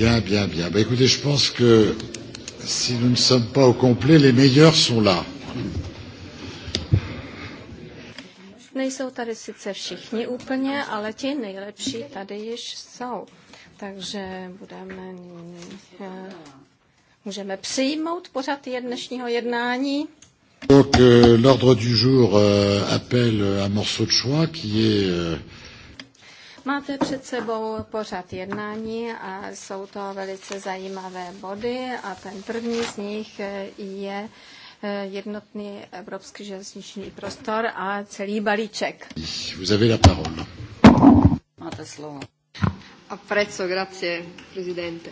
Bien, bien, bien. Bah, écoutez, je pense que si nous ne sommes pas au complet, les meilleurs sont là. Nejsou tady sice všichni úplně, ale ti nejlepší tady již jsou. Takže budeme eh, můžeme přijmout pořad dnešního jednání. Donc euh, l'ordre du jour euh, appelle un morceau de choix qui est euh, Máte před sebou pořad jednání a jsou to velice zajímavé body a ten první z nich je eh, jednotný evropský železniční prostor a celý balíček. Vous avez la parole. Máte slovo. Apprezzo, grazie Presidente.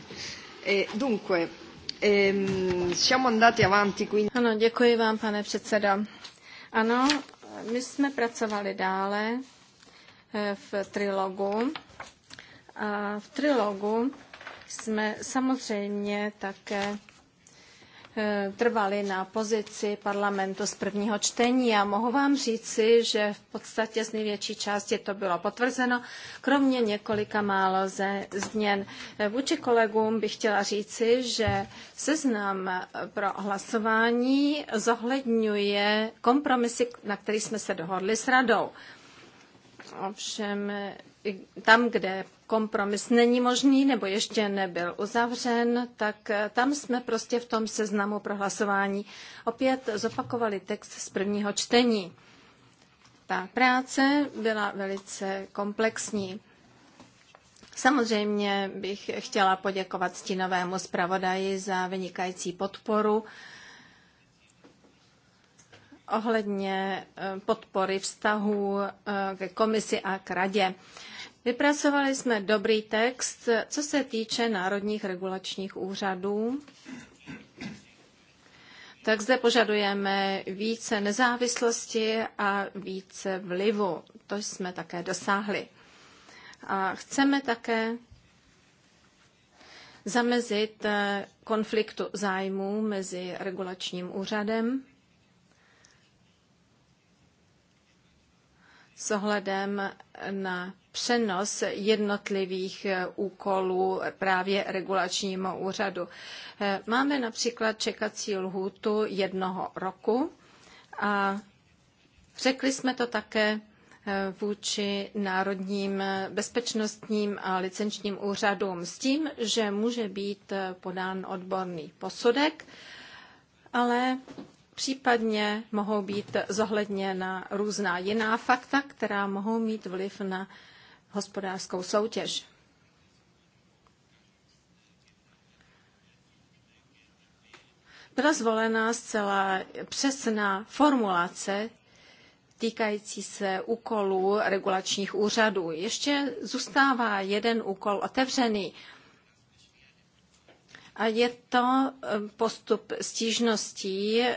E, dunque, e, siamo andati avanti quindi... Ano, děkuji vám, pane předsedo. Ano, my jsme pracovali dále Eh, v trilogu. A v trilogu jsme samozřejmě také eh, trvali na pozici parlamentu z prvního čtení a mohu vám říci, že v podstatě z největší části to bylo potvrzeno, kromě několika málo ze změn. Eh, vůči kolegům bych chtěla říci, že seznam pro hlasování zohledňuje kompromisy, na který jsme se dohodli s radou. Ovšem tam, kde kompromis není možný nebo ještě nebyl uzavřen, tak eh, tam jsme prostě v tom seznamu prohlasování opět zopakovali text z prvního čtení. Ta práce byla velice komplexní. Samozřejmě bych chtěla poděkovat stínovému zpravodaji za vynikající podporu ohledně eh, podpory vztahů eh, ke komisi a k radě. Vypracovali jsme dobrý text, co se týče národních regulačních úřadů. Tak zde požadujeme více nezávislosti a více vlivu. To jsme také dosáhli. A chceme také zamezit eh, konfliktu zájmů mezi regulačním úřadem s ohledem na přenos jednotlivých eh, úkolů právě regulačnímu úřadu. Eh, máme například čekací lhůtu jednoho roku a řekli jsme to také eh, vůči národním bezpečnostním a licenčním úřadům s tím, že může být podán odborný posudek, ale Případně mohou být zohledněna různá jiná fakta, která mohou mít vliv na hospodářskou soutěž. Byla zvolena zcela přesná formulace týkající se úkolů regulačních úřadů. Ještě zůstává jeden úkol otevřený a je to eh, postup stížností, eh,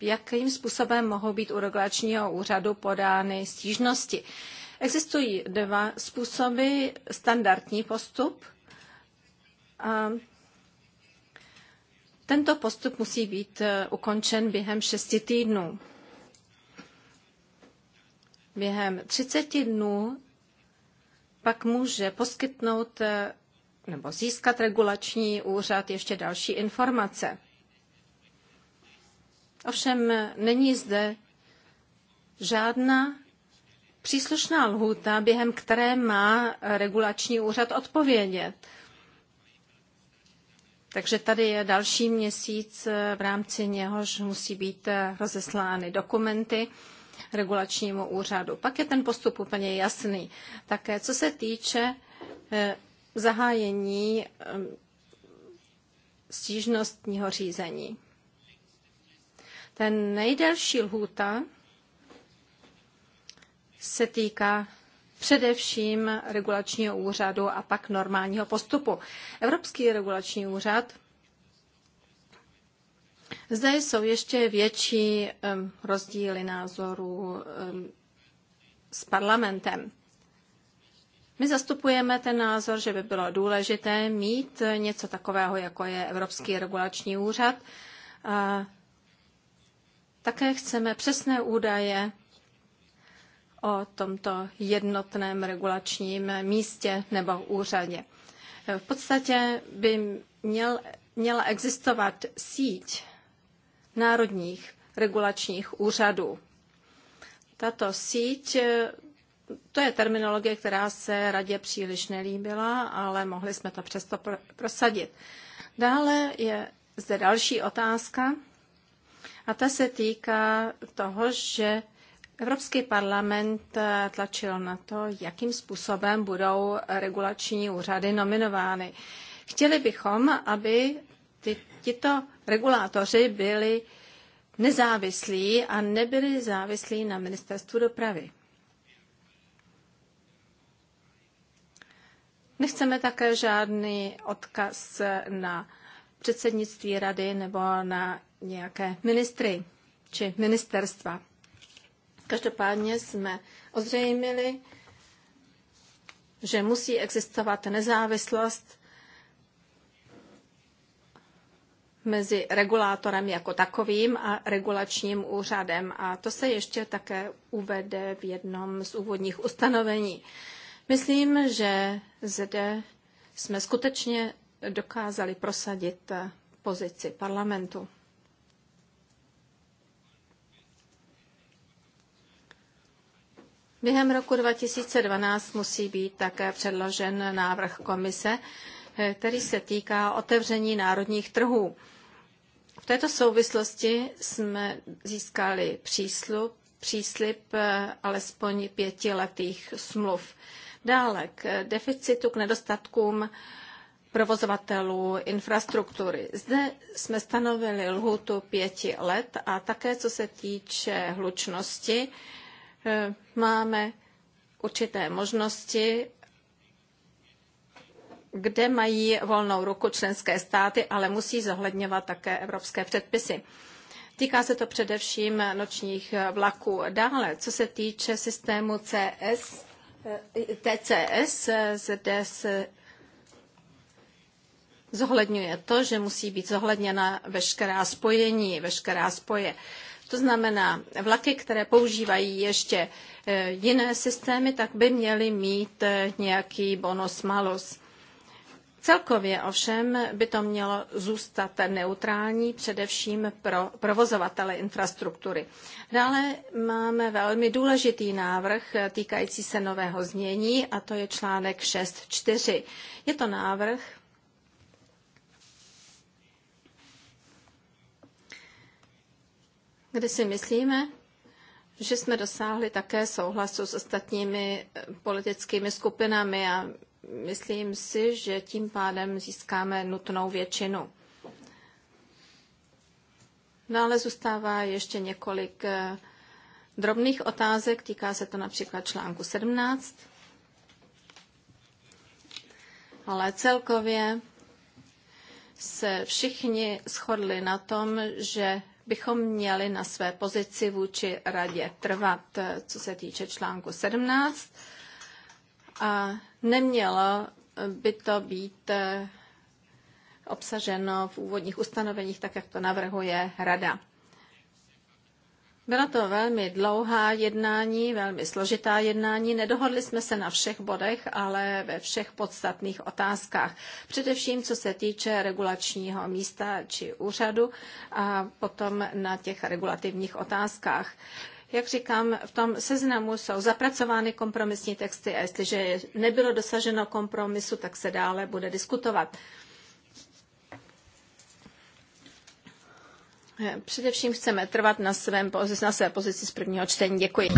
jakým způsobem mohou být u regulačního úřadu podány stížnosti. Existují dva způsoby. Standardní postup. A tento postup musí být eh, ukončen během šesti týdnů. Během 30 dnů pak může poskytnout nebo získat regulační úřad ještě další informace. Ovšem není zde žádná příslušná lhůta, během které má regulační úřad odpovědět. Takže tady je další měsíc, eh, v rámci něhož musí být eh, rozeslány dokumenty regulačnímu úřadu. Pak je ten postup úplně jasný. Také co se týče eh, zahájení stížnostního řízení. Ten nejdelší lhůta se týká především regulačního úřadu a pak normálního postupu. Evropský regulační úřad zde jsou ještě větší rozdíly názorů s parlamentem. My zastupujeme ten názor, že by bylo důležité mít něco takového, jako je Evropský regulační úřad. A také chceme přesné údaje o tomto jednotném regulačním místě nebo úřadě. V podstatě by měl, měla existovat síť národních regulačních úřadů. Tato síť to je terminologie, která se radě příliš nelíbila, ale mohli jsme to přesto prosadit. Dále je zde další otázka a ta se týká toho, že Evropský parlament eh, tlačil na to, jakým způsobem budou regulační úřady nominovány. Chtěli bychom, aby ty, tito regulátoři byli nezávislí a nebyli závislí na ministerstvu dopravy. Nechceme také žádný odkaz na předsednictví rady nebo na nějaké ministry či ministerstva. Každopádně jsme ozřejmili, že musí existovat nezávislost mezi regulátorem jako takovým a regulačním úřadem. A to se ještě také uvede v jednom z úvodních ustanovení. Myslím, že zde jsme skutečně dokázali prosadit pozici parlamentu. Během roku 2012 musí být také předložen návrh komise, který se týká otevření národních trhů. V této souvislosti jsme získali příslu, příslip eh, alespoň pětiletých smluv. Dále k deficitu, k nedostatkům provozovatelů infrastruktury. Zde jsme stanovili lhutu pěti let a také co se týče hlučnosti, eh, máme určité možnosti, kde mají volnou ruku členské státy, ale musí zohledňovat také evropské předpisy. Týká se to především nočních vlaků. Dále, co se týče systému CS, TCS zde se zohledňuje to, že musí být zohledněna veškerá spojení, veškerá spoje. To znamená, vlaky, které používají ještě eh, jiné systémy, tak by měly mít eh, nějaký bonus malus. Celkově ovšem by to mělo zůstat neutrální především pro provozovatele infrastruktury. Dále máme velmi důležitý návrh týkající se nového znění a to je článek 6.4. Je to návrh, kde si myslíme, že jsme dosáhli také souhlasu s ostatními politickými skupinami a myslím si, že tím pádem získáme nutnou většinu. No ale zůstává ještě několik eh, drobných otázek, týká se to například článku 17. Ale celkově se všichni shodli na tom, že bychom měli na své pozici vůči radě trvat, eh, co se týče článku 17. A Nemělo by to být eh, obsaženo v úvodních ustanoveních, tak jak to navrhuje Rada. Byla to velmi dlouhá jednání, velmi složitá jednání. Nedohodli jsme se na všech bodech, ale ve všech podstatných otázkách. Především co se týče regulačního místa či úřadu a potom na těch regulativních otázkách. Jak říkám, v tom seznamu jsou zapracovány kompromisní texty a jestliže nebylo dosaženo kompromisu, tak se dále bude diskutovat. Především chceme trvat na, svém, na své pozici z prvního čtení. Děkuji.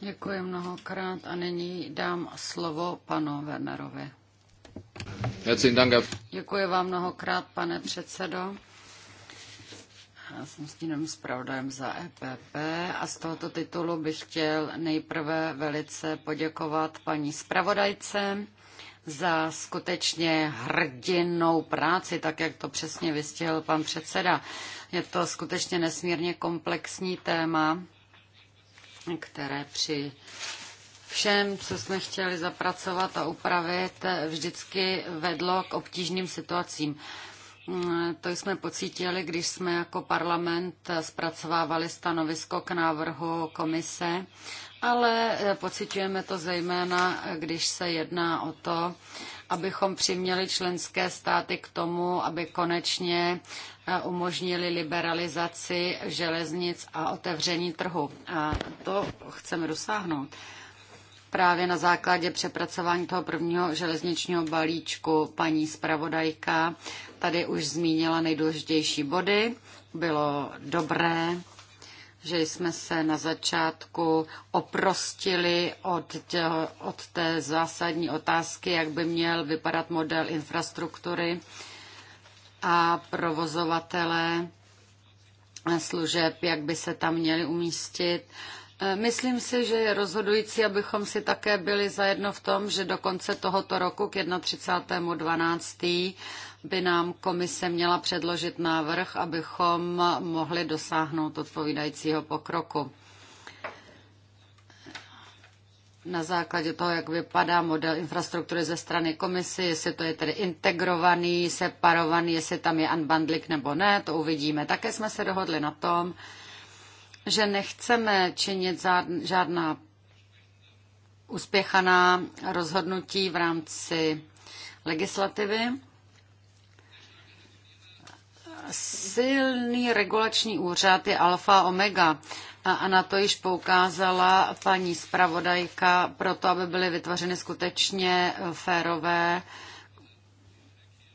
Děkuji mnohokrát a nyní dám slovo panu Wernerovi. Děkuji vám mnohokrát, pane předsedo. Já jsem tím zpravodajem za EPP a z tohoto titulu bych chtěl nejprve velice poděkovat paní zpravodajce za skutečně hrdinnou práci, tak jak to přesně vystihl pan předseda. Je to skutečně nesmírně komplexní téma, které při všem, co jsme chtěli zapracovat a upravit, vždycky vedlo k obtížným situacím. To jsme pocítili, když jsme jako parlament zpracovávali stanovisko k návrhu komise, ale pocitujeme to zejména, když se jedná o to, abychom přiměli členské státy k tomu, aby konečně eh, umožnili liberalizaci železnic a otevření trhu. A to chceme dosáhnout právě na základě přepracování toho prvního železničního balíčku paní zpravodajka tady už zmínila nejdůležitější body. Bylo dobré, že jsme se na začátku oprostili od, tě, od té zásadní otázky, jak by měl vypadat model infrastruktury a provozovatele služeb, jak by se tam měli umístit Myslím si, že je rozhodující, abychom si také byli zajedno v tom, že do konce tohoto roku k 31.12. by nám komise měla předložit návrh, abychom mohli dosáhnout odpovídajícího pokroku. Na základě toho, jak vypadá model infrastruktury ze strany komisy, jestli to je tedy integrovaný, separovaný, jestli tam je unbundling nebo ne, to uvidíme. Také jsme se dohodli na tom, že nechceme činit žádná uspěchaná rozhodnutí v rámci legislativy. Silný regulační úřad je alfa omega a na to již poukázala paní zpravodajka proto, aby byly vytvořeny skutečně férové uh,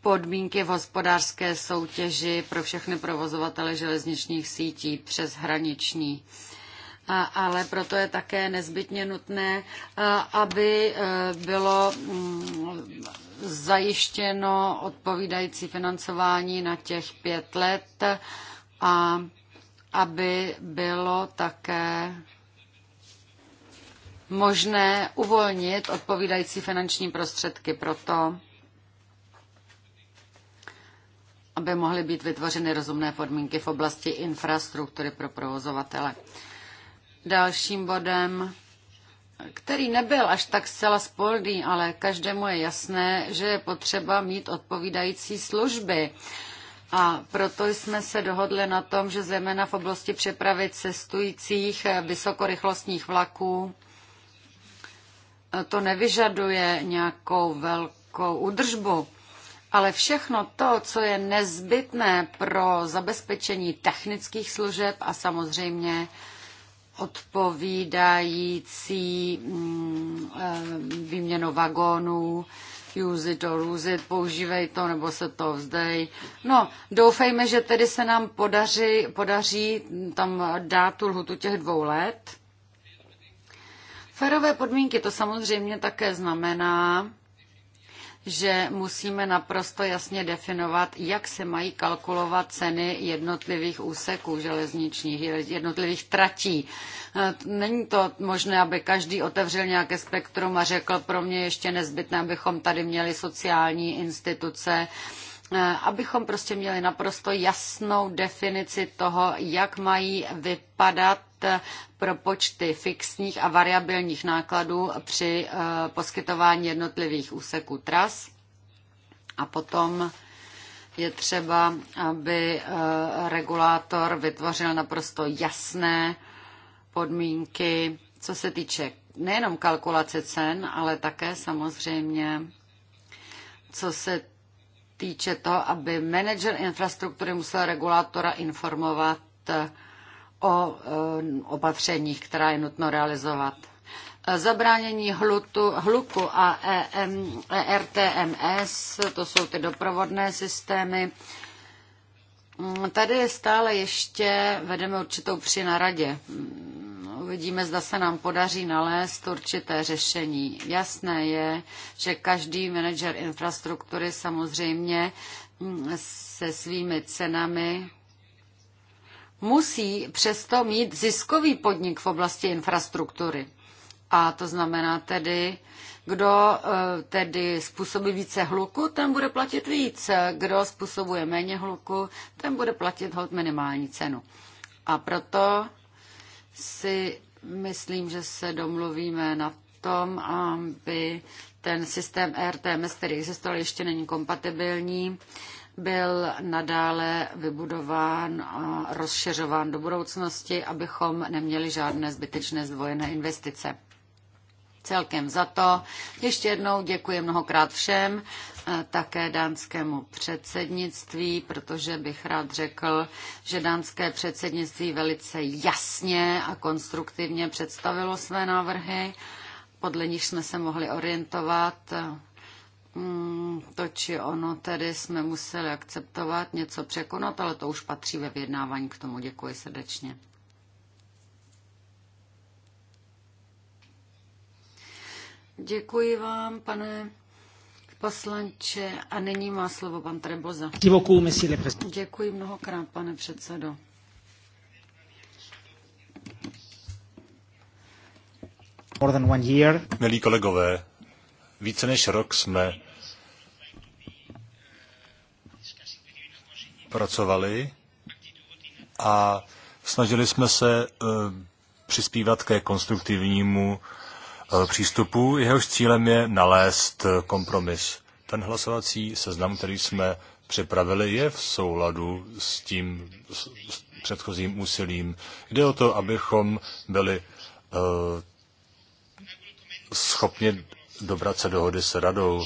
podmínky v hospodářské soutěži pro všechny provozovatele železničních sítí přes hraniční. A, ale proto je také nezbytně nutné, aby e, bylo mm, zajištěno odpovídající financování na těch pět let a aby bylo také možné uvolnit odpovídající finanční prostředky pro to, aby mohly být vytvořeny rozumné podmínky v oblasti infrastruktury pro provozovatele. Dalším bodem, který nebyl až tak zcela spolný, ale každému je jasné, že je potřeba mít odpovídající služby. A proto jsme se dohodli na tom, že zejména v oblasti přepravy cestujících eh, vysokorychlostních vlaků eh, to nevyžaduje nějakou velkou údržbu. Ale všechno to, co je nezbytné pro zabezpečení technických služeb a samozřejmě odpovídající mm, eh, výměnu vagónů, use it or lose it, používej to nebo se to vzdej. No, doufejme, že tedy se nám podaří, podaří tam dát tu lhutu těch dvou let. Férové podmínky to samozřejmě také znamená, že musíme naprosto jasně definovat, jak se mají kalkulovat ceny jednotlivých úseků železničních, jednotlivých tratí. E, není to možné, aby každý otevřel nějaké spektrum a řekl, pro mě ještě nezbytné, abychom tady měli sociální instituce, Eh, abychom prostě měli naprosto jasnou definici toho, jak mají vypadat eh, propočty fixních a variabilních nákladů při eh, poskytování jednotlivých úseků tras. A potom je třeba, aby regulátor vytvořil naprosto jasné podmínky, co se týče nejenom kalkulace cen, ale také samozřejmě, co se týče toho, aby manažer infrastruktury musel regulátora informovat eh, o eh, opatřeních, která je nutno realizovat. Eh, zabránění hlutu, hluku a ERTMS, e to jsou ty doprovodné systémy. Mm, tady stále ještě vedeme určitou při na radě. Mm, uvidíme, zda se nám podaří nalézt určité řešení. Jasné je, že každý manažer infrastruktury samozřejmě mm, se svými cenami musí přesto mít ziskový podnik v oblasti infrastruktury. A to znamená tedy, kdo eh, tedy způsobí více hluku, ten bude platit víc. Kdo způsobuje méně hluku, ten bude platit hod minimální cenu. A proto si myslím, že se domluvíme na tom, aby ten systém RTMS, který existoval, ještě není kompatibilní, byl nadále vybudován a rozšiřován do budoucnosti, abychom neměli žádné zbytečné zdvojené investice. Celkem za to. Ještě jednou děkuji mnohokrát všem také dánskému předsednictví, protože bych rád řekl, že dánské předsednictví velice jasně a konstruktivně představilo své návrhy, podle nich jsme se mohli orientovat. Hmm, to či ono tedy jsme museli akceptovat, něco překonat, ale to už patří ve vyjednávání k tomu. Děkuji srdečně. Děkuji vám, pane poslanče a nyní má slovo pan Treboza. Děkuji mnohokrát, pane předsedo. More than one year. Milí kolegové, více než rok jsme pracovali a snažili jsme se eh, přispívat ke konstruktivnímu Eh, přístupů. Jehož cílem je nalézt eh, kompromis. Ten hlasovací seznam, který jsme připravili, je v souladu s tím s předchozím úsilím. Jde o to, abychom byli uh, schopni dobrat se dohody s radou.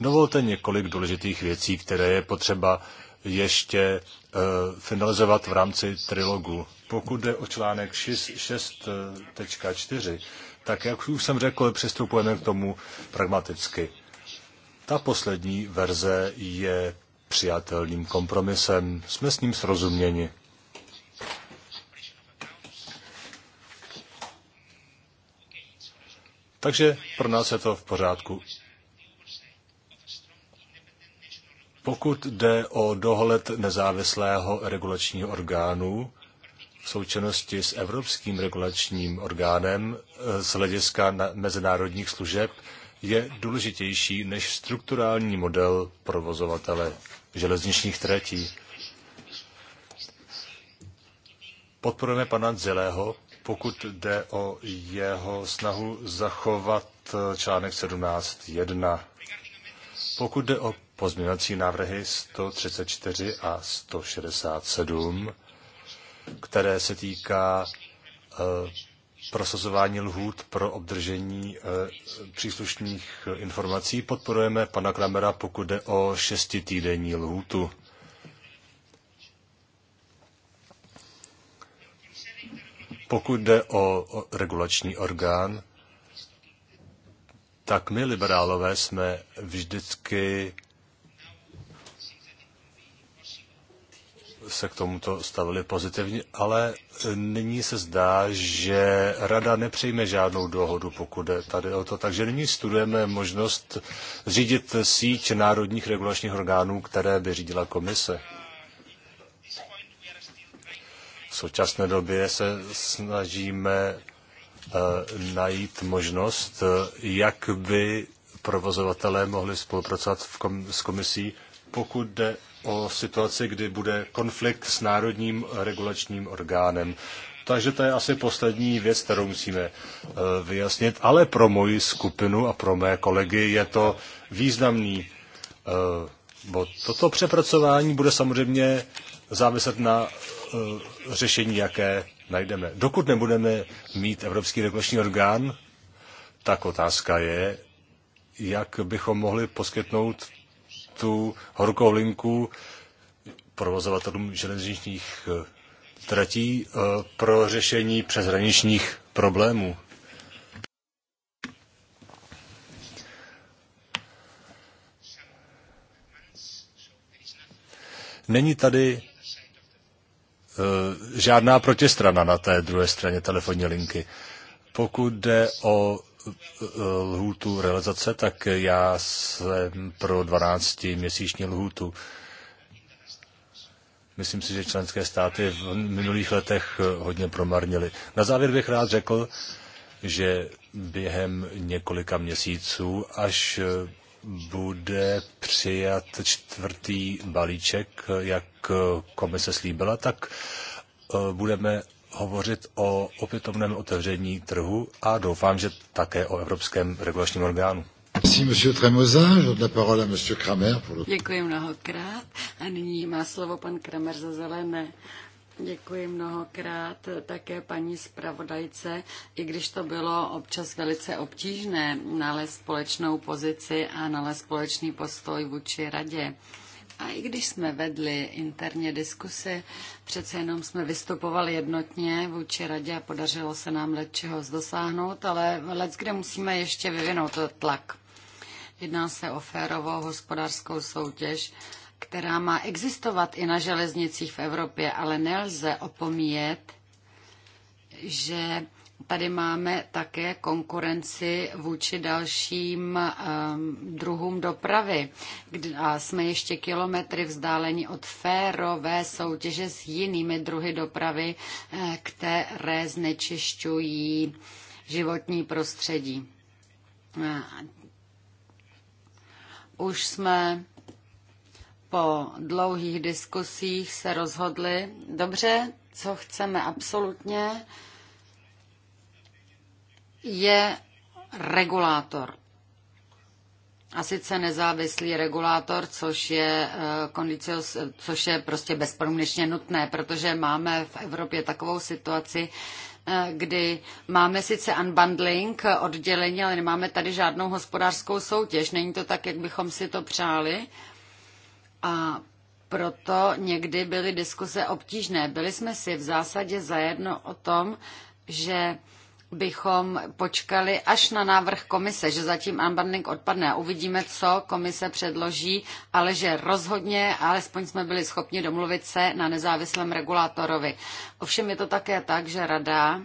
Dovolte několik důležitých věcí, které je potřeba ještě uh, finalizovat v rámci trilogu. Pokud jde o článek 6.4, tak jak už jsem řekl, přistupujeme k tomu pragmaticky. Ta poslední verze je přijatelným kompromisem. Jsme s ním srozuměni. Takže pro nás je to v pořádku. Pokud jde o dohled nezávislého regulačního orgánu, v součinnosti s Evropským regulačním orgánem eh, z hlediska mezinárodních služeb je důležitější než strukturální model provozovatele železničních tratí. Podporujeme pana Zelého, pokud jde o jeho snahu zachovat eh, článek 17.1. Pokud jde o pozměňovací návrhy 134 a 167, které se týká eh, prosazování lhůt pro obdržení eh, příslušných eh, informací. Podporujeme pana Kramera, pokud jde o šestitýdenní lhůtu. Pokud jde o regulační orgán, tak my liberálové jsme vždycky se k tomuto stavili pozitivně, ale nyní se zdá, že rada nepřijme žádnou dohodu, pokud je tady o to. Takže nyní studujeme možnost řídit síť národních regulačních orgánů, které by řídila komise. V současné době se snažíme eh, najít možnost, eh, jak by provozovatelé mohli spolupracovat v kom- s komisí pokud jde o situaci, kdy bude konflikt s národním regulačním orgánem. Takže to je asi poslední věc, kterou musíme eh, vyjasnit, ale pro moji skupinu a pro mé kolegy je to významný eh, bo Toto přepracování bude samozřejmě záviset na eh, řešení, jaké najdeme. Dokud nebudeme mít Evropský regulační orgán, tak otázka je, jak bychom mohli poskytnout tu horkou linku provozovatelům železničních eh, tratí eh, pro řešení přeshraničních problémů. Není tady eh, žádná protistrana na té druhé straně telefonní linky. Pokud jde o lhůtu realizace, tak já jsem pro 12-měsíční lhůtu. Myslím si, že členské státy v minulých letech hodně promarnily. Na závěr bych rád řekl, že během několika měsíců, až bude přijat čtvrtý balíček, jak komise slíbila, tak eh, budeme hovořit o opětovném otevření trhu a doufám, že také o Evropském regulačním orgánu. Děkuji mnohokrát a nyní má slovo pan Kramer za zelené. Děkuji mnohokrát také paní zpravodajce, i když to bylo občas velice obtížné nalézt společnou pozici a nalézt společný postoj vůči radě. A i když jsme vedli interně diskusy, přece jenom jsme vystupovali jednotně vůči radě a podařilo se nám let čeho dosáhnout, ale let, kde musíme ještě vyvinout tlak. Jedná se o férovou hospodářskou soutěž, která má existovat i na železnicích v Evropě, ale nelze opomíjet, že Tady máme také konkurenci vůči dalším um, druhům dopravy a jsme ještě kilometry vzdáleni od férové soutěže s jinými druhy dopravy, eh, které znečišťují životní prostředí. Už jsme po dlouhých diskusích se rozhodli, dobře, co chceme absolutně, je regulátor. A sice nezávislý regulátor, což je, eh, kondicios, což je prostě bezpodmínečně nutné, protože máme v Evropě takovou situaci, eh, kdy máme sice unbundling oddělení, ale nemáme tady žádnou hospodářskou soutěž. Není to tak, jak bychom si to přáli. A proto někdy byly diskuse obtížné. Byli jsme si v zásadě zajedno o tom, že bychom počkali až na návrh komise, že zatím unbundling odpadne a uvidíme, co komise předloží, ale že rozhodně, alespoň jsme byli schopni domluvit se na nezávislém regulátorovi. Ovšem je to také tak, že rada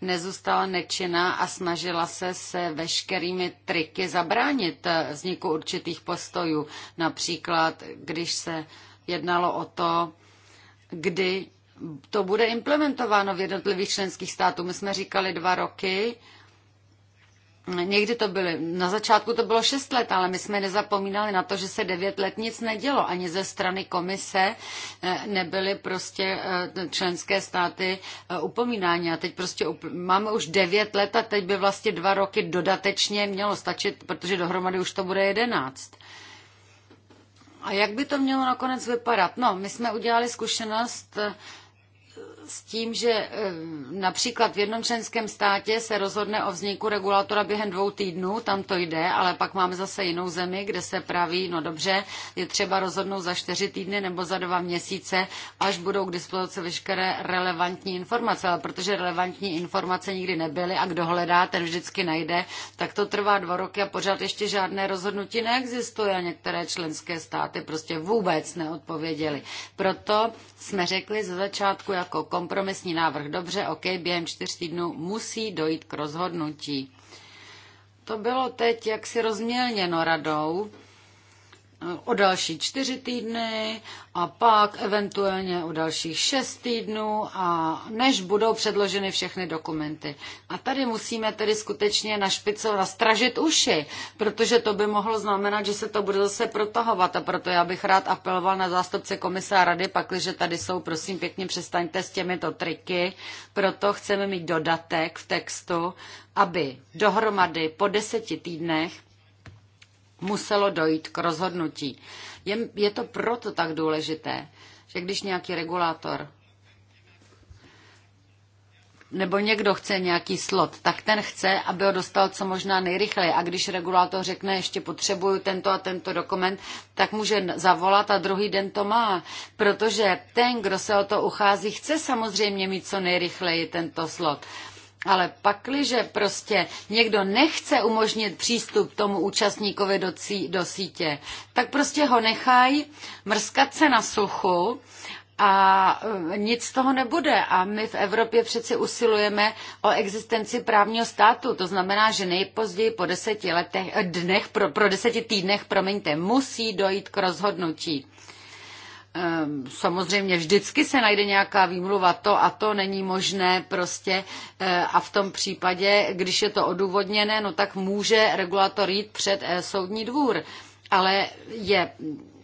nezůstala nečinná a snažila se se veškerými triky zabránit vzniku určitých postojů. Například, když se jednalo o to, kdy to bude implementováno v jednotlivých členských států. My jsme říkali dva roky, Někdy to byly, na začátku to bylo šest let, ale my jsme nezapomínali na to, že se devět let nic nedělo. Ani ze strany komise eh, nebyly prostě eh, členské státy eh, upomínání. A teď prostě máme už devět let a teď by vlastně dva roky dodatečně mělo stačit, protože dohromady už to bude jedenáct. A jak by to mělo nakonec vypadat? No, my jsme udělali zkušenost s tím, že eh, například v jednom členském státě se rozhodne o vzniku regulátora během dvou týdnů, tam to jde, ale pak máme zase jinou zemi, kde se praví, no dobře, je třeba rozhodnout za čtyři týdny nebo za dva měsíce, až budou k dispozici veškeré relevantní informace. Ale protože relevantní informace nikdy nebyly a kdo hledá, ten vždycky najde, tak to trvá dva roky a pořád ještě žádné rozhodnutí neexistuje a některé členské státy prostě vůbec neodpověděly. Proto jsme řekli ze začátku jako kompromisní návrh dobře, ok, během čtyř týdnů musí dojít k rozhodnutí. To bylo teď jaksi rozmělněno radou o další čtyři týdny a pak eventuálně o dalších šest týdnů a než budou předloženy všechny dokumenty. A tady musíme tedy skutečně na špico nastražit uši, protože to by mohlo znamenat, že se to bude zase protahovat a proto já bych rád apeloval na zástupce komisa a rady, pakliže tady jsou, prosím pěkně přestaňte s těmito triky, proto chceme mít dodatek v textu, aby dohromady po deseti týdnech muselo dojít k rozhodnutí. Je, je to proto tak důležité, že když nějaký regulátor nebo někdo chce nějaký slot, tak ten chce, aby ho dostal co možná nejrychleji. A když regulátor řekne, ještě potřebuju tento a tento dokument, tak může zavolat a druhý den to má. Protože ten, kdo se o to uchází, chce samozřejmě mít co nejrychleji tento slot. Ale pakliže prostě někdo nechce umožnit přístup tomu účastníkovi do, cí, do sítě, tak prostě ho nechají mrskat se na suchu a e, nic z toho nebude. A my v Evropě přeci usilujeme o existenci právního státu. To znamená, že nejpozději po deseti letech, dnech, pro, pro deseti týdnech, promiňte, musí dojít k rozhodnutí. Ehm, samozřejmě vždycky se najde nějaká výmluva, to a to není možné prostě eh, a v tom případě, když je to odůvodněné, no tak může regulator jít před eh, soudní dvůr. Ale je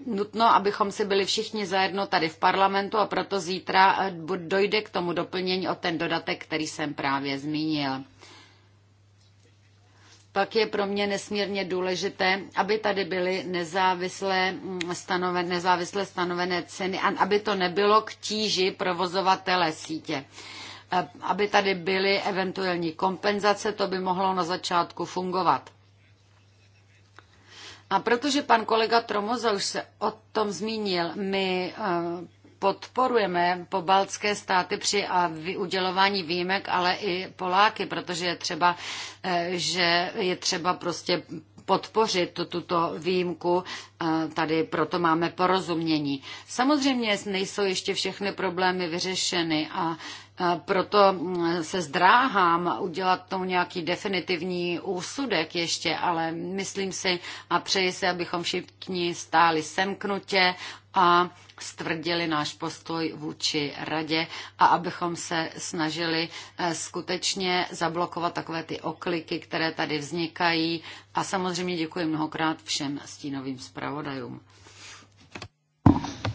nutno, abychom si byli všichni zajedno tady v parlamentu a proto zítra eh, dojde k tomu doplnění o ten dodatek, který jsem právě zmínil pak je pro mě nesmírně důležité, aby tady byly nezávislé mm, stanovené, nezávislé stanovené ceny a aby to nebylo k tíži provozovatele sítě. E, aby tady byly eventuální kompenzace, to by mohlo na začátku fungovat. A protože pan kolega Tromoza už se o tom zmínil, my e, podporujeme pobaltské státy při a udělování výjimek, ale i Poláky, protože je třeba, eh, že je třeba prostě podpořit tuto výjimku, eh, tady proto máme porozumění. Samozřejmě nejsou ještě všechny problémy vyřešeny a eh, proto mm, se zdráhám udělat tomu nějaký definitivní úsudek ještě, ale myslím si a přeji si, abychom všichni stáli semknutě a stvrdili náš postoj vůči radě a abychom se snažili eh, skutečně zablokovat takové ty okliky, které tady vznikají. A samozřejmě děkuji mnohokrát všem stínovým zpravodajům.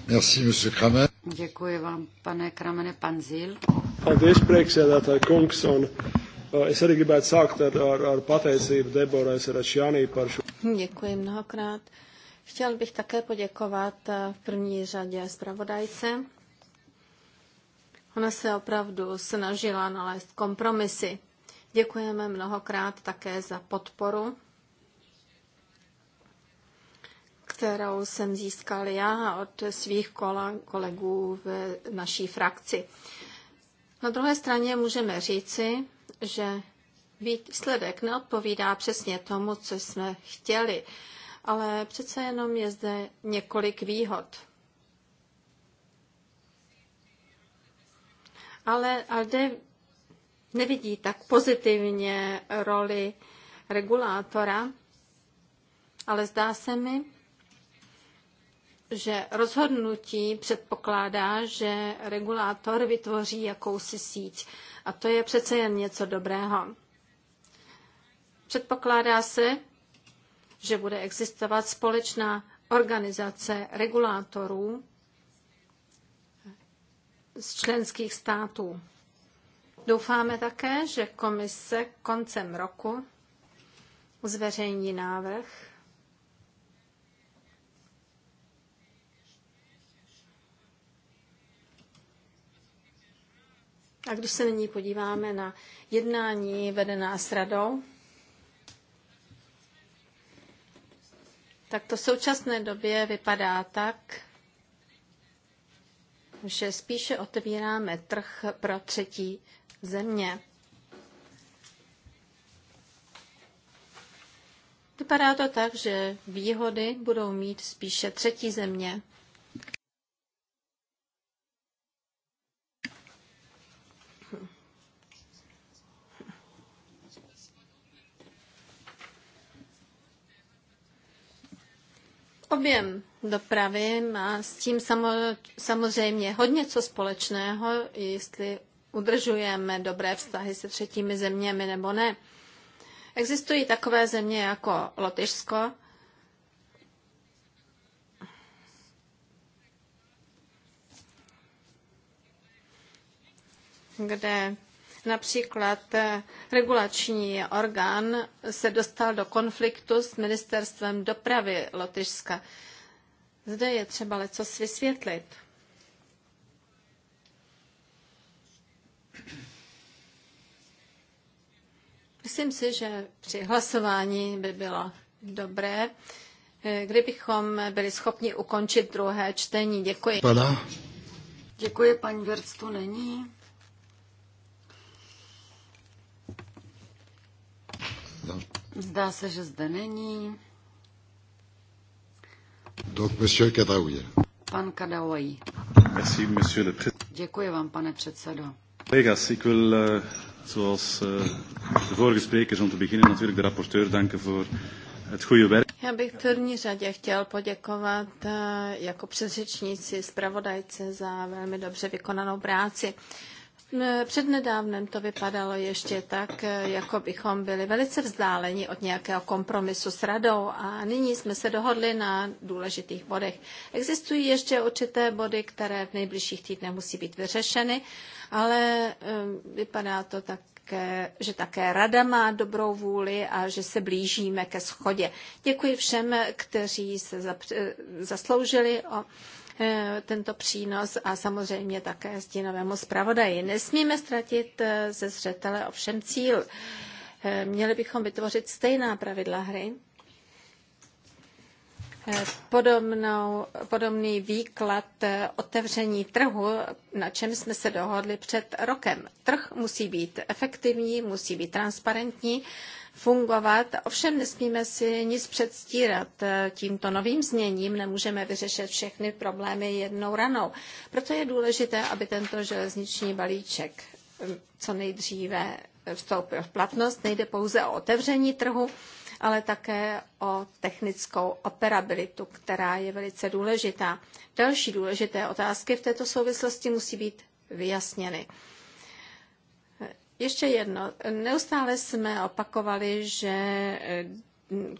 Merci, Děkuji vám, pane Kramene. Panzil. Zil. Paldies, priekšsēdētāji kungs, un es arī ar, ar, ar pateicību Děkuji mnohokrát. Chtěl bych také poděkovat eh, v první řadě zpravodajce. Ona se opravdu snažila nalézt kompromisy. Děkujeme mnohokrát také za podporu, kterou jsem získal já od svých kolegů v naší frakci. Na druhé straně můžeme říci, že výsledek neodpovídá přesně tomu, co jsme chtěli ale přece jenom je zde několik výhod. Ale Alde nevidí tak pozitivně roli regulátora, ale zdá se mi, že rozhodnutí předpokládá, že regulátor vytvoří jakousi síť. A to je přece jen něco dobrého. Předpokládá se, že bude existovat společná organizace regulátorů z členských států. Doufáme také, že komise koncem roku zveřejní návrh A když se nyní podíváme na jednání vedená s radou, tak to v současné době vypadá tak, že spíše otevíráme trh pro třetí země. Vypadá to tak, že výhody budou mít spíše třetí země. Objem dopravy má s tím samozřejmě hodně co společného, jestli udržujeme dobré vztahy se třetími zeměmi nebo ne. Existují takové země jako Lotyšsko, kde Například eh, regulační orgán se dostal do konfliktu s ministerstvem dopravy Lotyšska. Zde je třeba lecos vysvětlit. Myslím si, že při hlasování by bylo dobré, eh, kdybychom byli schopni ukončit druhé čtení. Děkuji. Pada. Děkuji, paní Verc tu není. Zdá se, že zde není. Donc, monsieur Kadaoui. Pan Kadaoui. Merci, monsieur le président. Děkuji vám, pane předsedo. Collega's, eh, eh, ik wil, zoals de vorige sprekers, om te beginnen natuurlijk de rapporteur danken voor het goede werk. Já bych v první řadě chtěl poděkovat eh, jako předřečníci zpravodajce za velmi dobře vykonanou práci. Uh, Přednedávnem to vypadalo ještě tak, jako bychom byli velice vzdáleni od nějakého kompromisu s radou a nyní jsme se dohodli na důležitých bodech. Existují ještě určité body, které v nejbližších týdnech musí být vyřešeny, ale vypadá to tak, že také rada má dobrou vůli a že se blížíme ke schodě. Děkuji všem, kteří se zasloužili o Eh, tento přínos a samozřejmě také stínovému zpravodaji. Nesmíme ztratit eh, ze zřetele ovšem cíl. Eh, měli bychom vytvořit stejná pravidla hry, podobnou, podobný výklad otevření trhu, na čem jsme se dohodli před rokem. Trh musí být efektivní, musí být transparentní fungovat. Ovšem nesmíme si nic předstírat. Eh, tímto novým zněním nemůžeme vyřešit všechny problémy jednou ranou. Proto je důležité, aby tento železniční balíček hm, co nejdříve eh, vstoupil v platnost. Nejde pouze o otevření trhu, ale také o technickou operabilitu, která je velice důležitá. Další důležité otázky v této souvislosti musí být vyjasněny. Ještě jedno. Neustále jsme opakovali, že eh,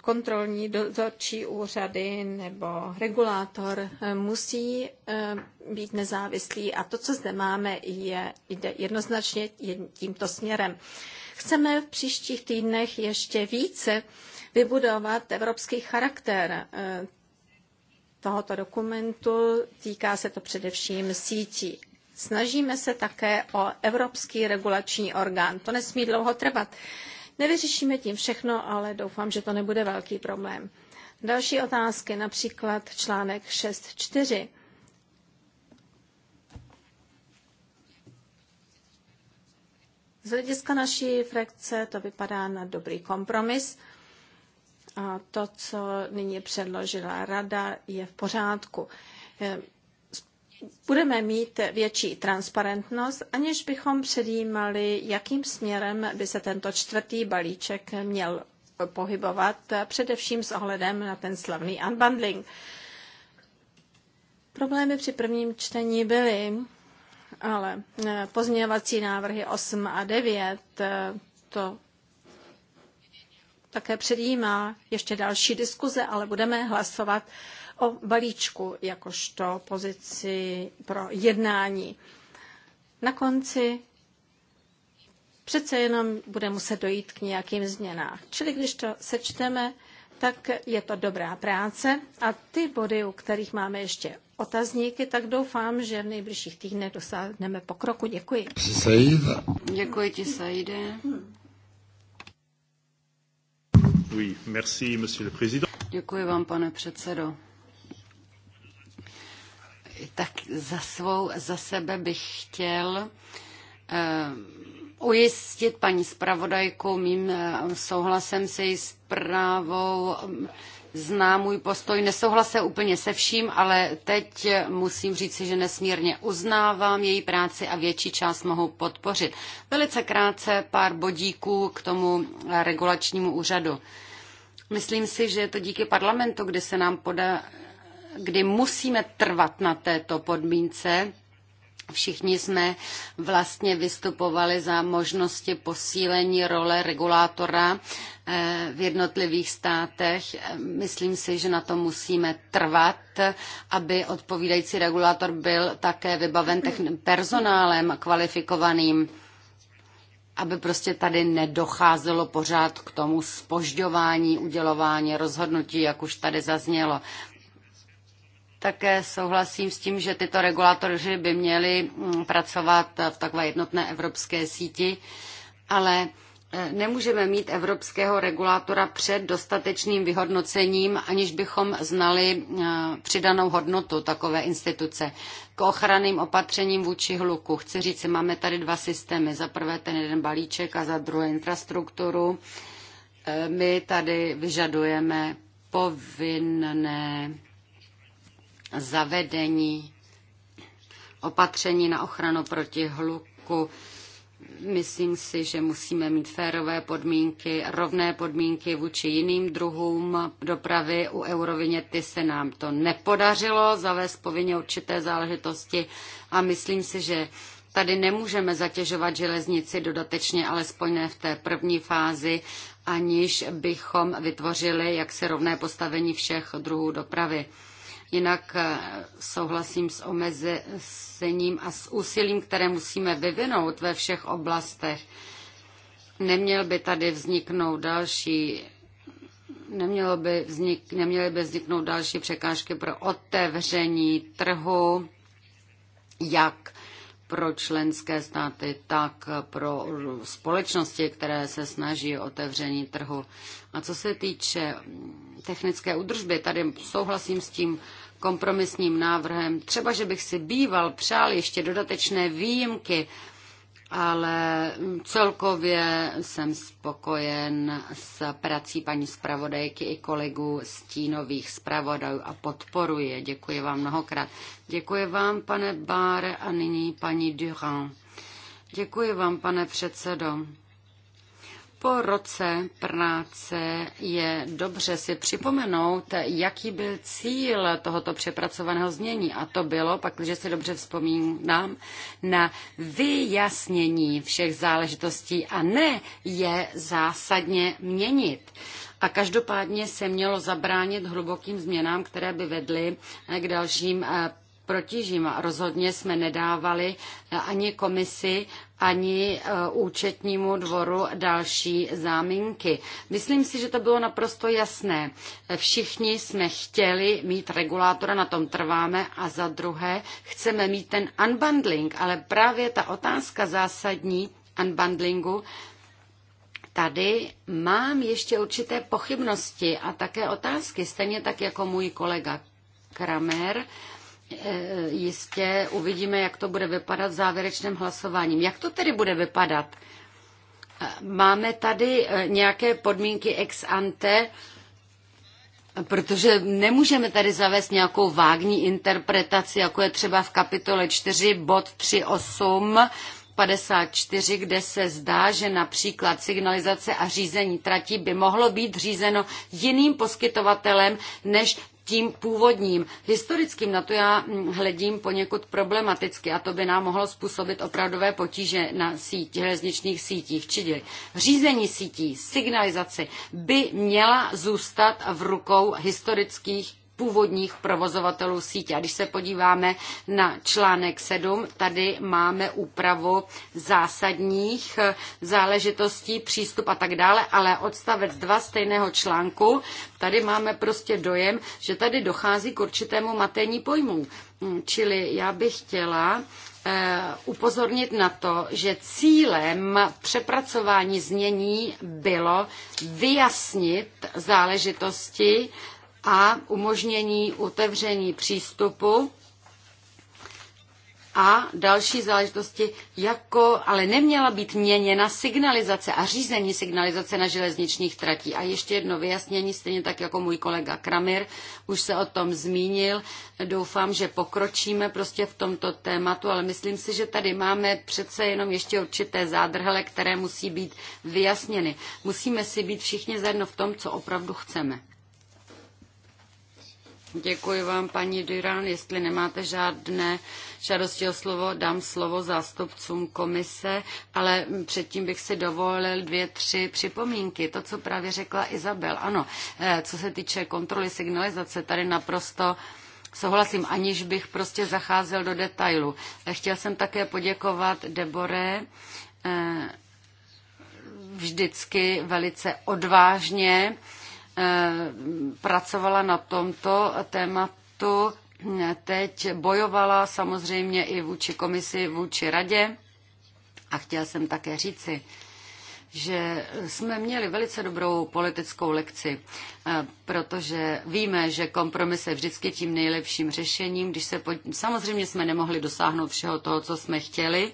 kontrolní dozorčí úřady nebo regulátor eh, musí eh, být nezávislý a to, co zde máme, je, jde jednoznačně tímto směrem. Chceme v příštích týdnech ještě více vybudovat evropský charakter tohoto dokumentu. Týká se to především sítí Snažíme se také o evropský regulační orgán. To nesmí dlouho trvat. Nevyřešíme tím všechno, ale doufám, že to nebude velký problém. Další otázky, například článek 6.4. Z hlediska naší frakce to vypadá na dobrý kompromis. A to, co nyní předložila rada, je v pořádku budeme mít větší transparentnost, aniž bychom předjímali, jakým směrem by se tento čtvrtý balíček měl pohybovat, především s ohledem na ten slavný unbundling. Problémy při prvním čtení byly, ale eh, pozměňovací návrhy 8 a 9 eh, to také předjímá ještě další diskuze, ale budeme hlasovat o balíčku jakožto pozici pro jednání. Na konci přece jenom bude muset dojít k nějakým změnám. Čili když to sečteme, tak je to dobrá práce a ty body, u kterých máme ještě otazníky, tak doufám, že v nejbližších týdnech dosáhneme pokroku. Děkuji. Děkuji ti, Saide. Oui, merci, monsieur le président. Děkuji vám, pane předsedo tak za, svou, za sebe bych chtěl eh, ujistit paní zpravodajku, mým eh, souhlasem se její zprávou znám můj postoj, nesouhlasím úplně se vším, ale teď musím říci, že nesmírně uznávám její práci a větší část mohu podpořit. Velice krátce pár bodíků k tomu regulačnímu úřadu. Myslím si, že je to díky parlamentu, kde se nám podařilo kdy musíme trvat na této podmínce, Všichni jsme vlastně vystupovali za možnosti posílení role regulátora eh, v jednotlivých státech. Myslím si, že na to musíme trvat, aby odpovídající regulátor byl také vybaven personálem kvalifikovaným, aby prostě tady nedocházelo pořád k tomu spožďování, udělování rozhodnutí, jak už tady zaznělo. Také souhlasím s tím, že tyto regulatoři by měli mm, pracovat v takové jednotné evropské síti, ale e, nemůžeme mít evropského regulátora před dostatečným vyhodnocením, aniž bychom znali e, přidanou hodnotu takové instituce. K ochranným opatřením vůči hluku chci říct, máme tady dva systémy. Za prvé ten jeden balíček a za druhé infrastrukturu. E, my tady vyžadujeme povinné zavedení opatření na ochranu proti hluku. Myslím si, že musíme mít férové podmínky, rovné podmínky vůči jiným druhům dopravy. U eurovinety se nám to nepodařilo zavést povinně určité záležitosti a myslím si, že tady nemůžeme zatěžovat železnici dodatečně, alespoň ne v té první fázi, aniž bychom vytvořili jaksi rovné postavení všech druhů dopravy. Jinak eh, souhlasím s omezením a s úsilím, které musíme vyvinout ve všech oblastech. Neměl by tady vzniknout další nemělo by vznik, neměly by vzniknout další překážky pro otevření trhu, jak pro členské státy, tak pro společnosti, které se snaží o otevření trhu. A co se týče technické údržby. Tady souhlasím s tím kompromisním návrhem. Třeba, že bych si býval přál ještě dodatečné výjimky, ale celkově jsem spokojen s prací paní zpravodajky i kolegů stínových zpravodajů a podporuji je. Děkuji vám mnohokrát. Děkuji vám, pane Bár, a nyní paní Durand. Děkuji vám, pane předsedo. Po roce práce je dobře si připomenout, jaký byl cíl tohoto přepracovaného znění. A to bylo, pak, když si dobře vzpomínám, na vyjasnění všech záležitostí a ne je zásadně měnit. A každopádně se mělo zabránit hlubokým změnám, které by vedly eh, k dalším eh, protižím. Rozhodně jsme nedávali eh, ani komisi ani eh, účetnímu dvoru další záminky. Myslím si, že to bylo naprosto jasné. Všichni jsme chtěli mít regulátora, na tom trváme a za druhé chceme mít ten unbundling, ale právě ta otázka zásadní unbundlingu Tady mám ještě určité pochybnosti a také otázky, stejně tak jako můj kolega Kramer. Uh, Eh, jistě uvidíme, jak to bude vypadat závěrečným hlasováním. Jak to tedy bude vypadat? Eh, máme tady eh, nějaké podmínky ex ante, protože nemůžeme tady zavést nějakou vágní interpretaci, jako je třeba v kapitole 4 bod 8, 54, kde se zdá, že například signalizace a řízení tratí by mohlo být řízeno jiným poskytovatelem než tím původním, historickým, na to já mm, hledím poněkud problematicky a to by nám mohlo způsobit opravdové potíže na síti, železničních sítích, čili řízení sítí, signalizaci by měla zůstat v rukou historických původních provozovatelů sítě. A když se podíváme na článek 7, tady máme úpravu zásadních eh, záležitostí, přístup a tak dále, ale odstavec 2 stejného článku, tady máme prostě dojem, že tady dochází k určitému matení pojmů. Hmm, čili já bych chtěla eh, upozornit na to, že cílem přepracování znění bylo vyjasnit záležitosti, a umožnění otevření přístupu a další záležitosti, jako, ale neměla být měněna signalizace a řízení signalizace na železničních tratí. A ještě jedno vyjasnění, stejně tak jako můj kolega Kramir už se o tom zmínil. Doufám, že pokročíme prostě v tomto tématu, ale myslím si, že tady máme přece jenom ještě určité zádrhele, které musí být vyjasněny. Musíme si být všichni zajedno v tom, co opravdu chceme. Děkuji vám, paní Duran. Jestli nemáte žádné žádosti o slovo, dám slovo zástupcům komise, ale předtím bych si dovolil dvě, tři připomínky. To, co právě řekla Izabel. Ano, eh, co se týče kontroly signalizace, tady naprosto souhlasím, aniž bych prostě zacházel do detailu. Chtěl jsem také poděkovat Debore, eh, vždycky velice odvážně Eh, pracovala na tomto tématu, teď bojovala samozřejmě i vůči komisi, vůči radě. A chtěla jsem také říci, že jsme měli velice dobrou politickou lekci, eh, protože víme, že kompromis je vždycky tím nejlepším řešením. Když se pod... Samozřejmě jsme nemohli dosáhnout všeho toho, co jsme chtěli,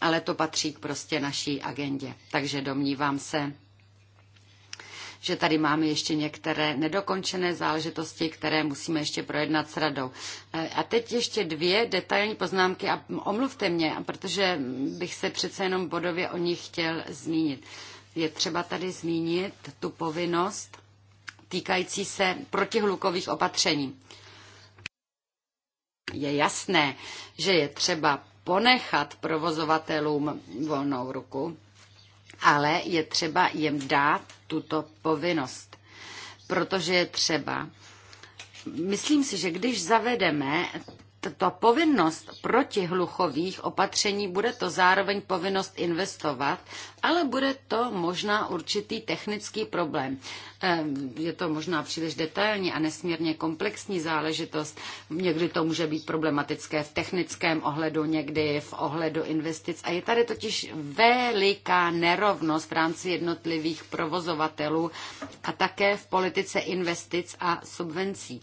ale to patří k prostě naší agendě. Takže domnívám se, že tady máme ještě některé nedokončené záležitosti, které musíme ještě projednat s radou. E, a teď ještě dvě detailní poznámky a omluvte mě, protože bych se přece jenom bodově o nich chtěl zmínit. Je třeba tady zmínit tu povinnost týkající se protihlukových opatření. Je jasné, že je třeba ponechat provozovatelům volnou ruku, ale je třeba jim dát tuto povinnost, protože je třeba. Myslím si, že když zavedeme tato povinnost protihluchových opatření bude to zároveň povinnost investovat, ale bude to možná určitý technický problém. Ehm, je to možná příliš detailní a nesmírně komplexní záležitost. Někdy to může být problematické v technickém ohledu, někdy v ohledu investic. A je tady totiž veliká nerovnost v rámci jednotlivých provozovatelů a také v politice investic a subvencí.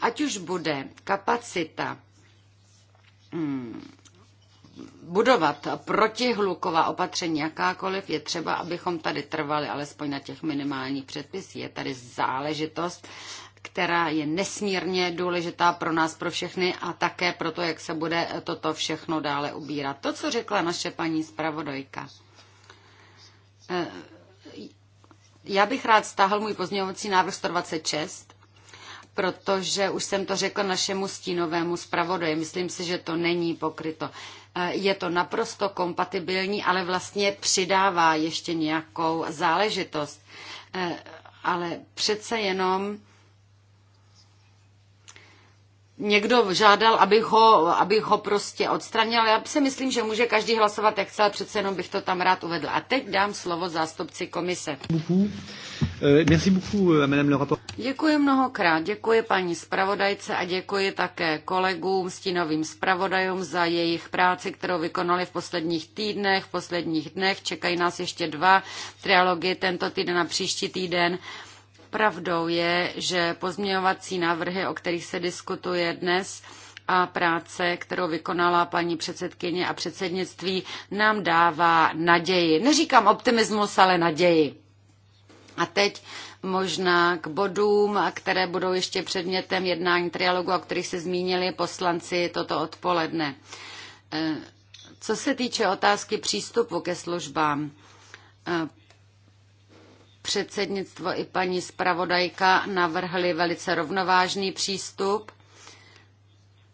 Ať už bude kapacita hm, budovat protihluková opatření jakákoliv, je třeba, abychom tady trvali alespoň na těch minimálních předpisích. Je tady záležitost, která je nesmírně důležitá pro nás, pro všechny a také pro to, jak se bude toto všechno dále ubírat. To, co řekla naše paní zpravodajka. Eh, já bych rád stáhl můj pozměňovací návrh 126, protože už jsem to řekl našemu stínovému zpravodaji. Myslím si, že to není pokryto. E, je to naprosto kompatibilní, ale vlastně přidává ještě nějakou záležitost. E, ale přece jenom někdo žádal, abych ho, abych ho prostě odstranil. Já si myslím, že může každý hlasovat, jak chce, ale přece jenom bych to tam rád uvedl. A teď dám slovo zástupci komise. Euh, děkuji mnohokrát, děkuji paní zpravodajce a děkuji také kolegům, stínovým zpravodajům za jejich práci, kterou vykonali v posledních týdnech, v posledních dnech. Čekají nás ještě dva trialogy tento týden a příští týden Pravdou je, že pozměňovací návrhy, o kterých se diskutuje dnes, a práce, kterou vykonala paní předsedkyně a předsednictví, nám dává naději. Neříkám optimismus, ale naději. A teď možná k bodům, které budou ještě předmětem jednání trialogu, o kterých se zmínili poslanci toto odpoledne. E, co se týče otázky přístupu ke službám, e, předsednictvo i paní zpravodajka navrhli velice rovnovážný přístup.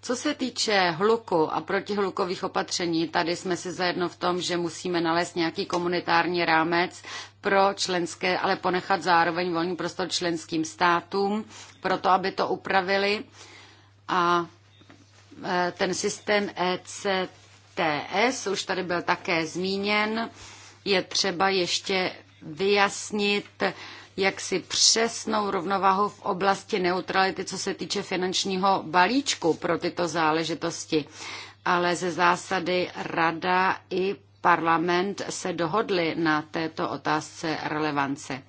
Co se týče hluku a protihlukových opatření, tady jsme si zajedno v tom, že musíme nalézt nějaký komunitární rámec pro členské, ale ponechat zároveň volný prostor členským státům, proto aby to upravili. A e, ten systém ECTS už tady byl také zmíněn. Je třeba ještě vyjasnit jaksi přesnou rovnováhu v oblasti neutrality, co se týče finančního balíčku pro tyto záležitosti. Ale ze zásady rada i parlament se dohodli na této otázce relevance.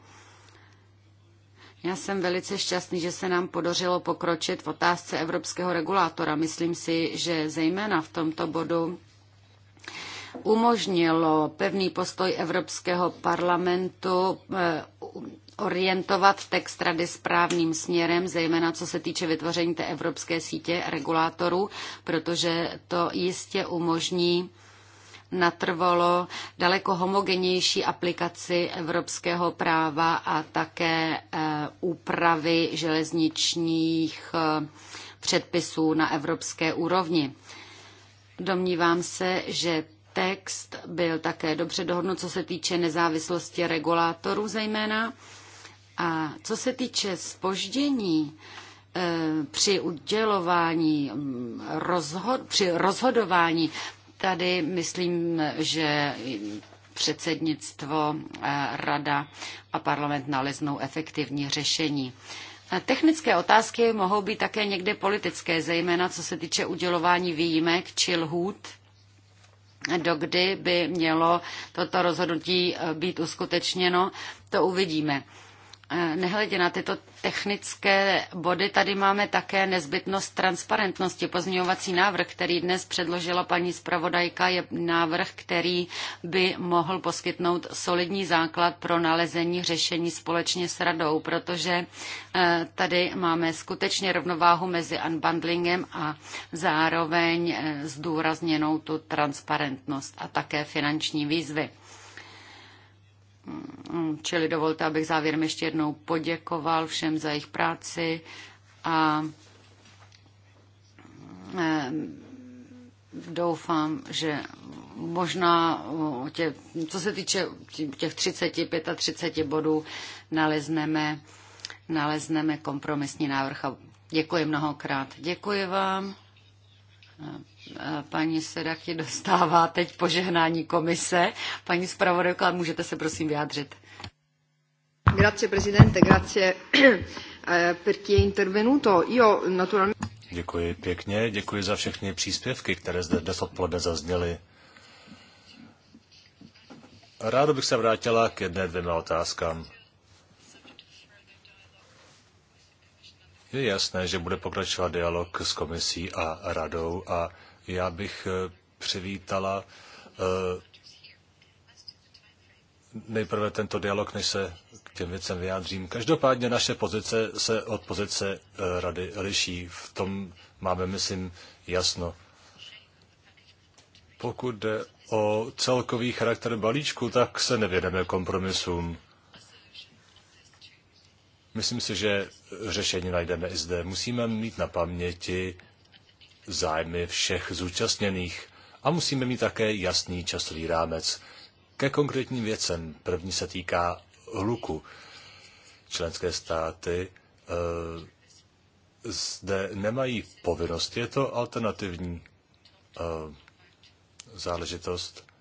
Já jsem velice šťastný, že se nám podařilo pokročit v otázce evropského regulátora. Myslím si, že zejména v tomto bodu umožnilo pevný postoj Evropského parlamentu eh, orientovat text rady správným směrem, zejména co se týče vytvoření té evropské sítě regulátorů, protože to jistě umožní natrvalo daleko homogenější aplikaci evropského práva a také eh, úpravy železničních eh, předpisů na evropské úrovni. Domnívám se, že Text byl také dobře dohodnut, co se týče nezávislosti regulátorů zejména. A co se týče spoždění eh, při udělování, mm, rozhod, při rozhodování, tady myslím, že předsednictvo, eh, rada a parlament naleznou efektivní řešení. Eh, technické otázky mohou být také někde politické, zejména co se týče udělování výjimek či lhůt dokdy by mělo toto rozhodnutí eh, být uskutečněno, to uvidíme. Eh, nehledě na tyto technické body, tady máme také nezbytnost transparentnosti. Pozměňovací návrh, který dnes předložila paní zpravodajka, je návrh, který by mohl poskytnout solidní základ pro nalezení řešení společně s radou, protože eh, tady máme skutečně rovnováhu mezi unbundlingem a zároveň eh, zdůrazněnou tu transparentnost a také finanční výzvy. Čili dovolte, abych závěrem ještě jednou poděkoval všem za jejich práci a eh, doufám, že možná, tě, co se týče těch 30, 35 bodů, nalezneme, nalezneme kompromisní návrh. A děkuji mnohokrát. Děkuji vám. Paní Sedachy dostává teď požehnání komise. Paní zpravodajka, můžete se prosím vyjádřit. Grazie prezidente, grazie eh, per chi è intervenuto. Io naturalmente... Děkuji pěkně, děkuji za všechny příspěvky, které zde dnes odpoledne zazněly. Rádo bych se vrátila k jedné dvěma otázkám. Je jasné, že bude pokračovat dialog s komisí a radou a já bych eh, přivítala eh, nejprve tento dialog, než se k těm věcem vyjádřím. Každopádně naše pozice se od pozice eh, rady liší. V tom máme, myslím, jasno. Pokud jde o celkový charakter balíčku, tak se nevědeme kompromisům. Myslím si, že řešení najdeme i zde. Musíme mít na paměti zájmy všech zúčastněných a musíme mít také jasný časový rámec. Ke konkrétním věcem první se týká hluku. Členské státy e, zde nemají povinnost, je to alternativní e, záležitost.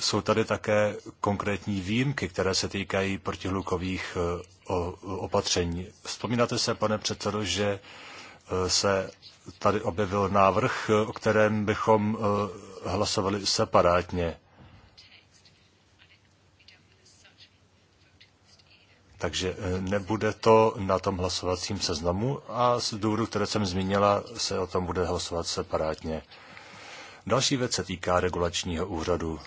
Jsou tady také konkrétní výjimky, které se týkají protihlukových e, opatření. Vzpomínáte se, pane předsedo, že e, se tady objevil návrh, e, o kterém bychom hlasovali separátně. Takže nebude to na tom hlasovacím seznamu a z důvodu, které jsem zmínila, se o tom bude hlasovat separátně. Další věc se týká regulačního úřadu.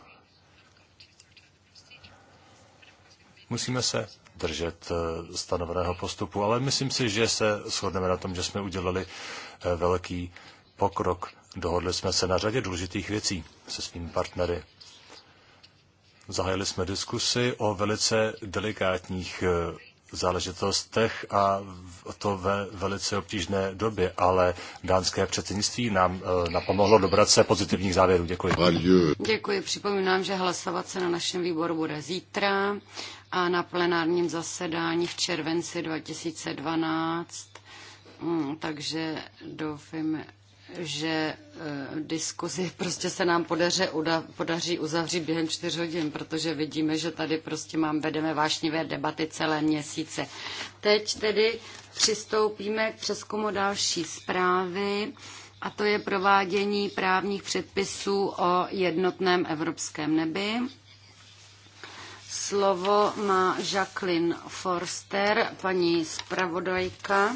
Musíme se držet eh, stanoveného postupu, ale myslím si, že se shodneme na tom, že jsme udělali eh, velký pokrok. Dohodli jsme se na řadě důležitých věcí se svými partnery. Zahájili jsme diskusy o velice delikátních eh, záležitostech a to ve velice obtížné době, ale dánské předsednictví nám eh, napomohlo dobrat se pozitivních závěrů. Děkuji. Děkuji. Připomínám, že hlasovat se na našem výboru bude zítra a na plenárním zasedání v červenci 2012. Mm, takže doufejme, že e, diskuzi prostě se nám podaře, podaří uzavřít během čtyř hodin, protože vidíme, že tady prostě mám, vedeme vášnivé debaty celé měsíce. Teď tedy přistoupíme k přeskumu další zprávy a to je provádění právních předpisů o jednotném evropském nebi. Slovo má Jacqueline Forster, paní zpravodajka.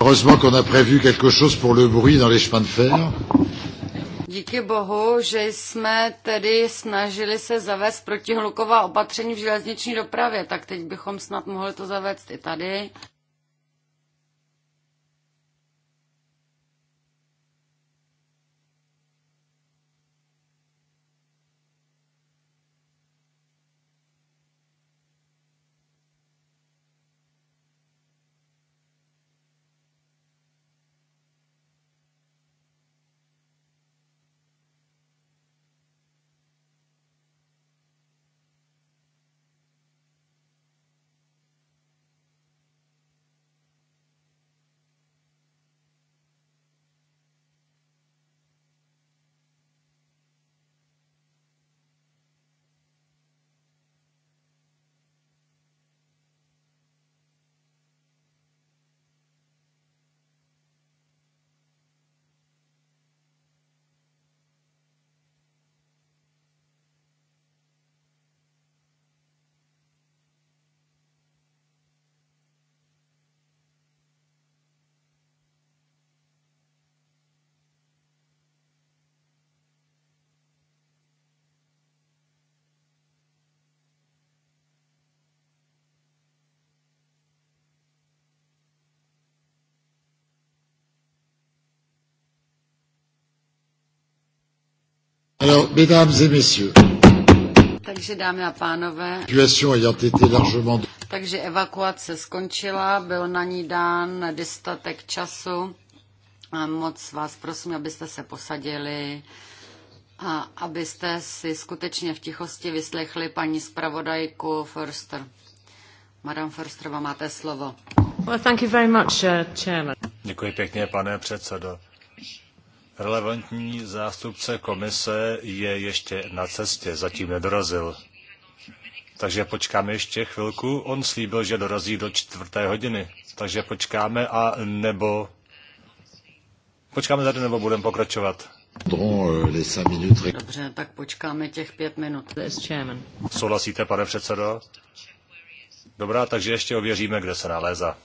Heureusement qu'on a prévu quelque chose pour le bruit dans les chemins de fer. Díky bohu, že jsme tedy snažili se zavést protihluková opatření v železniční dopravě, tak teď bychom snad mohli to zavést i tady. Alors, mesdames et messieurs. Takže dámy a pánové. Takže evakuace skončila, byl na ní dán dostatek času. A moc vás prosím, abyste se posadili a abyste si skutečně v tichosti vyslechli paní zpravodajku Forster. Madame vám máte slovo. Well, thank you very much, uh, Děkuji pěkně, pane předsedo relevantní zástupce komise je ještě na cestě, zatím nedorazil. Takže počkáme ještě chvilku. On slíbil, že dorazí do čtvrté hodiny. Takže počkáme a nebo... Počkáme tady nebo budeme pokračovat. Dobře, tak počkáme těch pět minut. Souhlasíte, pane předsedo? Dobrá, takže ještě ověříme, kde se nalézá.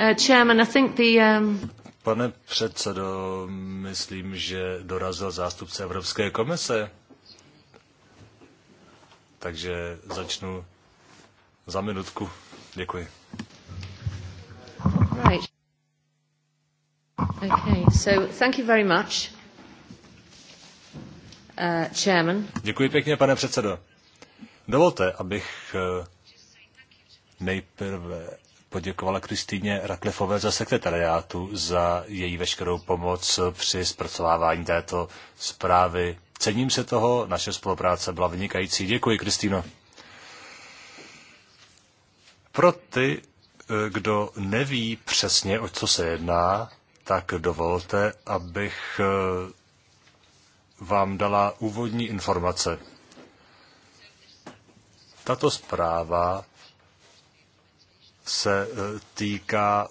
Uh, um, pane předsedo, myslím, že dorazil zástupce Evropské komise. Takže začnu za minutku. Děkuji. Right. Okay, so thank you very much, uh, chairman. Děkuji pěkně, pane předsedo. Dovolte, abych eh, nejprve poděkovala Kristýně Raklefové za sekretariátu za její veškerou pomoc při zpracovávání této zprávy. Cením se toho, naše spolupráce byla vynikající. Děkuji, Kristýno. Pro ty, eh, kdo neví přesně, o co se jedná, tak dovolte, abych eh, vám dala úvodní informace. Tato zpráva se eh, týká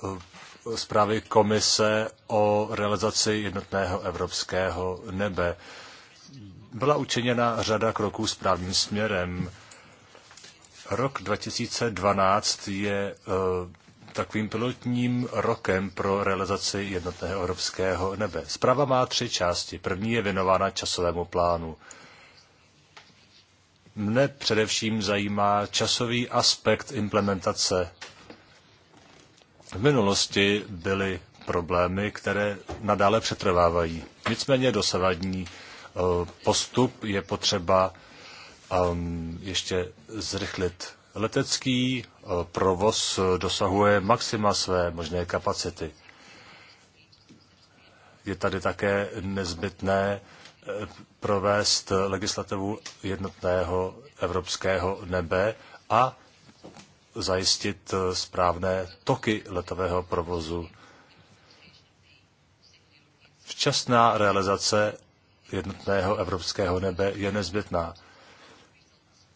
eh, zprávy komise o realizaci jednotného evropského nebe. Byla učiněna řada kroků správným směrem. Rok 2012 je eh, takovým pilotním rokem pro realizaci jednotného evropského nebe. Zpráva má tři části. První je věnována časovému plánu. Mne především zajímá časový aspekt implementace v minulosti byly problémy, které nadále přetrvávají. Nicméně dosavadní eh, postup je potřeba ehm, ještě zrychlit. Letecký eh, provoz eh, dosahuje maxima své možné kapacity. Je tady také nezbytné provést legislativu jednotného evropského nebe a zajistit eh, správné toky letového provozu. Včasná realizace jednotného evropského nebe je nezbytná.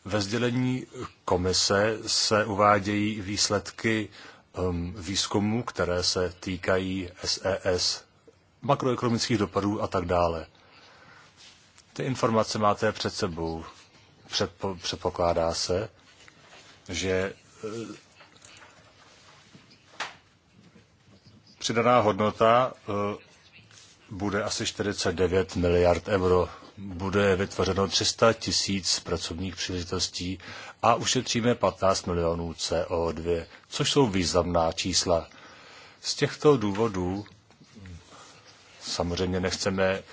Ve sdělení komise se uvádějí výsledky ehm, výzkumů, které se týkají SES, e makroekonomických dopadů a tak dále. Ty informace máte před sebou. Předpo, předpokládá se, že přidaná hodnota eh, bude asi 49 miliard euro. Bude vytvořeno 300 tisíc pracovních příležitostí a ušetříme 15 milionů CO2, což jsou významná čísla. Z těchto důvodů samozřejmě nechceme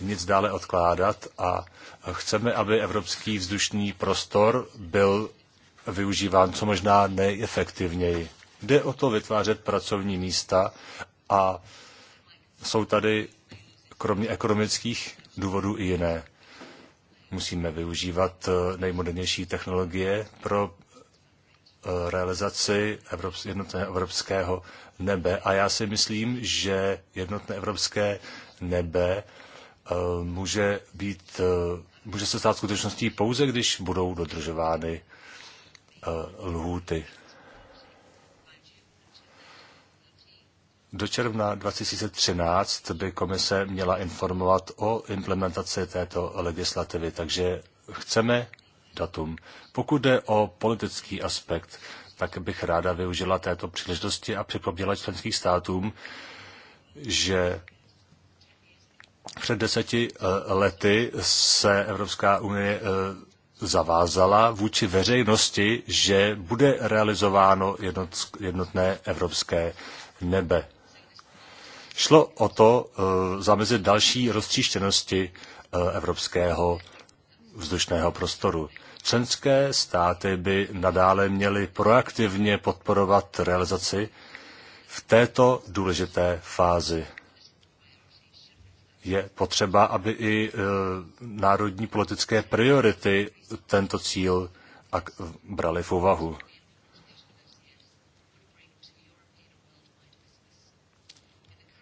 nic dále odkládat a chceme, aby evropský vzdušný prostor byl využíván co možná nejefektivněji. Jde o to vytvářet pracovní místa a jsou tady kromě ekonomických důvodů i jiné. Musíme využívat eh, nejmodernější technologie pro eh, realizaci jednotného evropského nebe. A já si myslím, že jednotné evropské nebe eh, může, být, může se stát skutečností pouze, když budou dodržovány Eh, lhůty. Do června 2013 by komise měla informovat o implementaci této legislativy, takže chceme datum. Pokud jde o politický aspekt, tak bych ráda využila této příležitosti a připomněla členským státům, že před deseti eh, lety se Evropská unie eh, zavázala vůči veřejnosti, že bude realizováno jednotné evropské nebe. Šlo o to eh, zamezit další roztříštěnosti eh, evropského vzdušného prostoru. Členské státy by nadále měly proaktivně podporovat realizaci v této důležité fázi je potřeba, aby i e, národní politické priority tento cíl brali v úvahu.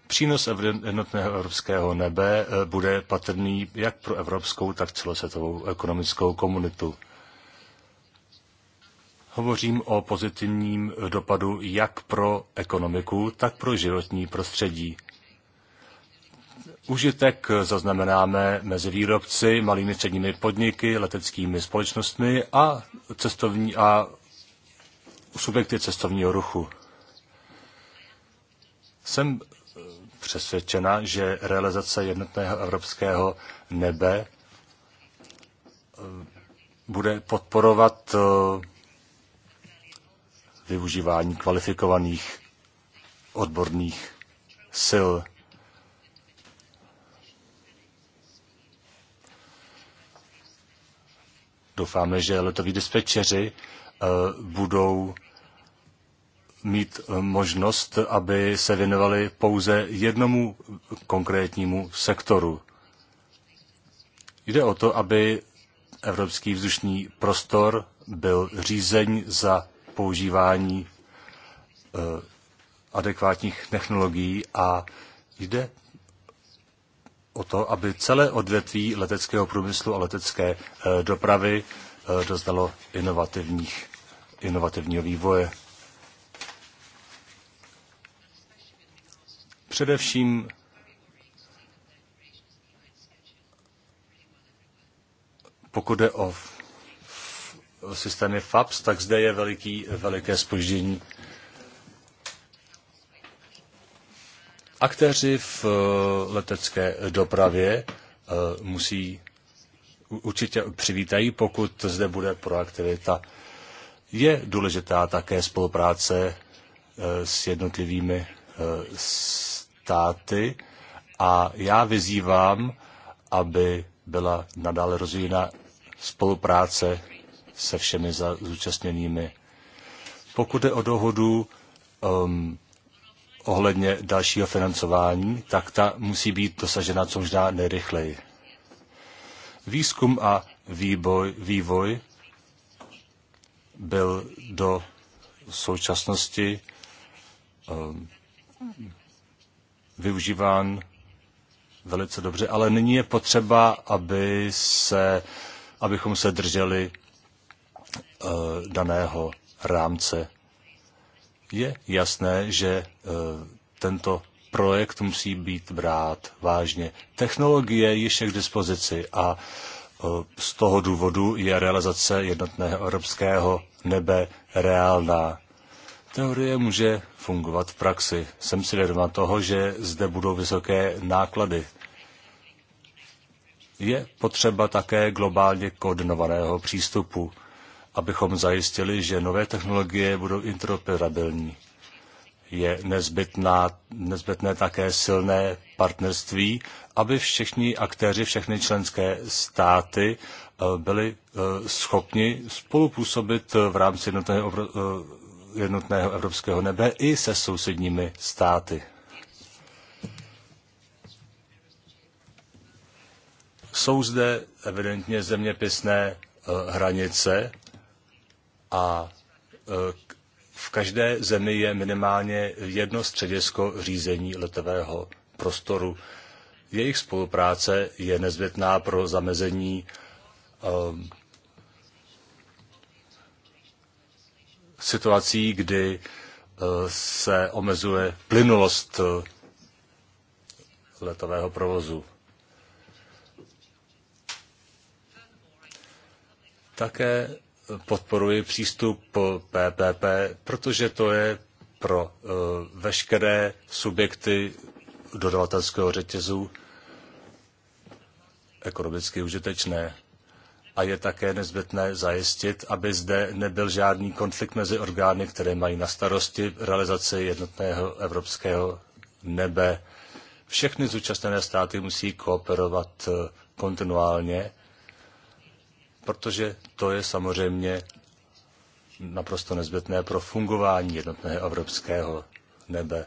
Přínos jednotného evropského nebe e, bude patrný jak pro evropskou, tak celosvětovou ekonomickou komunitu. Hovořím o pozitivním dopadu jak pro ekonomiku, tak pro životní prostředí. Užitek zaznamenáme mezi výrobci, malými středními podniky, leteckými společnostmi a, cestovní, a subjekty cestovního ruchu. Jsem eh, přesvědčena, že realizace jednotného evropského nebe eh, bude podporovat eh, využívání kvalifikovaných odborných sil Doufáme, že letoví dispečeři eh, budou mít eh, možnost, aby se věnovali pouze jednomu konkrétnímu sektoru. Jde o to, aby evropský vzdušný prostor byl řízeň za používání eh, adekvátních technologií a jde o to, aby celé odvětví leteckého průmyslu a letecké eh, dopravy eh, dostalo inovativních, inovativního vývoje. Především pokud jde o systémy FAPS, tak zde je veliký, veliké spoždění Aktéři v eh, letecké dopravě eh, musí určitě přivítají, pokud zde bude proaktivita. Je důležitá také spolupráce eh, s jednotlivými státy a já vyzývám, aby byla nadále rozvíjena spolupráce se všemi zúčastněnými. Pokud je o dohodu um, ohledně dalšího financování, tak ta musí být dosažena co možná nejrychleji. Výzkum a výboj, vývoj byl do současnosti um, využíván velice dobře, ale nyní je potřeba, aby se, abychom se drželi uh, daného rámce je jasné, že e, tento projekt musí být brát vážně. Technologie již je k dispozici a e, z toho důvodu je realizace jednotného evropského nebe reálná. Teorie může fungovat v praxi. Jsem si vědoma toho, že zde budou vysoké náklady. Je potřeba také globálně koordinovaného přístupu abychom zajistili, že nové technologie budou interoperabilní. Je nezbytná, nezbytné také silné partnerství, aby všichni aktéři, všechny členské státy eh, byli eh, schopni spolupůsobit eh, v rámci jednotného, jednotného evropského nebe i se sousedními státy. Jsou zde evidentně zeměpisné hranice a e, v každé zemi je minimálně jedno středisko řízení letového prostoru. Jejich spolupráce je nezbytná pro zamezení um, situací, kdy e, se omezuje plynulost letového provozu. Také podporuji přístup PPP, protože to je pro eh, veškeré subjekty dodavatelského řetězu ekonomicky užitečné. A je také nezbytné zajistit, aby zde nebyl žádný konflikt mezi orgány, které mají na starosti realizaci jednotného evropského nebe. Všechny zúčastněné státy musí kooperovat eh, kontinuálně protože to je samozřejmě naprosto nezbytné pro fungování jednotného evropského nebe.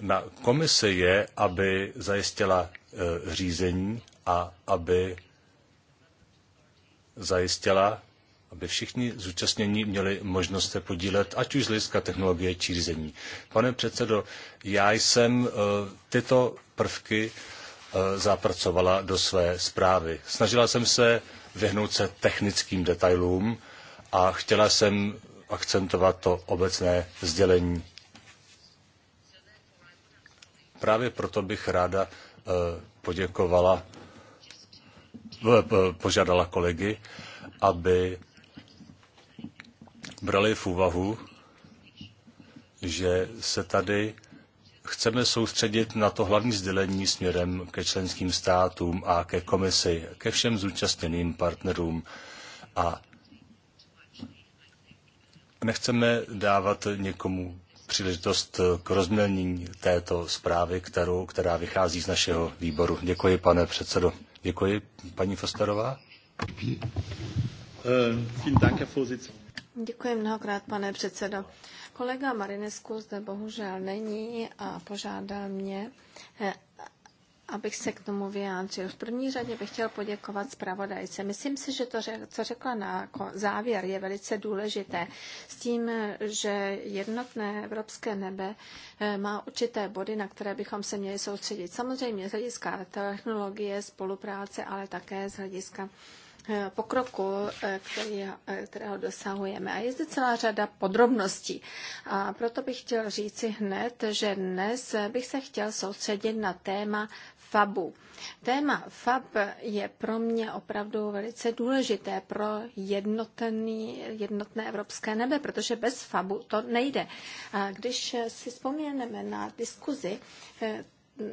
Na komise je, aby zajistila e, řízení a aby zajistila, aby všichni zúčastnění měli možnost se podílet, ať už z hlediska technologie či řízení. Pane předsedo, já jsem e, tyto prvky e, zapracovala do své zprávy. Snažila jsem se vyhnout se technickým detailům a chtěla jsem akcentovat to obecné sdělení. Právě proto bych ráda eh, poděkovala, eh, požádala kolegy, aby brali v úvahu, že se tady chceme soustředit na to hlavní sdělení směrem ke členským státům a ke komisi, ke všem zúčastněným partnerům. A nechceme dávat někomu příležitost k rozmělnění této zprávy, kterou, která vychází z našeho výboru. Děkuji, pane předsedo. Děkuji, paní Fosterová. Děkuji mnohokrát, pane předsedo. Kolega Marinescu zde bohužel není a požádal mě, eh, abych se k tomu vyjádřil. V první řadě bych chtěl poděkovat zpravodajce. Myslím si, že to, co řekla na závěr, je velice důležité s tím, že jednotné evropské nebe eh, má určité body, na které bychom se měli soustředit. Samozřejmě z hlediska technologie, spolupráce, ale také z hlediska Eh, pokroku, eh, který, eh, kterého dosahujeme. A je zde celá řada podrobností. A proto bych chtěl říci hned, že dnes bych se chtěl soustředit na téma FABu. Téma FAB je pro mě opravdu velice důležité pro jednotný, jednotné evropské nebe, protože bez FABu to nejde. A když si vzpomíneme na diskuzi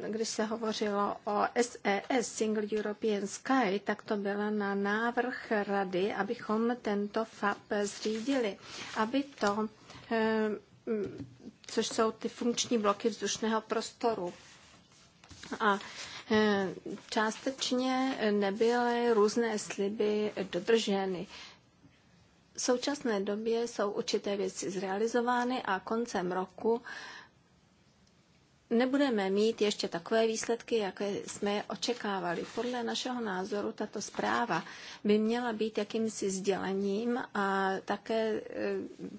když se hovořilo o SES, e Single European Sky, tak to byla na návrh rady, abychom tento FAP zřídili, aby to, eh, což jsou ty funkční bloky vzdušného prostoru. A eh, částečně nebyly různé sliby dodrženy. V současné době jsou určité věci zrealizovány a koncem roku nebudeme mít ještě takové výsledky, jaké jsme je očekávali. Podle našeho názoru tato zpráva by měla být jakýmsi sdělením a také e,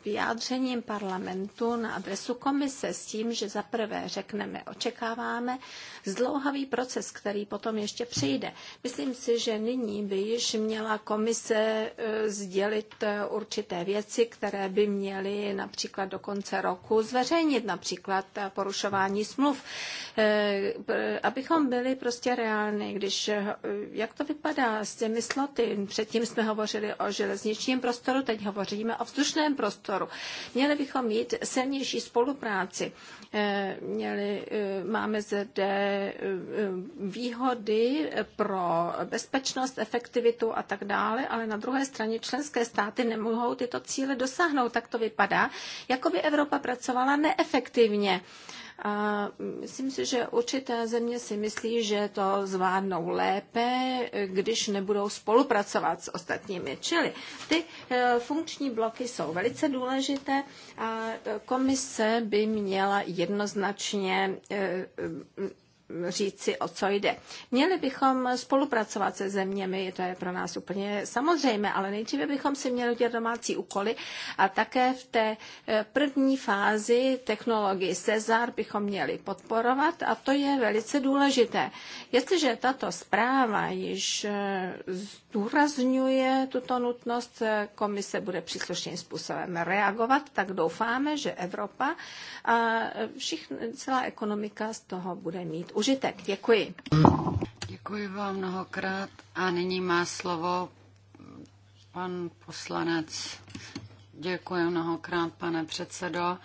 vyjádřením parlamentu na adresu komise s tím, že za prvé řekneme, očekáváme zdlouhavý proces, který potom ještě přijde. Myslím si, že nyní by již měla komise e, sdělit e, určité věci, které by měly například do konce roku zveřejnit, například porušování smluv smluv, eh, abychom byli prostě reální, když eh, jak to vypadá s těmi sloty, předtím jsme hovořili o železničním prostoru, teď hovoříme o vzdušném prostoru. Měli bychom mít silnější spolupráci. Eh, měli, máme zde výhody pro bezpečnost, efektivitu a tak dále, ale na druhé straně členské státy nemohou tyto cíle dosáhnout. Tak to vypadá, jako by Evropa pracovala neefektivně. A myslím si, že určité země si myslí, že to zvládnou lépe, když nebudou spolupracovat s ostatními. Čili ty eh, funkční bloky jsou velice důležité a eh, komise by měla jednoznačně eh, říci, o co jde. Měli bychom spolupracovat se zeměmi, to je pro nás úplně samozřejmé, ale nejdříve bychom si měli udělat domácí úkoly a také v té eh, první fázi technologii Cezar bychom měli podporovat a to je velice důležité. Jestliže tato zpráva již eh, zdůrazňuje tuto nutnost, eh, komise bude příslušným způsobem reagovat, tak doufáme, že Evropa a všichni, celá ekonomika z toho bude mít už užitek. Děkuji. Děkuji vám mnohokrát a nyní má slovo pan poslanec. Děkuji mnohokrát, pane předsedo.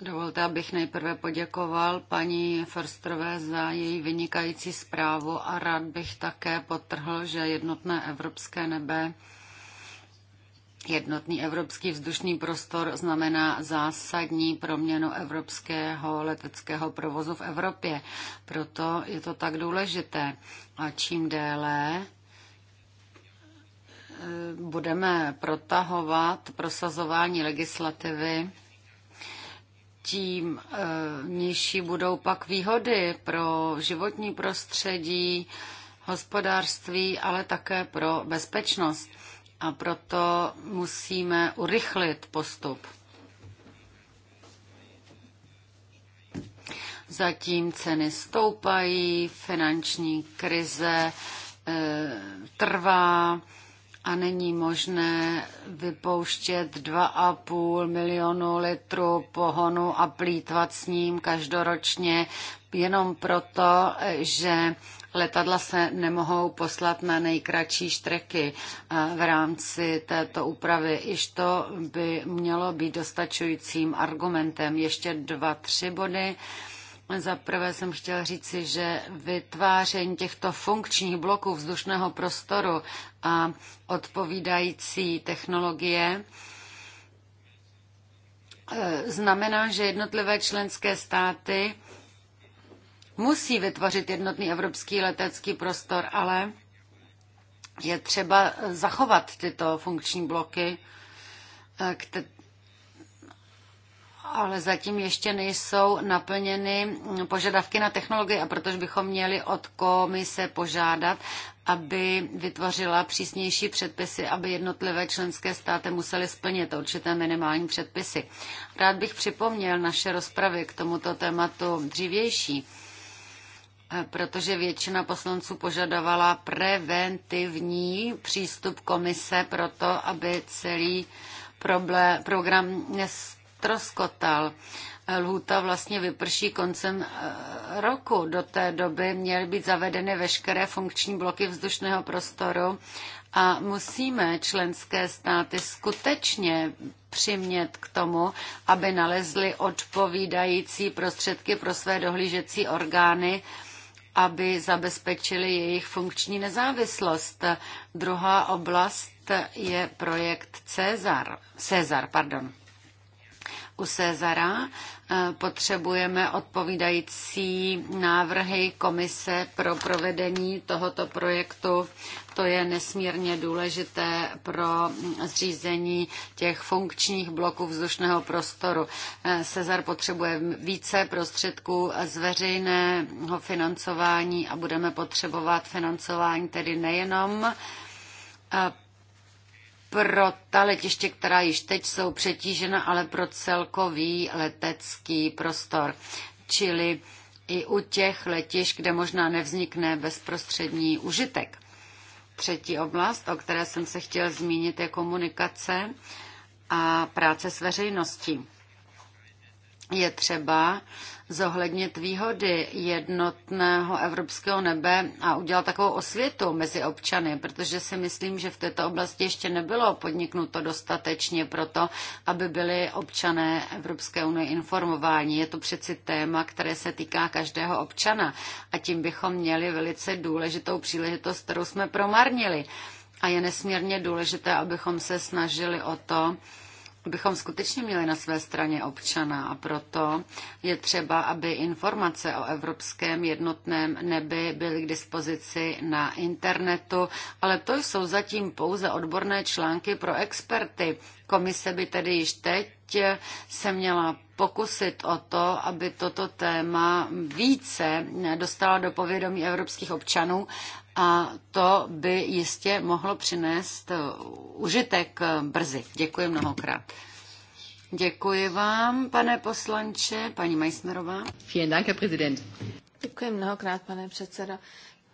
Dovolte, abych nejprve poděkoval paní Forstrové za její vynikající zprávu a rád bych také potrhl, že jednotné evropské nebe Jednotný evropský vzdušný prostor znamená zásadní proměnu evropského leteckého provozu v Evropě. Proto je to tak důležité. A čím déle eh, budeme protahovat prosazování legislativy, tím e, nižší budou pak výhody pro životní prostředí, hospodářství, ale také pro bezpečnost a proto musíme urychlit postup. Zatím ceny stoupají, finanční krize e, trvá a není možné vypouštět 2,5 milionu litrů pohonu a plítvat s ním každoročně jenom proto, že Letadla se nemohou poslat na nejkratší štreky v rámci této úpravy. Iž to by mělo být dostačujícím argumentem. Ještě dva, tři body. Za prvé jsem chtěl říci, že vytváření těchto funkčních bloků vzdušného prostoru a odpovídající technologie e, znamená, že jednotlivé členské státy musí vytvořit jednotný evropský letecký prostor, ale je třeba zachovat tyto funkční bloky, eh, ale zatím ještě nejsou naplněny požadavky na technologie, a protože bychom měli od komise požádat, aby vytvořila přísnější předpisy, aby jednotlivé členské státy musely splnit určité minimální předpisy. Rád bych připomněl naše rozpravy k tomuto tématu dřívější protože většina poslanců požadovala preventivní přístup komise pro to, aby celý problém, program nestroskotal. Lhůta vlastně vyprší koncem eh, roku. Do té doby měly být zavedeny veškeré funkční bloky vzdušného prostoru a musíme členské státy skutečně přimět k tomu, aby nalezly odpovídající prostředky pro své dohlížecí orgány, aby zabezpečili jejich funkční nezávislost. Druhá oblast je projekt Cezar. Cezar, pardon u Cezara. E, potřebujeme odpovídající návrhy komise pro provedení tohoto projektu. To je nesmírně důležité pro zřízení těch funkčních bloků vzdušného prostoru. E, Cezar potřebuje více prostředků z veřejného financování a budeme potřebovat financování tedy nejenom e, pro ta letiště, která již teď jsou přetížena, ale pro celkový letecký prostor. Čili i u těch letišť, kde možná nevznikne bezprostřední užitek. Třetí oblast, o které jsem se chtěl zmínit, je komunikace a práce s veřejností. Je třeba zohlednit výhody jednotného evropského nebe a udělat takovou osvětu mezi občany, protože si myslím, že v této oblasti ještě nebylo podniknuto dostatečně proto, aby byli občané Evropské unie informováni. Je to přeci téma, které se týká každého občana a tím bychom měli velice důležitou příležitost, kterou jsme promarnili. A je nesmírně důležité, abychom se snažili o to, bychom skutečně měli na své straně občana a proto je třeba, aby informace o evropském jednotném nebi byly k dispozici na internetu, ale to jsou zatím pouze odborné články pro experty. Komise by tedy již teď se měla pokusit o to, aby toto téma více dostala do povědomí evropských občanů a to by jistě mohlo přinést eh, užitek eh, brzy. Děkuji mnohokrát. Děkuji vám, pane poslanče, paní Majsnerová. Vielen Dank, Herr Präsident. Děkuji mnohokrát, pane předsedo.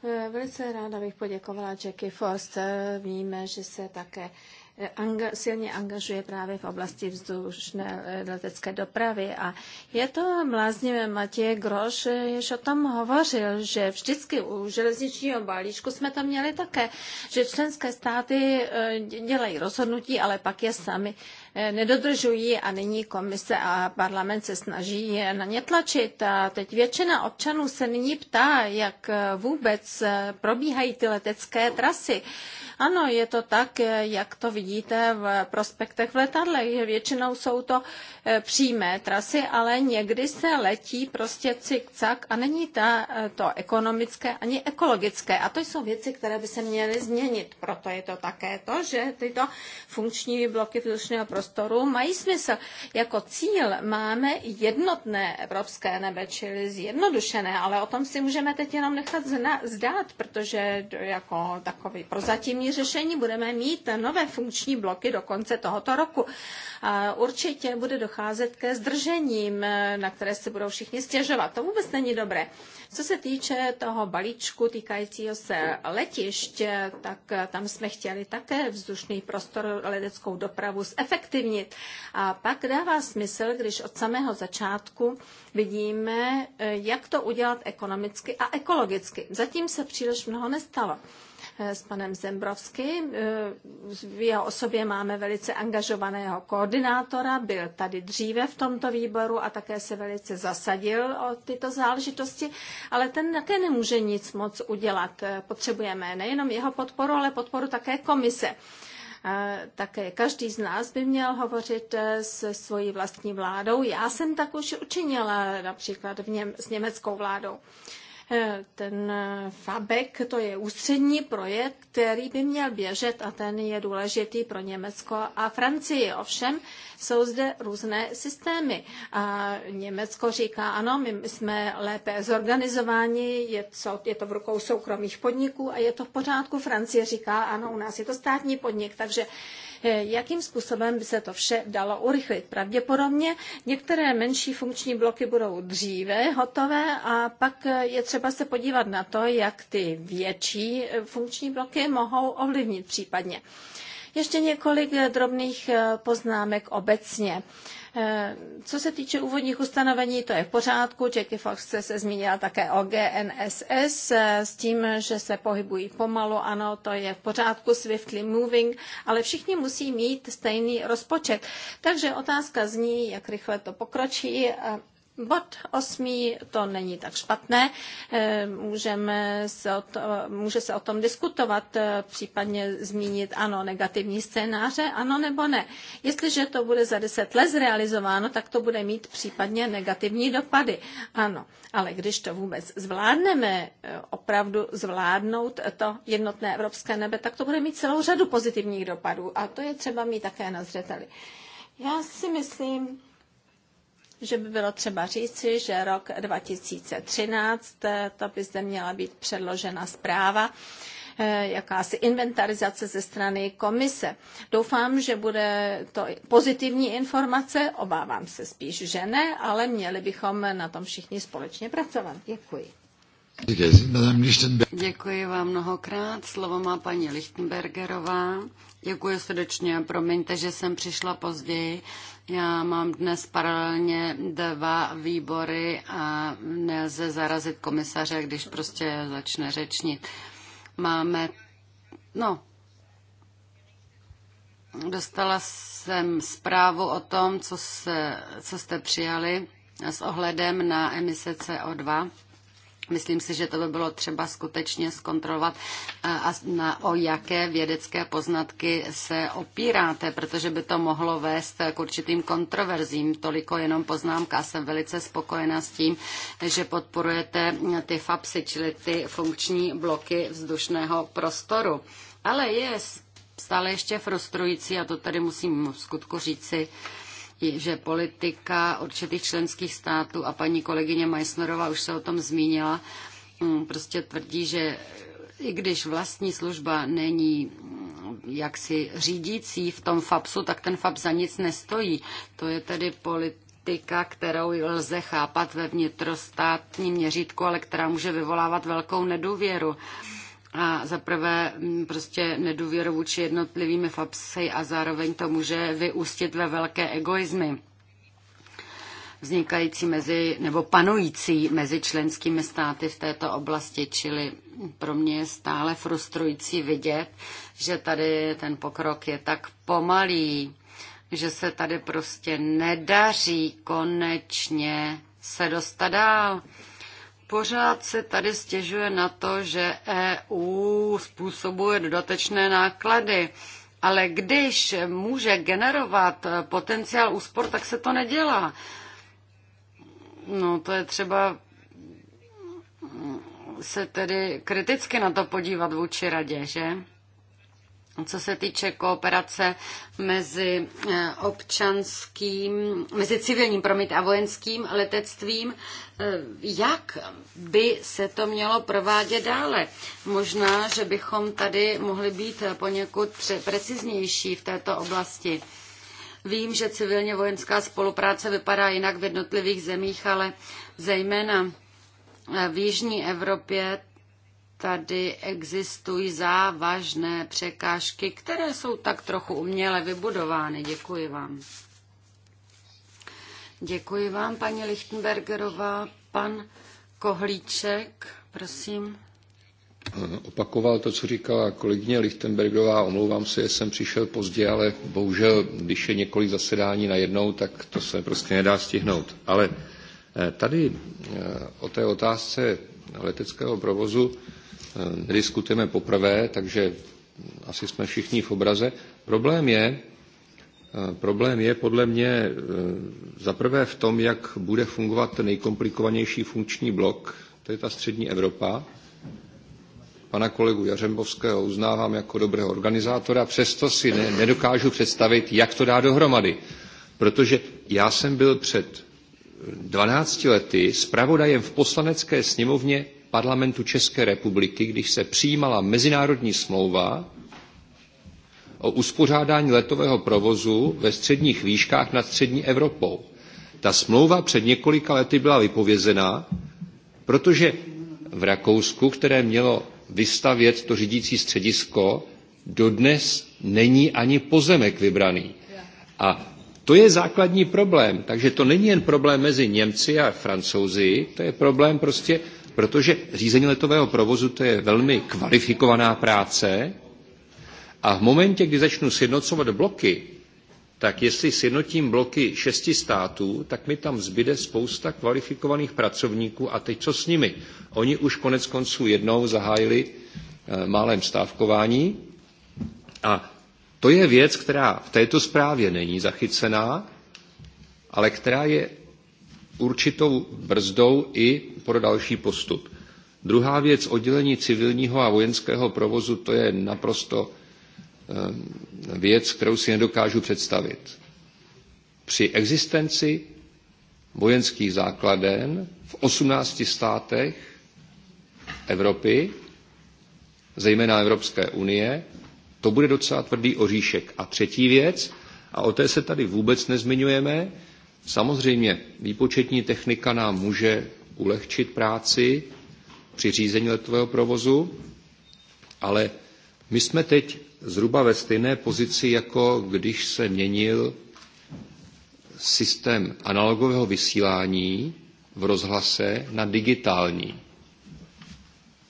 Eh, velice ráda bych poděkovala Jackie Forster. Víme, že se také Eh, anga, silně angažuje právě v oblasti vzdušné eh, letecké dopravy. A je to bláznivé Matěj Groš, eh, jež o tom hovořil, že vždycky u železničního balíčku jsme to měli také, že členské státy dělají rozhodnutí, ale pak je sami nedodržují a nyní komise a parlament se snaží je na ně tlačit. A teď většina občanů se nyní ptá, jak vůbec probíhají ty letecké trasy. Ano, je to tak, jak to vidí vidíte v prospektech v letadlech, že většinou jsou to eh, přímé trasy, ale někdy se letí prostě cik-cak a není ta, eh, to ekonomické ani ekologické. A to jsou věci, které by se měly změnit. Proto je to také to, že tyto funkční bloky vzdušného prostoru mají smysl. Jako cíl máme jednotné evropské nebe, čili zjednodušené, ale o tom si můžeme teď jenom nechat zdát, protože jako takový prozatímní řešení budeme mít nové funkční funkční bloky do konce tohoto roku. Určitě bude docházet ke zdržením, e, na které se budou všichni stěžovat. To vůbec není dobré. Co se týče toho balíčku týkajícího se letišť, tak e, tam jsme chtěli také vzdušný prostor leteckou dopravu zefektivnit. A pak dává smysl, když od samého začátku vidíme, e, jak to udělat ekonomicky a ekologicky. Zatím se příliš mnoho nestalo. Eh, s panem Zembrovským. Eh, v jeho osobě máme velice angažovaného koordinátora, byl tady dříve v tomto výboru a také se velice zasadil o tyto záležitosti, ale ten také nemůže nic moc udělat. Eh, potřebujeme nejenom jeho podporu, ale podporu také komise také každý z nás by měl hovořit se svojí vlastní vládou. Já jsem tak už učinila například v něm, s německou vládou. Eh, ten eh, FABEK, to je ústřední projekt, který by měl běžet a ten je důležitý pro Německo a Francii. Ovšem jsou zde různé systémy. A Německo říká, ano, my jsme lépe zorganizováni, je, je to v rukou soukromých podniků a je to v pořádku. Francie říká, ano, u nás je to státní podnik, takže Eh, jakým způsobem by se to vše dalo urychlit. Pravděpodobně některé menší funkční bloky budou dříve hotové a pak eh, je třeba se podívat na to, jak ty větší eh, funkční bloky mohou ovlivnit případně. Ještě několik drobných poznámek obecně. Eh, co se týče úvodních ustanovení, to je v pořádku. Jackie Fox se zmínila také o GNSS eh, s tím, že se pohybují pomalu. Ano, to je v pořádku, swiftly moving, ale všichni musí mít stejný rozpočet. Takže otázka zní, jak rychle to pokročí Bod osmý to není tak špatné, eh, Můžeme se o to, může se o tom diskutovat, eh, případně zmínit ano, negativní scénáře, ano nebo ne. Jestliže to bude za deset let zrealizováno, tak to bude mít případně negativní dopady, ano. Ale když to vůbec zvládneme, eh, opravdu zvládnout to jednotné evropské nebe, tak to bude mít celou řadu pozitivních dopadů a to je třeba mít také na zřeteli. Já si myslím, že by bylo třeba říci, že rok 2013, eh, to by zde měla být předložena zpráva, eh, jakási inventarizace ze strany komise. Doufám, že bude to pozitivní informace, obávám se spíš, že ne, ale měli bychom na tom všichni společně pracovat. Děkuji. Děkuji vám mnohokrát. Slovo má paní Lichtenbergerová. Děkuji srdečně a promiňte, že jsem přišla později. Já mám dnes paralelně dva výbory a nelze zarazit komisaře, když prostě začne řečnit. Máme, no, dostala jsem zprávu o tom, co, se, co jste přijali s ohledem na emise CO2 Myslím si, že to by bylo třeba skutečně zkontrolovat, eh, a na, o jaké vědecké poznatky se opíráte, protože by to mohlo vést k určitým kontroverzím. Toliko jenom poznámka. Jsem velice spokojená s tím, že podporujete ty FAPSy, čili ty funkční bloky vzdušného prostoru. Ale je stále ještě frustrující, a to tady musím v skutku říci, že politika určitých členských států, a paní kolegyně Meissnerová už se o tom zmínila, mm, prostě tvrdí, že i když vlastní služba není mm, jaksi řídící v tom FAPSu, tak ten FAP za nic nestojí. To je tedy politika, kterou lze chápat ve vnitrostátním měřítku, ale která může vyvolávat velkou nedůvěru. Hmm a zaprvé mm, prostě nedůvěru vůči jednotlivými fapsy a zároveň to může vyústit ve velké egoizmy vznikající mezi, nebo panující mezi členskými státy v této oblasti, čili pro mě je stále frustrující vidět, že tady ten pokrok je tak pomalý, že se tady prostě nedaří konečně se dostat dál. Pořád se tady stěžuje na to, že EU způsobuje dodatečné náklady, ale když může generovat potenciál úspor, tak se to nedělá. No, to je třeba se tedy kriticky na to podívat vůči radě, že? co se týče kooperace mezi eh, občanským, mezi civilním promit a vojenským letectvím, eh, jak by se to mělo provádět dále? Možná, že bychom tady mohli být poněkud preciznější v této oblasti. Vím, že civilně vojenská spolupráce vypadá jinak v jednotlivých zemích, ale zejména eh, v Jižní Evropě tady existují závažné překážky, které jsou tak trochu uměle vybudovány. Děkuji vám. Děkuji vám, paní Lichtenbergerová. Pan Kohlíček, prosím. Opakoval to, co říkala kolegyně Lichtenbergová. Omlouvám se, že jsem přišel pozdě, ale bohužel, když je několik zasedání najednou, tak to se prostě nedá stihnout. Ale eh, tady eh, o té otázce leteckého provozu nediskutujeme eh, poprvé, takže asi jsme všichni v obraze. Problém je, eh, Problém je podle mě eh, zaprvé v tom, jak bude fungovat nejkomplikovanější funkční blok, to je ta střední Evropa. Pana kolegu Jařembovského uznávám jako dobrého organizátora, přesto si ne, nedokážu představit, jak to dá dohromady. Protože já jsem byl před 12 lety zpravodajem v poslanecké sněmovně parlamentu České republiky, když se přijímala mezinárodní smlouva o uspořádání letového provozu ve středních výškách nad střední Evropou. Ta smlouva před několika lety byla vypovězena, protože v Rakousku, které mělo vystavět to řídící středisko, dodnes není ani pozemek vybraný. A to je základní problém. Takže to není jen problém mezi Němci a Francouzi, to je problém prostě protože řízení letového provozu to je velmi kvalifikovaná práce a v momentě, kdy začnu sjednocovat bloky, tak jestli sjednotím bloky šesti států, tak mi tam zbyde spousta kvalifikovaných pracovníků a teď co s nimi? Oni už konec konců jednou zahájili eh, málem stávkování a to je věc, která v této zprávě není zachycená, ale která je určitou brzdou i pro další postup. Druhá věc, oddělení civilního a vojenského provozu, to je naprosto eh, věc, kterou si nedokážu představit. Při existenci vojenských základen v 18 státech Evropy, zejména Evropské unie, to bude docela tvrdý oříšek. A třetí věc, a o té se tady vůbec nezmiňujeme, Samozřejmě výpočetní technika nám může ulehčit práci při řízení letového provozu, ale my jsme teď zhruba ve stejné pozici, jako když se měnil systém analogového vysílání v rozhlase na digitální.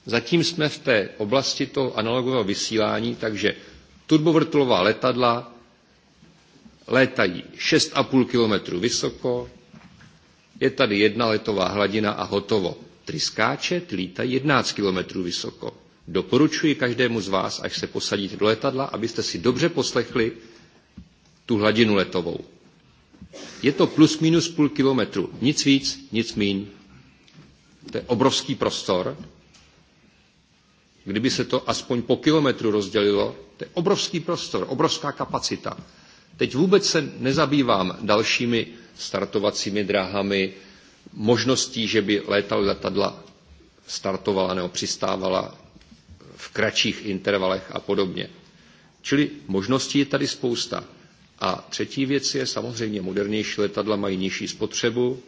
Zatím jsme v té oblasti toho analogového vysílání, takže turbovrtulová letadla, létají 6,5 kilometru vysoko, je tady jedna letová hladina a hotovo. Tryskáče lítají 11 km vysoko. Doporučuji každému z vás, až se posadíte do letadla, abyste si dobře poslechli tu hladinu letovou. Je to plus minus půl kilometru. Nic víc, nic mín. To je obrovský prostor. Kdyby se to aspoň po kilometru rozdělilo, to je obrovský prostor, obrovská kapacita. Teď vůbec se nezabývám dalšími startovacími dráhami, možností, že by létal letadla startovala nebo přistávala v kratších intervalech a podobně. Čili možností je tady spousta. A třetí věc je samozřejmě modernější letadla mají nižší spotřebu.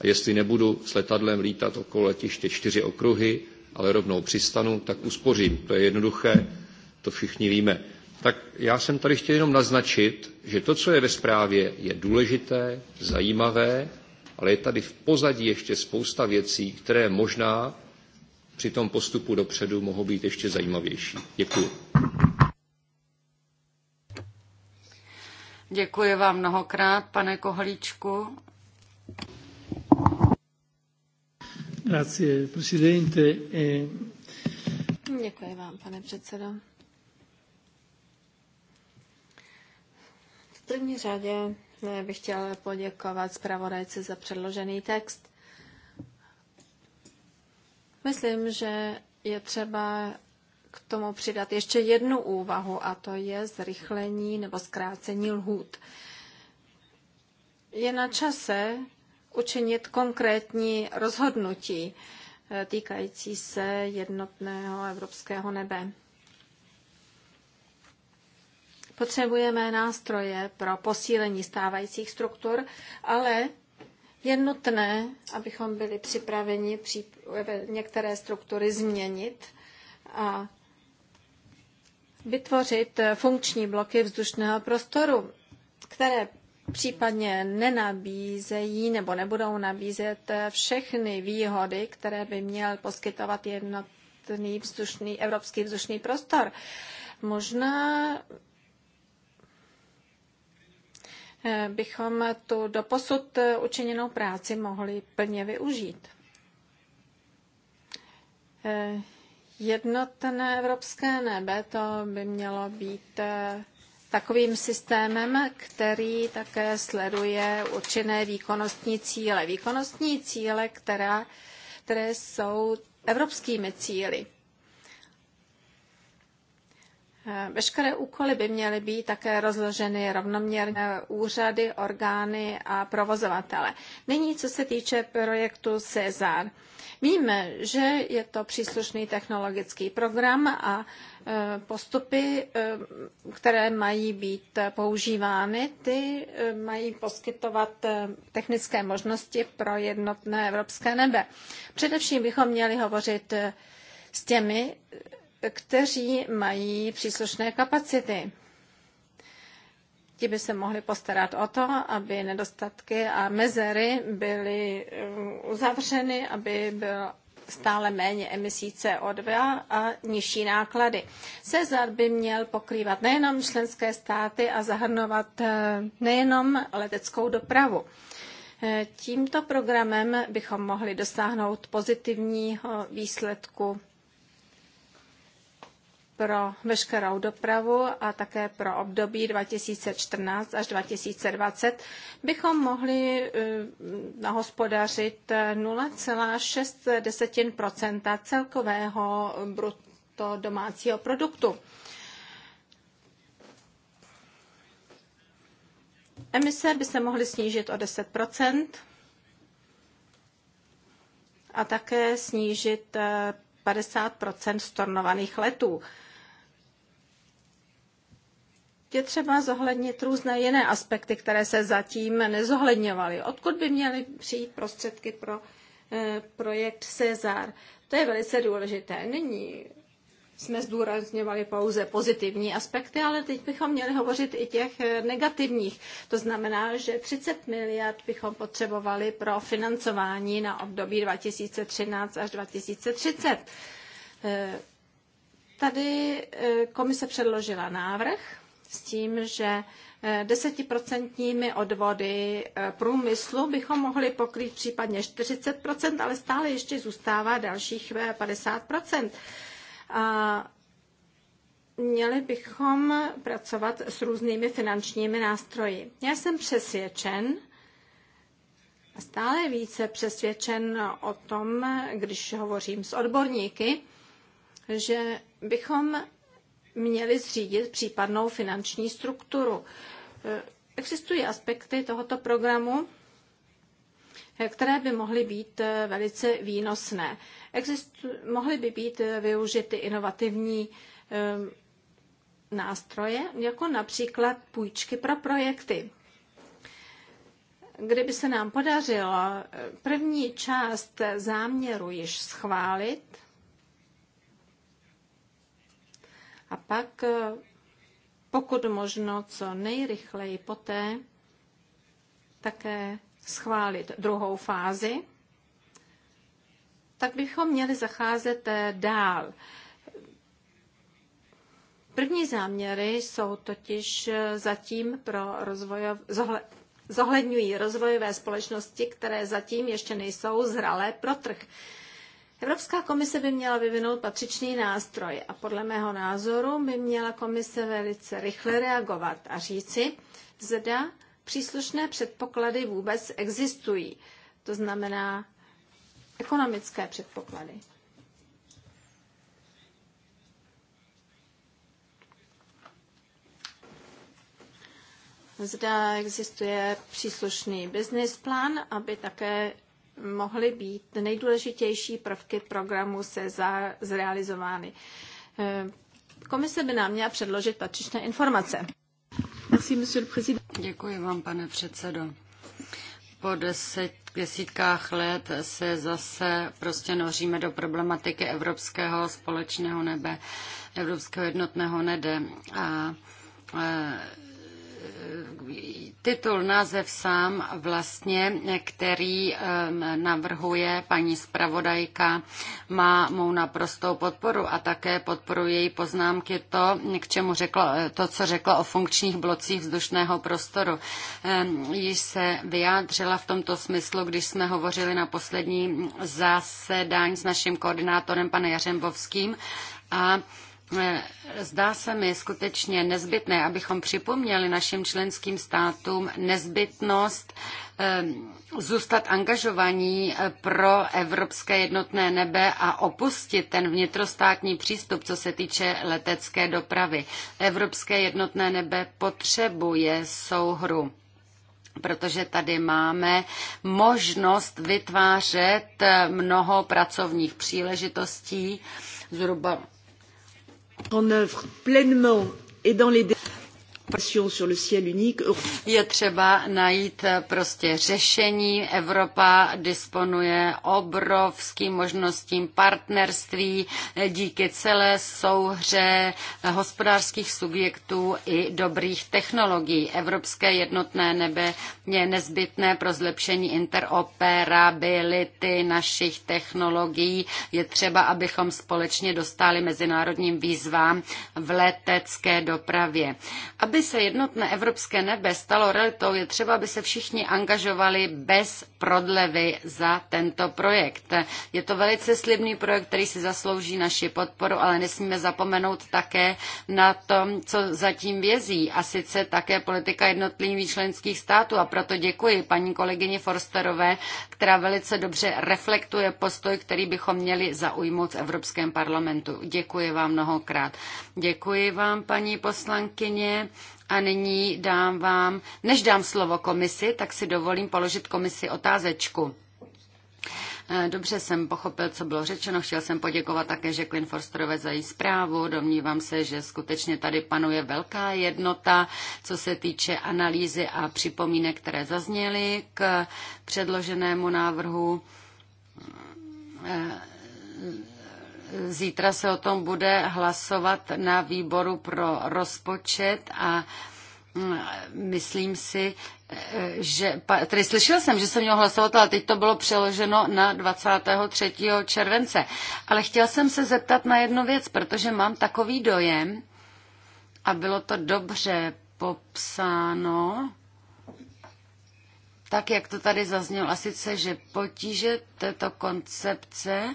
A jestli nebudu s letadlem lítat okolo letiště čtyři okruhy, ale rovnou přistanu, tak uspořím. To je jednoduché, to všichni víme tak já jsem tady chtěl jenom naznačit, že to, co je ve zprávě, je důležité, zajímavé, ale je tady v pozadí ještě spousta věcí, které možná při tom postupu dopředu mohou být ještě zajímavější. Děkuji. Děkuji vám mnohokrát, pane Kohlíčku. Grazie, presidente. E- Děkuji vám, pane předsedo. V první řadě eh, bych chtěla poděkovat zpravodajce za předložený text. Myslím, že je třeba k tomu přidat ještě jednu úvahu, a to je zrychlení nebo zkrácení lhůt. Je na čase učinit konkrétní rozhodnutí eh, týkající se jednotného evropského nebe. Potřebujeme nástroje pro posílení stávajících struktur, ale je nutné, abychom byli připraveni při některé struktury změnit a vytvořit funkční bloky vzdušného prostoru, které případně nenabízejí nebo nebudou nabízet všechny výhody, které by měl poskytovat jednotný vzdušný, evropský vzdušný prostor. Možná bychom tu doposud učiněnou práci mohli plně využít. Eh, jednotné evropské nebe to by mělo být eh, takovým systémem, který také sleduje určené výkonnostní cíle. Výkonnostní cíle, která, které jsou evropskými cíly. Eh, veškeré úkoly by měly být také rozloženy rovnoměrně úřady, orgány a provozovatele. Nyní, co se týče projektu CESAR. Víme, že je to příslušný technologický program a eh, postupy, eh, které mají být používány, ty mají poskytovat technické možnosti pro jednotné evropské nebe. Především bychom měli hovořit s těmi kteří mají příslušné kapacity. Ti by se mohli postarat o to, aby nedostatky a mezery byly eh, uzavřeny, aby byl stále méně emisí CO2 a nižší náklady. Cezar by měl pokrývat nejenom členské státy a zahrnovat eh, nejenom leteckou dopravu. Eh, tímto programem bychom mohli dosáhnout pozitivního výsledku pro veškerou dopravu a také pro období 2014 až 2020 bychom mohli e, nahospodařit 0,6 e, celkového brutto domácího produktu. Emise by se mohly snížit o 10 a také snížit 50 e, stornovaných letů je třeba zohlednit různé jiné aspekty, které se zatím nezohledňovaly. Odkud by měly přijít prostředky pro eh, projekt Cezar? To je velice důležité. Nyní jsme zdůrazňovali pouze pozitivní aspekty, ale teď bychom měli hovořit i těch eh, negativních. To znamená, že 30 miliard bychom potřebovali pro financování na období 2013 až 2030. Eh, tady komise předložila návrh s tím, že eh, desetiprocentními odvody eh, průmyslu bychom mohli pokrýt případně 40%, ale stále ještě zůstává dalších 50%. Eh, a měli bychom pracovat s různými finančními nástroji. Já jsem přesvědčen, stále více přesvědčen o tom, když hovořím s odborníky, že bychom měli zřídit případnou finanční strukturu. E, existují aspekty tohoto programu, e, které by mohly být e, velice výnosné. Existu, mohly by být využity inovativní nástroje, jako například půjčky pro projekty. Kdyby se nám podařilo první část záměru již schválit, A pak, e, pokud možno co nejrychleji poté, také schválit druhou fázi, tak bychom měli zacházet e, dál. První záměry jsou totiž e, zatím pro rozvojov, zohledňují rozvojové společnosti, které zatím ještě nejsou zralé pro trh. Evropská komise by měla vyvinout patřičný nástroj a podle mého názoru by měla komise velice rychle reagovat a říci, zda příslušné předpoklady vůbec existují. To znamená ekonomické předpoklady. Zda existuje příslušný business plán, aby také mohly být nejdůležitější prvky programu se za zrealizovány. Eh, komise by nám měla předložit patřičné informace. Děkuji vám, pane předsedo. Po deset, desítkách let se zase prostě noříme do problematiky evropského společného nebe, evropského jednotného nede. A, a eh, titul, název sám vlastně, který navrhuje paní zpravodajka, má mou naprostou podporu a také podporu její poznámky to, k čemu řekla, to, co řekla o funkčních blocích vzdušného prostoru. Již se vyjádřila v tomto smyslu, když jsme hovořili na poslední zasedání s naším koordinátorem, panem Jařembovským, a Eh, zdá se mi skutečně nezbytné, abychom připomněli našim členským státům nezbytnost eh, zůstat angažovaní eh, pro evropské jednotné nebe a opustit ten vnitrostátní přístup, co se týče letecké dopravy. Evropské jednotné nebe potřebuje souhru protože tady máme možnost vytvářet mnoho pracovních příležitostí, zhruba en œuvre pleinement et dans les délais. Je třeba najít eh, prostě řešení. Evropa disponuje obrovským možnostím partnerství eh, díky celé souhře eh, hospodářských subjektů i dobrých technologií. Evropské jednotné nebe je nezbytné pro zlepšení interoperability našich technologií. Je třeba, abychom společně dostali mezinárodním výzvám v letecké dopravě. Aby aby se jednotné evropské nebe stalo realitou, je třeba, aby se všichni angažovali bez prodlevy za tento projekt. Je to velice slibný projekt, který si zaslouží naši podporu, ale nesmíme zapomenout také na to, co zatím vězí, a sice také politika jednotlivých členských států. A proto děkuji paní kolegyni Forsterové, která velice dobře reflektuje postoj, který bychom měli zaujmout v Evropském parlamentu. Děkuji vám mnohokrát. Děkuji vám, paní poslankyně. A nyní dám vám, než dám slovo komisi, tak si dovolím položit komisi otázečku. Eh, dobře jsem pochopil, co bylo řečeno. Chtěl jsem poděkovat také Jacqueline Forsterové za její zprávu. Domnívám se, že skutečně tady panuje velká jednota, co se týče analýzy a připomínek, které zazněly k předloženému návrhu eh, Zítra se o tom bude hlasovat na výboru pro rozpočet a mm, myslím si, že, tedy slyšel jsem, že se měl hlasovat, ale teď to bylo přeloženo na 23. července. Ale chtěl jsem se zeptat na jednu věc, protože mám takový dojem, a bylo to dobře popsáno, tak jak to tady zaznělo, a sice, že potíže této koncepce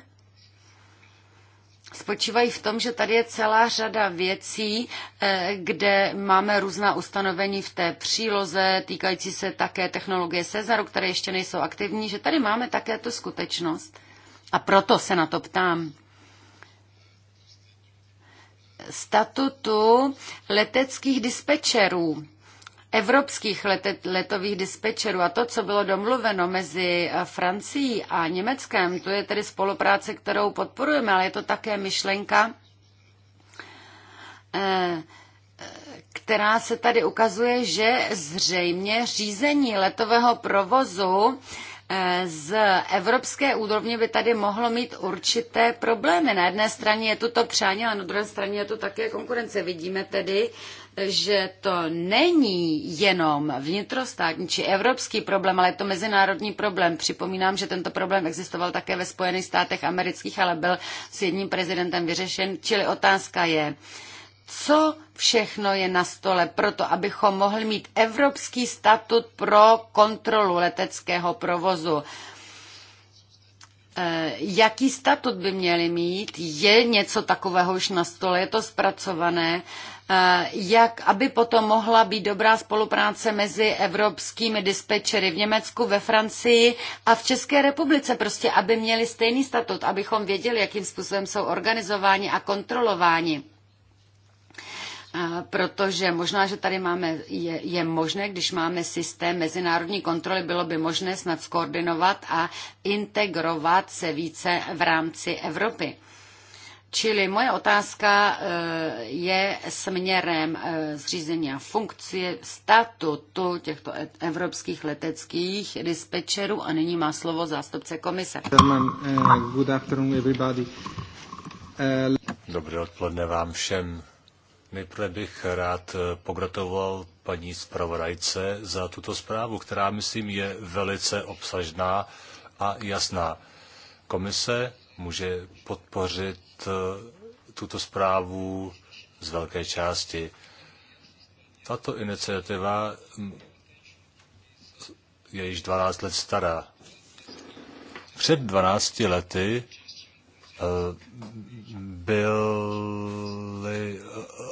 spočívají v tom, že tady je celá řada věcí, eh, kde máme různá ustanovení v té příloze, týkající se také technologie Cezaru, které ještě nejsou aktivní, že tady máme také tu skutečnost. A proto se na to ptám statutu leteckých dispečerů evropských letet, letových dispečerů a to, co bylo domluveno mezi eh, Francií a Německem, to je tedy spolupráce, kterou podporujeme, ale je to také myšlenka, eh, eh, která se tady ukazuje, že zřejmě řízení letového provozu z evropské úrovně by tady mohlo mít určité problémy. Na jedné straně je to to přání, ale na druhé straně je to také konkurence. Vidíme tedy, že to není jenom vnitrostátní či evropský problém, ale je to mezinárodní problém. Připomínám, že tento problém existoval také ve Spojených státech amerických, ale byl s jedním prezidentem vyřešen. Čili otázka je, co všechno je na stole proto, abychom mohli mít evropský statut pro kontrolu leteckého provozu. E, jaký statut by měli mít? Je něco takového už na stole? Je to zpracované? E, jak, aby potom mohla být dobrá spolupráce mezi evropskými dispečery v Německu, ve Francii a v České republice, prostě aby měli stejný statut, abychom věděli, jakým způsobem jsou organizováni a kontrolováni protože možná, že tady máme, je, je možné, když máme systém mezinárodní kontroly, bylo by možné snad skoordinovat a integrovat se více v rámci Evropy. Čili moje otázka eh, je směrem eh, zřízení a funkcie statutu těchto e- evropských leteckých dispečerů a nyní má slovo zástupce komise. Eh, Dobré odpoledne vám všem. Nejprve bych rád eh, pogratuloval paní zpravodajce za tuto zprávu, která, myslím, je velice obsažná a jasná. Komise může podpořit eh, tuto zprávu z velké části. Tato iniciativa hm, je již 12 let stará. Před 12 lety eh, byly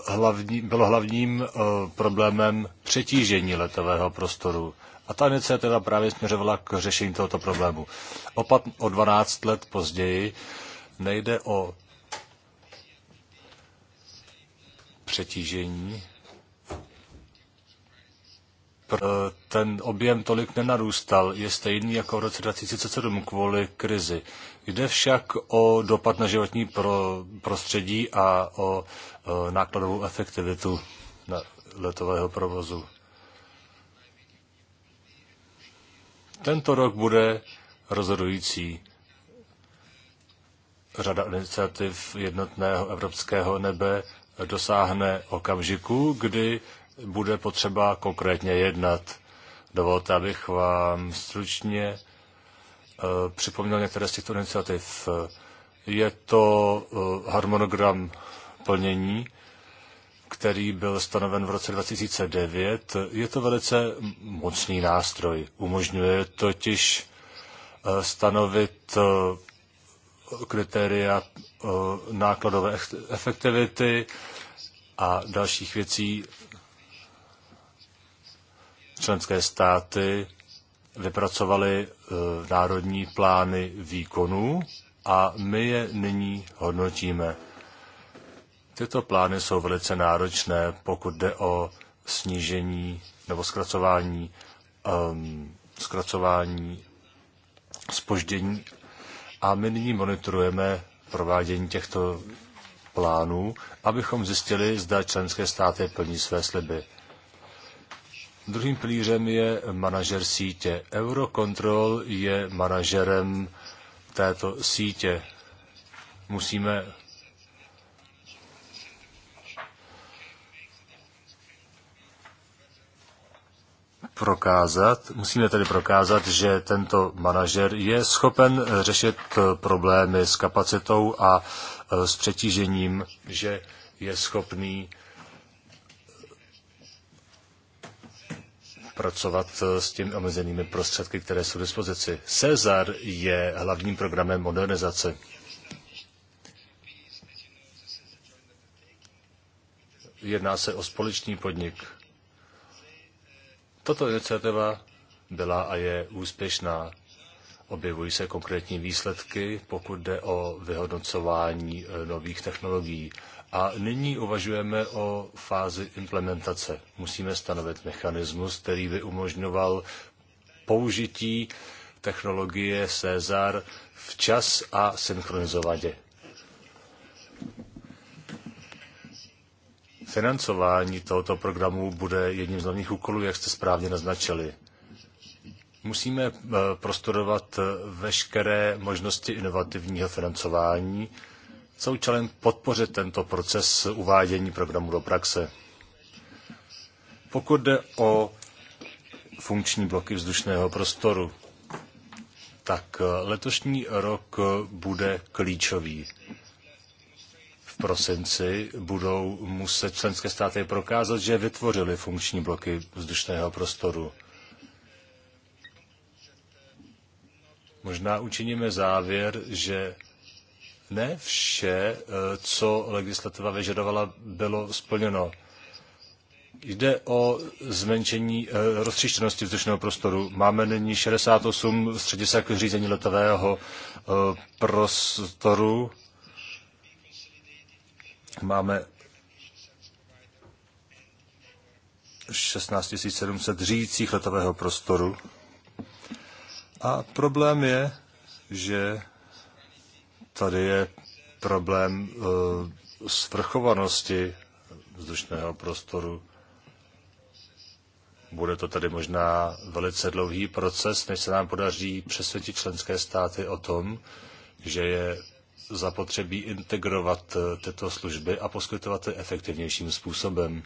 hlavní, bylo hlavním eh, problémem přetížení letového prostoru. A ta iniciativa právě směřovala k řešení tohoto problému. Opat o 12 let později nejde o přetížení, Eh, ten objem tolik nenarůstal, je stejný jako v roce 2007 kvůli krizi. Jde však o dopad na životní pro, prostředí a o, o eh, nákladovou efektivitu na letového provozu. Tento rok bude rozhodující. Řada iniciativ jednotného evropského nebe dosáhne okamžiku, kdy bude potřeba konkrétně jednat. Dovolte, abych vám stručně eh, připomněl některé z těchto iniciativ. Je to eh, harmonogram plnění, který byl stanoven v roce 2009. Je to velice mocný nástroj. Umožňuje totiž eh, stanovit kritéria nákladové efektivity a dalších věcí členské státy vypracovaly e, národní plány výkonů a my je nyní hodnotíme. Tyto plány jsou velice náročné, pokud jde o snížení nebo zkracování, um, zkracování spoždění. A my nyní monitorujeme provádění těchto plánů, abychom zjistili, zda členské státy plní své sliby. Druhým pilířem je manažer sítě. Eurocontrol je manažerem této sítě. Musíme prokázat, musíme tedy prokázat, že tento manažer je schopen řešit problémy s kapacitou a s přetížením, že je schopný pracovat eh, s těmi omezenými prostředky, které jsou v dispozici. Cezar je hlavním programem modernizace. Jedná se o společný podnik. Tato iniciativa byla a je úspěšná. Objevují se konkrétní výsledky, pokud jde o vyhodnocování eh, nových technologií. A nyní uvažujeme o fázi implementace. Musíme stanovit mechanismus, který by umožňoval použití technologie Cezar včas a synchronizovaně. Financování tohoto programu bude jedním z hlavních úkolů, jak jste správně naznačili. Musíme eh, prostudovat eh, veškeré možnosti inovativního financování, za účelem podpořit tento proces uvádění programu do praxe. Pokud jde o funkční bloky vzdušného prostoru, tak eh, letošní rok bude klíčový. V prosinci budou muset členské státy prokázat, že vytvořili funkční bloky vzdušného prostoru. Možná učiníme závěr, že ne vše, eh, co legislativa vyžadovala, bylo splněno. Jde o zmenšení eh, roztříštěnosti vzdušného prostoru. Máme nyní 68 středisek řízení letového eh, prostoru. Máme 16 700 řídících letového prostoru. A problém je, že tady je problém eh, svrchovanosti vzdušného prostoru. Bude to tady možná velice dlouhý proces, než se nám podaří přesvědčit členské státy o tom, že je zapotřebí integrovat eh, tyto služby a poskytovat je efektivnějším způsobem.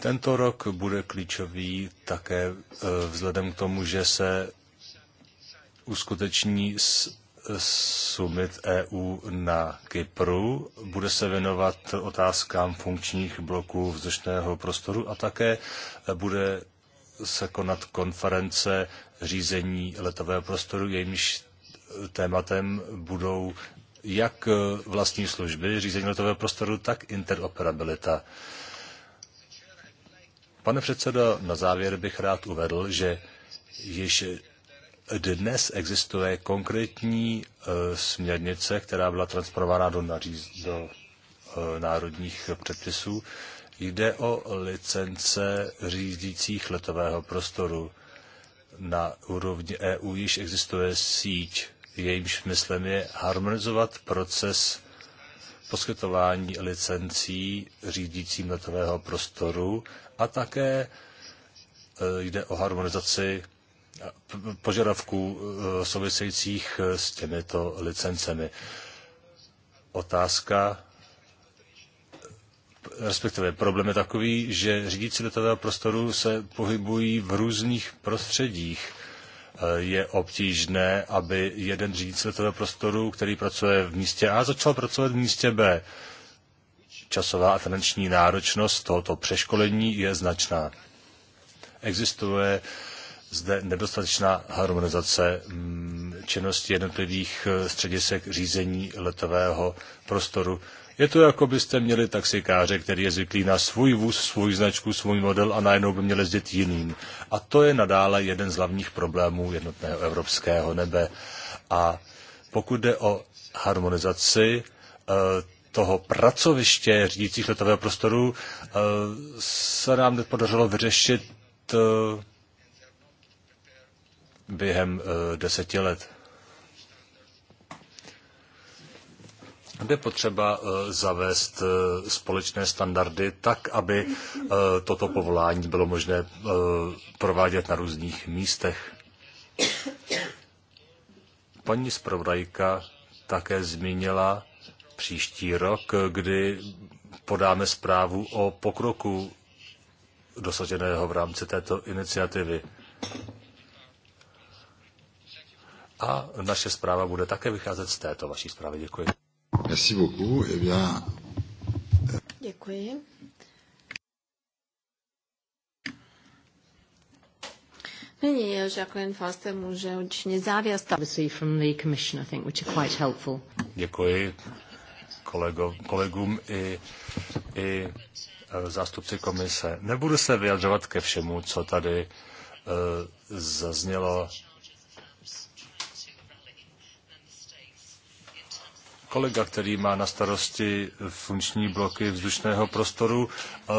Tento rok bude klíčový také e, vzhledem k tomu, že se uskuteční summit EU na Kypru. Bude se věnovat otázkám funkčních bloků vzdušného prostoru a také bude se konat konference řízení letového prostoru, jejímž tématem budou jak vlastní služby řízení letového prostoru, tak interoperabilita. Pane předsedo, na závěr bych rád uvedl, že již dnes existuje konkrétní e, směrnice, která byla transformována do, naříz, do e, národních předpisů. Jde o licence řídících letového prostoru. Na úrovni EU již existuje síť, jejímž smyslem je harmonizovat proces poskytování licencí řídícím letového prostoru a také e, jde o harmonizaci e, požadavků e, souvisejících s těmito licencemi. Otázka, respektive problém je takový, že řídící letového prostoru se pohybují v různých prostředích je obtížné, aby jeden řídící letového prostoru, který pracuje v místě A, začal pracovat v místě B. Časová a finanční náročnost tohoto přeškolení je značná. Existuje zde nedostatečná harmonizace mm, činnosti jednotlivých eh, středisek řízení letového prostoru. Je to jako byste měli taxikáře, který je zvyklý na svůj vůz, svůj značku, svůj model a najednou by měl jezdit jiným. A to je nadále jeden z hlavních problémů jednotného evropského nebe. A pokud jde o harmonizaci eh, toho pracoviště řídících letového prostoru, eh, se nám podařilo vyřešit eh, během deseti let. kde potřeba eh, zavést eh, společné standardy tak, aby eh, toto povolání bylo možné provádět na různých místech. Paní zpravodajka také zmínila příští rok, kdy podáme zprávu o pokroku dosaženého v rámci této iniciativy. A naše zpráva bude také vycházet z této vaší zprávy. Děkuji. Merci beaucoup. Eh bien... Děkuji. Nyní Jacqueline Foster může učinit závěr. Děkuji kolego, kolegům i, i e, zástupci komise. Nebudu se vyjadřovat ke všemu, co tady e, zaznělo kolega, který má na starosti funkční bloky vzdušného prostoru, eh,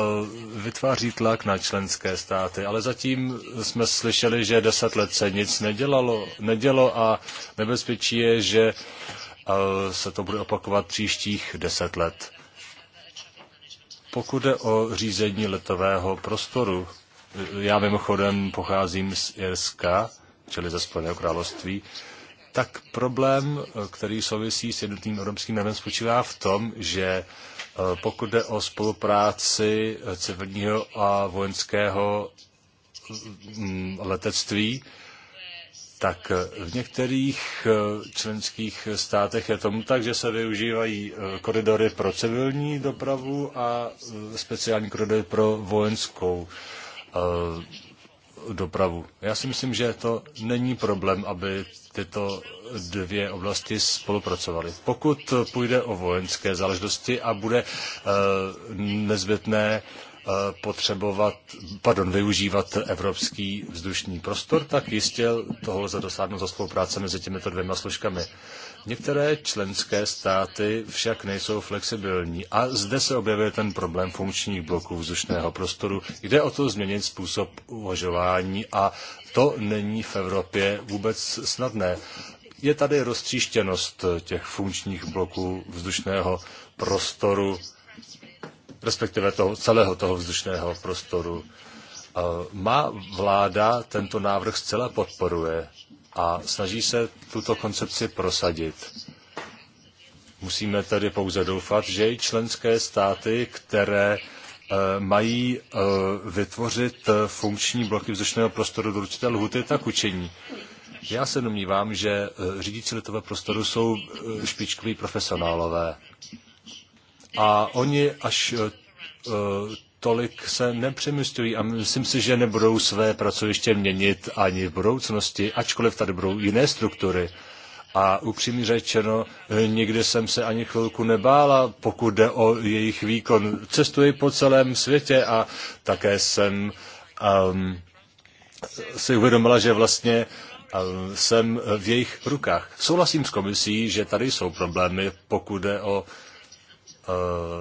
vytváří tlak na členské státy. Ale zatím jsme slyšeli, že deset let se nic nedělalo, nedělo a nebezpečí je, že eh, se to bude opakovat příštích deset let. Pokud je o řízení letového prostoru, já mimochodem pocházím z Irska, čili ze Spojeného království, tak problém, který souvisí s jednotným evropským nevem, spočívá v tom, že eh, pokud jde o spolupráci civilního a vojenského mm, letectví, tak eh, v některých eh, členských státech je tomu tak, že se využívají koridory pro civilní dopravu a speciální koridory pro vojenskou dopravu. Já si myslím, že to není problém, aby tyto dvě oblasti spolupracovaly. Pokud půjde o vojenské záležitosti a bude eh, nezbytné eh, potřebovat, pardon, využívat evropský vzdušný prostor, tak jistě toho lze dosáhnout za spolupráce mezi těmito dvěma složkami. Některé členské státy však nejsou flexibilní a zde se objevuje ten problém funkčních bloků vzdušného prostoru. Jde o to změnit způsob uvažování a to není v Evropě vůbec snadné. Je tady roztříštěnost těch funkčních bloků vzdušného prostoru, respektive toho, celého toho vzdušného prostoru. Má vláda tento návrh zcela podporuje a snaží se tuto koncepci prosadit. Musíme tedy pouze doufat, že i členské státy, které eh, mají eh, vytvořit eh, funkční bloky vzdušného prostoru do určité lhuty, tak učení. Já se domnívám, že řidiči letové prostoru jsou špičkoví profesionálové. A oni až tolik se nepřemysťují a myslím si, že nebudou své pracoviště měnit ani v budoucnosti, ačkoliv tady budou jiné struktury. A upřímně řečeno, nikdy jsem se ani chvilku nebála, pokud jde o jejich výkon. Cestuji po celém světě a také jsem um, si uvědomila, že vlastně um, jsem v jejich rukách. Souhlasím s komisí, že tady jsou problémy, pokud jde o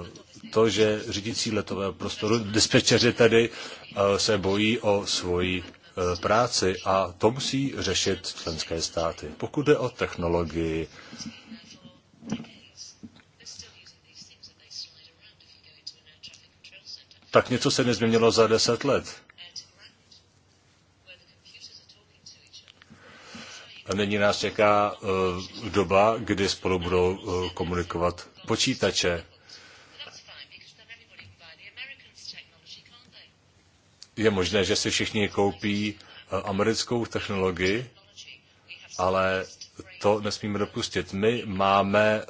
uh, to, že řídící letového prostoru, dispečeři tedy eh, se bojí o svoji eh, práci a to musí řešit členské státy. Pokud jde o technologii, tak něco se nezměnilo za deset let. A nyní nás čeká uh, doba, kdy spolu budou uh, komunikovat počítače. je možné, že si všichni koupí eh, americkou technologii, ale to nesmíme dopustit. My máme eh,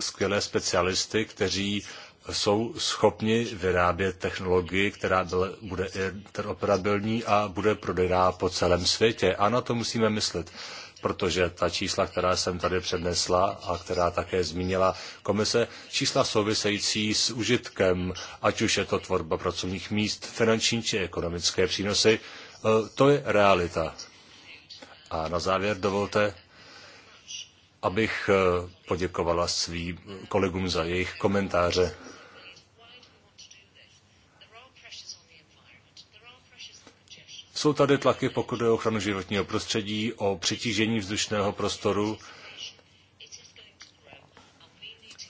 skvělé specialisty, kteří jsou schopni vyrábět technologii, která bude interoperabilní a bude prodejná po celém světě. A na to musíme myslet protože ta čísla, která jsem tady přednesla a která také zmínila komise, čísla související s užitkem, ať už je to tvorba pracovních míst, finanční či ekonomické přínosy, e, to je realita. A na závěr dovolte, abych e, poděkovala svým kolegům za jejich komentáře. Jsou tady tlaky, pokud je o ochranu životního prostředí, o přetížení vzdušného prostoru.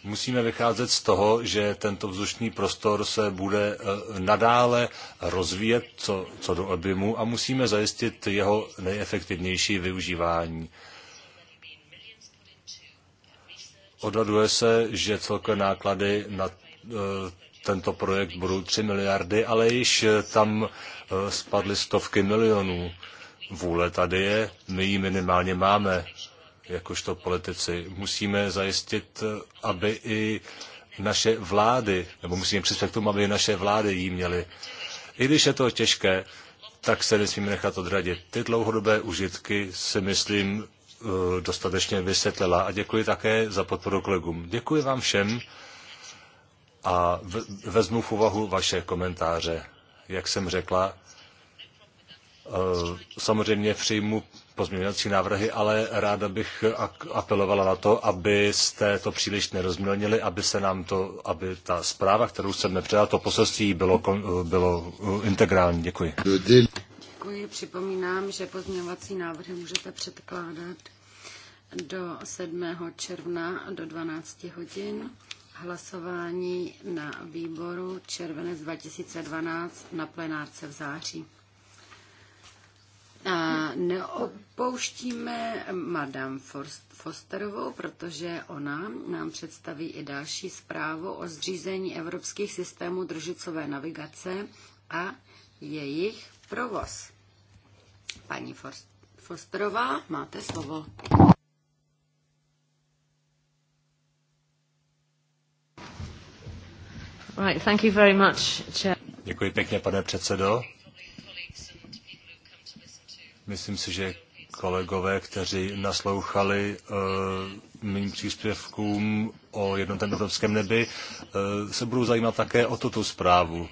Musíme vycházet z toho, že tento vzdušný prostor se bude eh, nadále rozvíjet co, co do objemu a musíme zajistit jeho nejefektivnější využívání. Odhaduje se, že celkové náklady na eh, tento projekt budou 3 miliardy, ale již eh, tam eh, spadly stovky milionů. Vůle tady je, my ji minimálně máme, jakožto politici. Musíme zajistit, eh, aby i naše vlády, nebo musíme přispět k tomu, aby i naše vlády ji měly. I když je to těžké, tak se nesmíme nechat odradit. Ty dlouhodobé užitky si myslím dostatečně vysvětlila a děkuji také za podporu kolegům. Děkuji vám všem a vezmu v úvahu vaše komentáře. Jak jsem řekla, eh, samozřejmě přijmu pozměňovací návrhy, ale ráda bych apelovala na to, abyste to příliš nerozmělnili, aby se nám to, aby ta zpráva, kterou jsem předat, to poselství bylo, bylo eh, integrální. Děkuji. Děkuji. Připomínám, že pozměňovací návrhy můžete předkládat do 7. června do 12 hodin hlasování na výboru červenec 2012 na plenárce v září. A neopouštíme Madame Fosterovou, protože ona nám představí i další zprávu o zřízení evropských systémů družicové navigace a jejich provoz. Paní Fosterová, máte slovo. Right, thank you very much, Chair. Děkuji pěkně, pane předsedo. Myslím si, že kolegové, kteří naslouchali uh, mým příspěvkům o jednotném evropském nebi, uh, se budou zajímat také o tuto zprávu.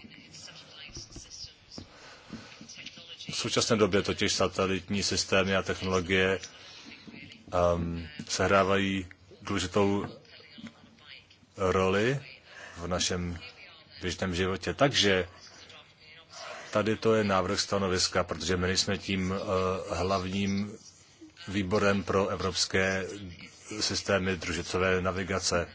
V současné době totiž satelitní systémy a technologie um, sehrávají důležitou roli v našem běžném životě. Takže tady to je návrh stanoviska, protože my jsme tím eh, hlavním výborem pro evropské systémy družicové navigace.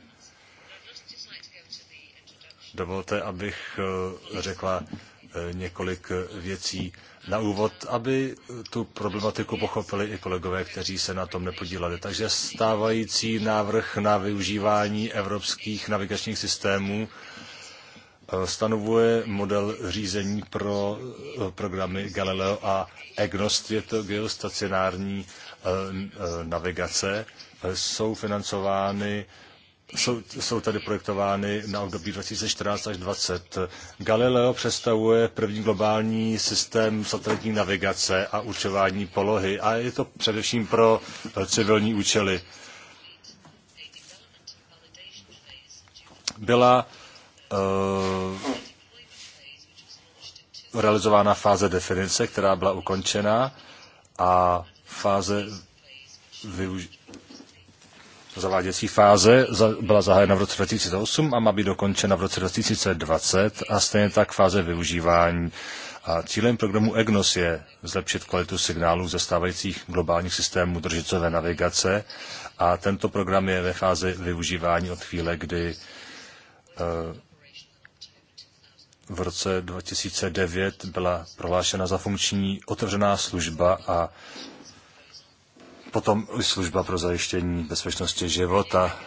Dovolte, abych eh, řekla eh, několik věcí na úvod, aby tu problematiku pochopili i kolegové, kteří se na tom nepodíleli. Takže stávající návrh na využívání evropských navigačních systémů stanovuje model řízení pro eh, programy Galileo a EGNOST, je to geostacionární eh, eh, navigace, jsou financovány jsou, jsou tady projektovány na období 2014 až 2020. Galileo představuje první globální systém satelitní navigace a určování polohy a je to především pro civilní účely. Byla Eh, realizována fáze definice, která byla ukončena a fáze využ... zaváděcí fáze byla zahájena v roce 2008 a má být dokončena v roce 2020 a stejně tak fáze využívání. A cílem programu EGNOS je zlepšit kvalitu signálů ze stávajících globálních systémů držicové navigace a tento program je ve fázi využívání od chvíle, kdy eh, v roce 2009 byla prohlášena za funkční otevřená služba a potom i služba pro zajištění bezpečnosti života.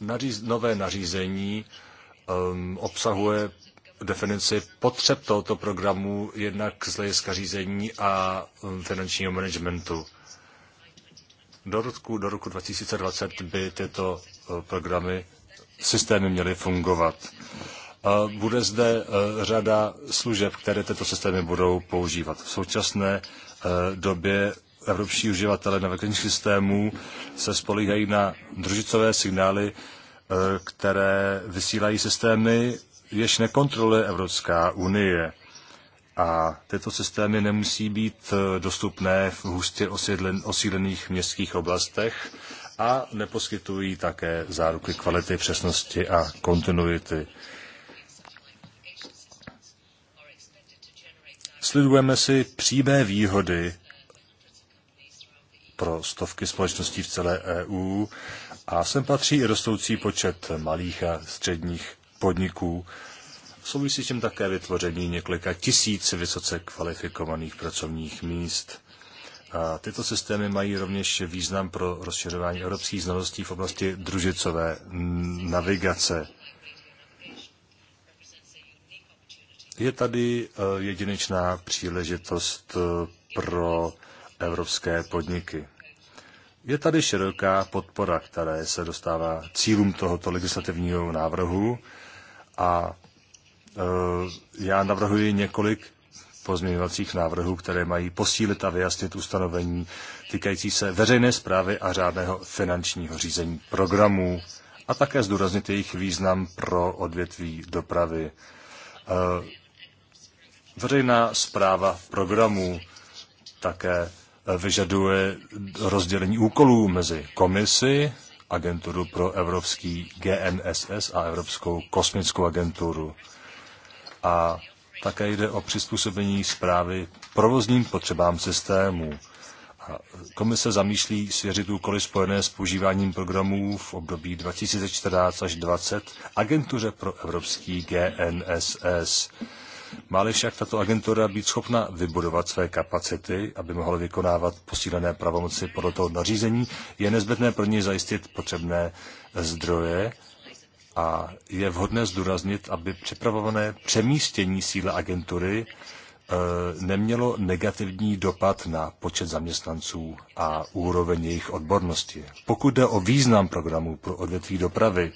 Naříz, nové nařízení um, obsahuje definici potřeb tohoto programu jednak z hlediska řízení a um, finančního managementu. Do roku, do roku 2020 by tyto uh, programy systémy měly fungovat. Bude zde e, řada služeb, které tyto systémy budou používat. V současné e, době evropští uživatelé navigačních systémů se spolíhají na družicové signály, e, které vysílají systémy, jež nekontroluje Evropská unie. A tyto systémy nemusí být dostupné v hustě osídlených městských oblastech, a neposkytují také záruky kvality, přesnosti a kontinuity. Sledujeme si přímé výhody pro stovky společností v celé EU a sem patří i rostoucí počet malých a středních podniků. Souvisí s tím také vytvoření několika tisíc vysoce kvalifikovaných pracovních míst. A tyto systémy mají rovněž význam pro rozšiřování evropských znalostí v oblasti družicové navigace. Je tady e, jedinečná příležitost e, pro evropské podniky. Je tady široká podpora, která se dostává cílům tohoto legislativního návrhu a e, já navrhuji několik pozměňovacích návrhů, které mají posílit a vyjasnit ustanovení týkající se veřejné zprávy a řádného finančního řízení programů a také zdůraznit jejich význam pro odvětví dopravy. E, veřejná zpráva programů také e, vyžaduje rozdělení úkolů mezi komisi, agenturu pro evropský GNSS a Evropskou kosmickou agenturu. A také jde o přizpůsobení zprávy provozním potřebám systému. A komise zamýšlí svěřit úkoly spojené s používáním programů v období 2014 až 2020 agentuře pro evropský GNSS. Má-li však tato agentura být schopna vybudovat své kapacity, aby mohla vykonávat posílené pravomoci podle toho nařízení, je nezbytné pro ně zajistit potřebné zdroje a je vhodné zdůraznit, aby připravované přemístění síly agentury e, nemělo negativní dopad na počet zaměstnanců a úroveň jejich odbornosti. Pokud jde o význam programu pro odvětví dopravy,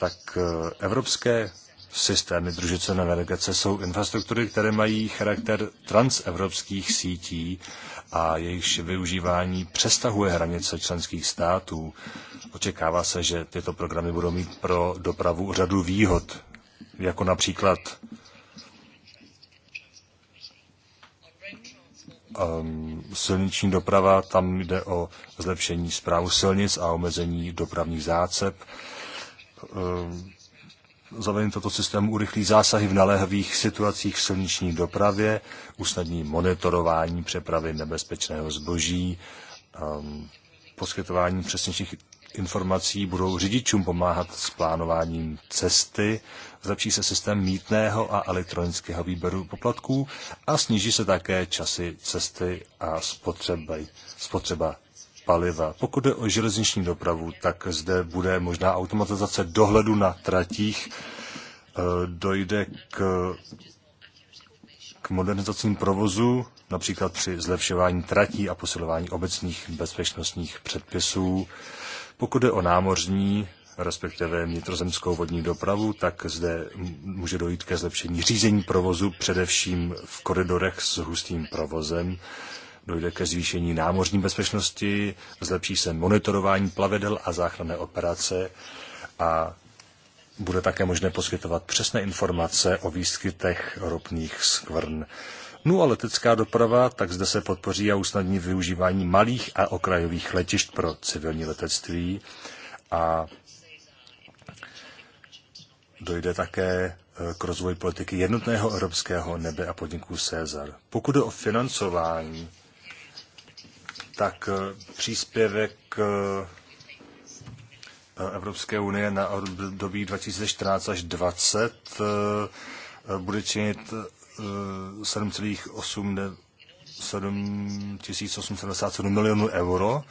tak e, evropské systémy družice navigace jsou infrastruktury, které mají charakter transevropských sítí a jejichž využívání přestahuje hranice členských států. Očekává se, že tyto programy budou mít pro dopravu řadu výhod, jako například um, silniční doprava, tam jde o zlepšení zprávu silnic a omezení dopravních zácep. Um, zavedení toto systému urychlí zásahy v naléhavých situacích v silniční dopravě, usnadní monitorování přepravy nebezpečného zboží, um, poskytování přesnějších informací budou řidičům pomáhat s plánováním cesty, zlepší se systém mítného a elektronického výběru poplatků a sníží se také časy cesty a spotřeby, spotřeba paliva. Pokud je o železniční dopravu, tak zde bude možná automatizace dohledu na tratích, e, dojde k, k modernizacím provozu, například při zlepšování tratí a posilování obecných bezpečnostních předpisů. Pokud je o námořní, respektive vnitrozemskou vodní dopravu, tak zde může dojít ke zlepšení řízení provozu, především v koridorech s hustým provozem. Dojde ke zvýšení námořní bezpečnosti, zlepší se monitorování plavidel a záchranné operace a bude také možné poskytovat přesné informace o výskytech ropných skvrn. No a letecká doprava, tak zde se podpoří a usnadní využívání malých a okrajových letišť pro civilní letectví a dojde také eh, k rozvoji politiky jednotného evropského nebe a podniků César. Pokud jde o financování, tak eh, příspěvek eh, Evropské unie na období 2014 až 2020 bude činit 7,877 eh, milionů euro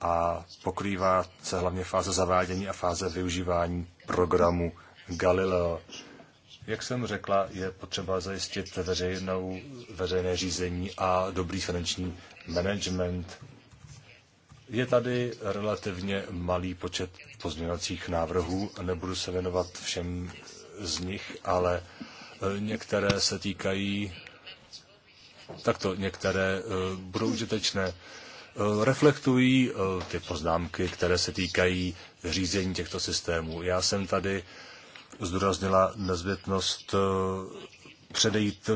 a pokrývá se hlavně fáze zavádění a fáze využívání programu Galileo. Jak jsem řekla, je potřeba zajistit veřejnou, veřejné řízení a dobrý finanční management. Je tady relativně malý počet pozměňovacích návrhů, nebudu se věnovat všem z nich, ale uh, Eh, některé se týkají, takto některé eh, budou užitečné, eh, reflektují ty poznámky, které se týkají řízení těchto systémů. Já jsem tady zdůraznila nezbytnost předejít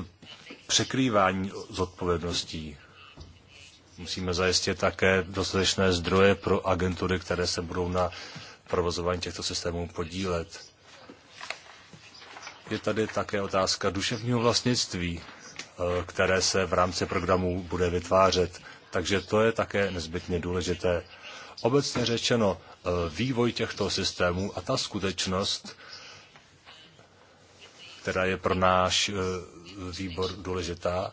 překrývání zodpovědností. Musíme zajistit také dostatečné zdroje pro agentury, které se budou na provozování těchto systémů podílet je tady také otázka duševního vlastnictví, eh, které se v rámci programu bude vytvářet. Takže to je také nezbytně důležité. Obecně řečeno, eh, vývoj těchto systémů a ta skutečnost, která je pro náš eh, výbor důležitá,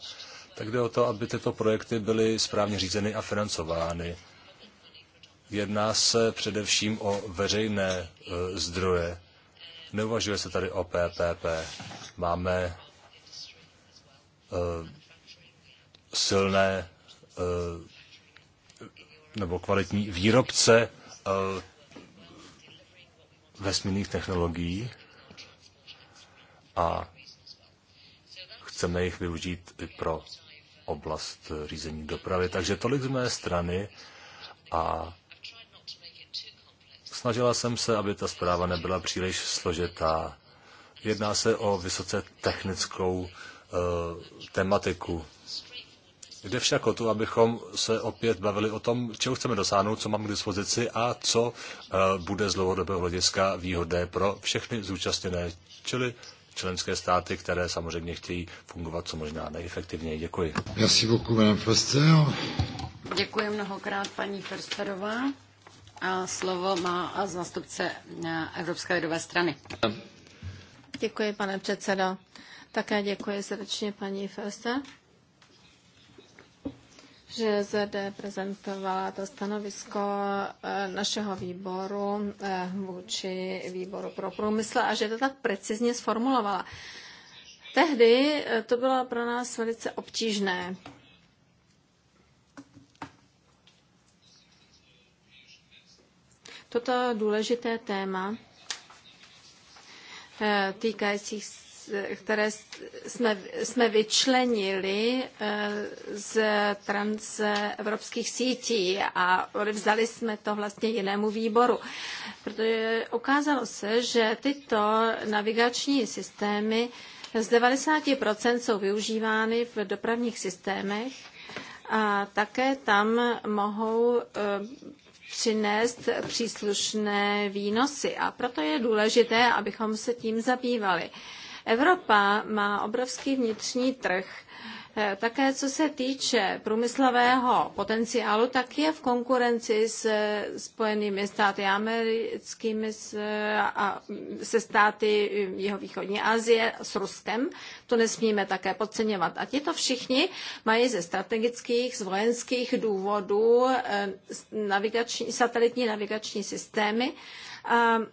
tak jde o to, aby tyto projekty byly správně řízeny a financovány. Jedná se především o veřejné zdroje, Neuvažuje se tady o PPP. Máme uh, silné uh, nebo kvalitní výrobce uh, vesmírných technologií a chceme jich využít i pro oblast řízení dopravy. Takže tolik z mé strany a Snažila jsem se, aby ta zpráva nebyla příliš složitá. Jedná se o vysoce technickou uh, tematiku. Jde však o to, abychom se opět bavili o tom, čeho chceme dosáhnout, co mám k dispozici a co uh, bude z dlouhodobého hlediska výhodné pro všechny zúčastněné, čili členské státy, které samozřejmě chtějí fungovat co možná nejefektivněji. Děkuji. Merci beaucoup, Děkuji mnohokrát, paní Fersterová. A slovo má zástupce eh, Evropské lidové strany. Děkuji, pane předsedo. Také děkuji srdečně paní Feste, že zde prezentovala to stanovisko eh, našeho výboru eh, vůči výboru pro průmysl a že to tak precizně sformulovala. Tehdy to bylo pro nás velice obtížné Toto důležité téma eh, týkající, které jsme, jsme vyčlenili eh, z transevropských sítí a vzali jsme to vlastně jinému výboru. Protože ukázalo se, že tyto navigační systémy z 90% jsou využívány v dopravních systémech a také tam mohou eh, přinést příslušné výnosy. A proto je důležité, abychom se tím zabývali. Evropa má obrovský vnitřní trh Eh, také co se týče průmyslového potenciálu, tak je v konkurenci s eh, Spojenými státy americkými a se státy eh, jeho východní Asie s Ruskem. To nesmíme také podceňovat. A tito všichni mají ze strategických, z vojenských důvodů navigační, satelitní navigační systémy, Ehm,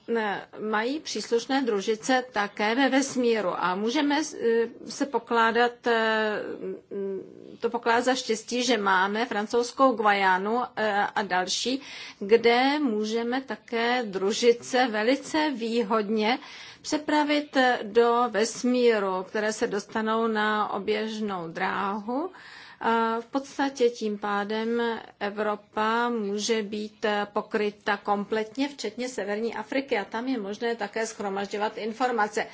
mají příslušné družice také ve vesmíru a můžeme eh, se pokládat, eh, to pokládat za štěstí, že máme francouzskou Guajánu eh, a další, kde můžeme také družice velice výhodně přepravit do vesmíru, které se dostanou na oběžnou dráhu v podstatě tím pádem Evropa může být pokryta kompletně, včetně Severní Afriky a tam je možné také schromažďovat informace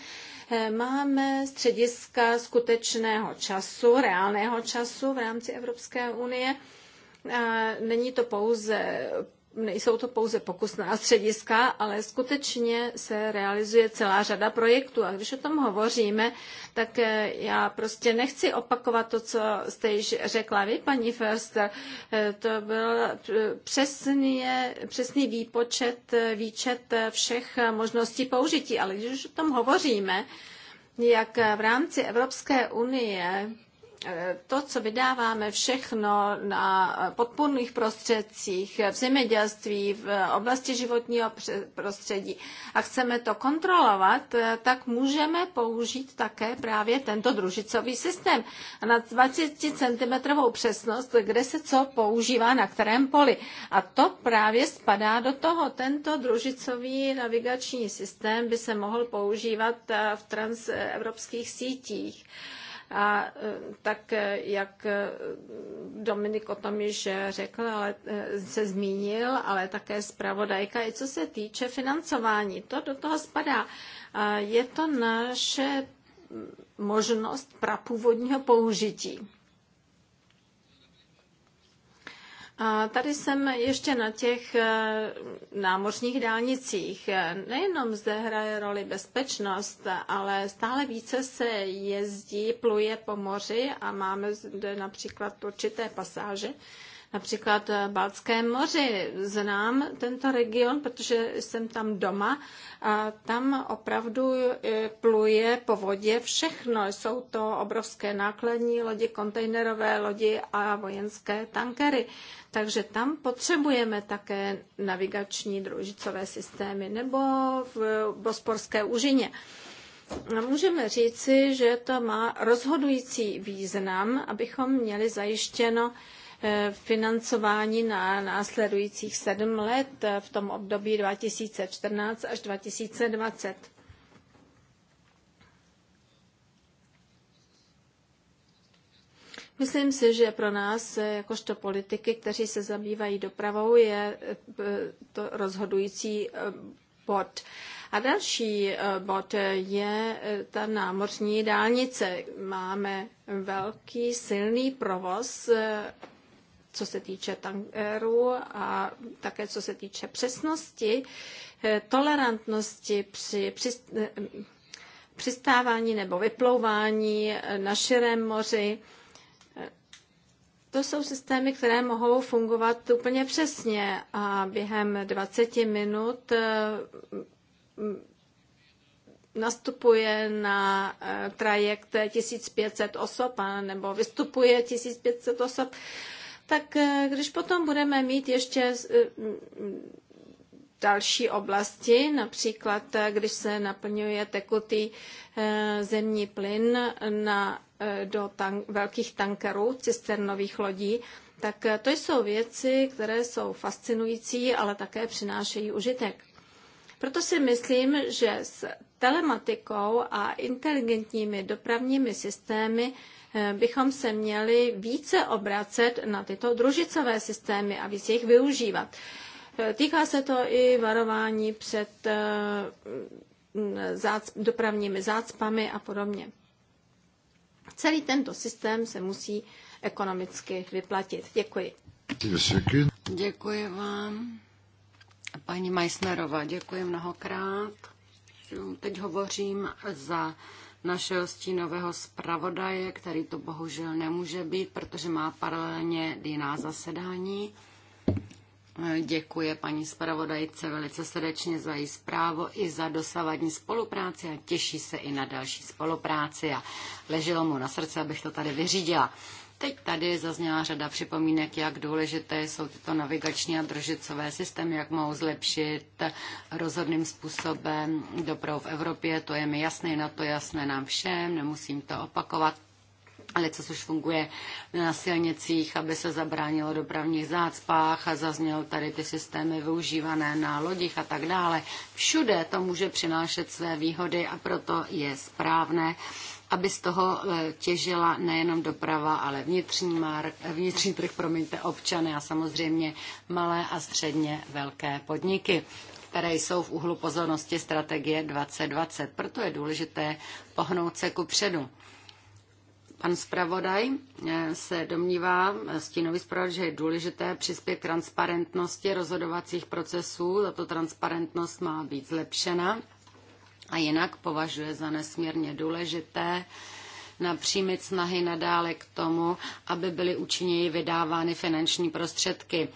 eh, máme střediska skutečného času, reálného času v rámci Evropské unie. Není to pouze nejsou to pouze pokusná střediska, ale skutečně se realizuje celá řada projektů. A když o tom hovoříme, tak eh, já prostě nechci opakovat to, co jste již řekla vy, paní Förster. Eh, to byl eh, přesný, přesný výpočet, výčet všech možností použití. Ale když už o tom hovoříme, jak v rámci Evropské unie to, co vydáváme všechno na podpůrných prostředcích v zemědělství, v oblasti životního prostředí a chceme to kontrolovat, tak můžeme použít také právě tento družicový systém na 20 cm přesnost, kde se co používá na kterém poli. A to právě spadá do toho. Tento družicový navigační systém by se mohl používat v transevropských sítích. A e, tak, e, jak e, Dominik o tom již řekl, ale se zmínil, ale také zpravodajka, i co se týče financování, to do toho spadá. Je to naše možnost prapůvodního použití. A tady jsem ještě na těch eh, námořních dálnicích. Nejenom zde hraje roli bezpečnost, ale stále více se jezdí, pluje po moři a máme zde například určité pasáže, například eh, Baltské moři. Znám tento region, protože jsem tam doma a tam opravdu eh, pluje po vodě všechno. Jsou to obrovské nákladní lodi, kontejnerové lodi a vojenské tankery. Takže tam potřebujeme také navigační družicové systémy nebo v Bosporské úžině. Můžeme říci, že to má rozhodující význam, abychom měli zajištěno Eh, financování na následujících sedm let eh, v tom období 2014 až 2020. Myslím si, že pro nás, eh, jakožto politiky, kteří se zabývají dopravou, je to rozhodující bod. A další bod je ta námořní dálnice. Máme velký, silný provoz co se týče tankerů a také co se týče přesnosti, eh, tolerantnosti při, při eh, přistávání nebo vyplouvání eh, na širém moři. To jsou systémy, které mohou fungovat úplně přesně a během 20 minut nastupuje na trajekt 1500 osob a nebo vystupuje 1500 osob tak eh, když potom budeme mít ještě eh, mm, další oblasti, například eh, když se naplňuje tekutý zemní plyn na, do tank, velkých tankerů, cisternových lodí, tak to jsou věci, které jsou fascinující, ale také přinášejí užitek. Proto si myslím, že s telematikou a inteligentními dopravními systémy Eh, bychom se měli více obracet na tyto družicové systémy a víc jich využívat. Eh, týká se to i varování před eh, dopravními zácpami a podobně. Celý tento systém se musí ekonomicky vyplatit. Děkuji. Děkuji vám. Paní Majsnerová, děkuji mnohokrát. Teď hovořím za našeho stínového zpravodaje, který to bohužel nemůže být, protože má paralelně jiná zasedání. Děkuji paní zpravodajce velice srdečně za její zprávu i za dosavadní spolupráci a těší se i na další spolupráci a leželo mu na srdce, abych to tady vyřídila. Teď tady zazněla řada připomínek, jak důležité jsou tyto navigační a držicové systémy, jak mohou zlepšit rozhodným způsobem dopravu v Evropě. To je mi jasné, na to jasné nám všem, nemusím to opakovat ale co už funguje na silnicích, aby se zabránilo dopravních zácpách a zazněl tady ty systémy využívané na lodích a tak dále. Všude to může přinášet své výhody a proto je správné, aby z toho eh, těžila nejenom doprava, ale vnitřní, mar, eh, vnitřní trh, promiňte, občany a samozřejmě malé a středně velké podniky které jsou v úhlu pozornosti strategie 2020. Proto je důležité pohnout se ku předu. Pan zpravodaj eh, se domnívá, stínový zpravodaj, že je důležité přispět transparentnosti rozhodovacích procesů. Tato transparentnost má být zlepšena a jinak považuje za nesmírně důležité napřímit snahy nadále k tomu, aby byly účinněji vydávány finanční prostředky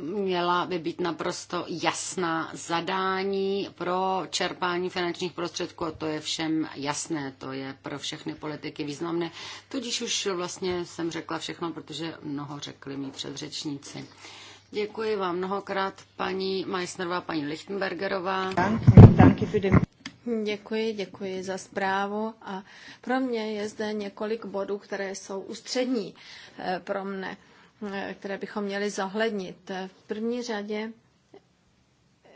měla by být naprosto jasná zadání pro čerpání finančních prostředků a to je všem jasné, to je pro všechny politiky významné. Tudíž už vlastně jsem řekla všechno, protože mnoho řekli mý předřečníci. Děkuji vám mnohokrát, paní Meissnerová, paní Lichtenbergerová. Děkuji, děkuji za zprávu a pro mě je zde několik bodů, které jsou ústřední eh, pro mne, eh, které bychom měli zohlednit. V první řadě eh,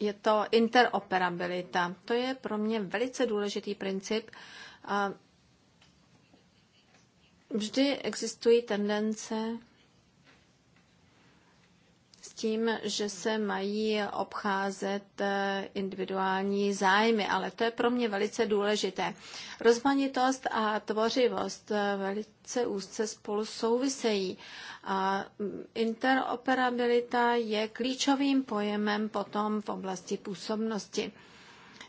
je to interoperabilita. To je pro mě velice důležitý princip a vždy existují tendence tím, že se mají obcházet eh, individuální zájmy, ale to je pro mě velice důležité. Rozmanitost a tvořivost eh, velice úzce spolu souvisejí a mm, interoperabilita je klíčovým pojemem potom v oblasti působnosti.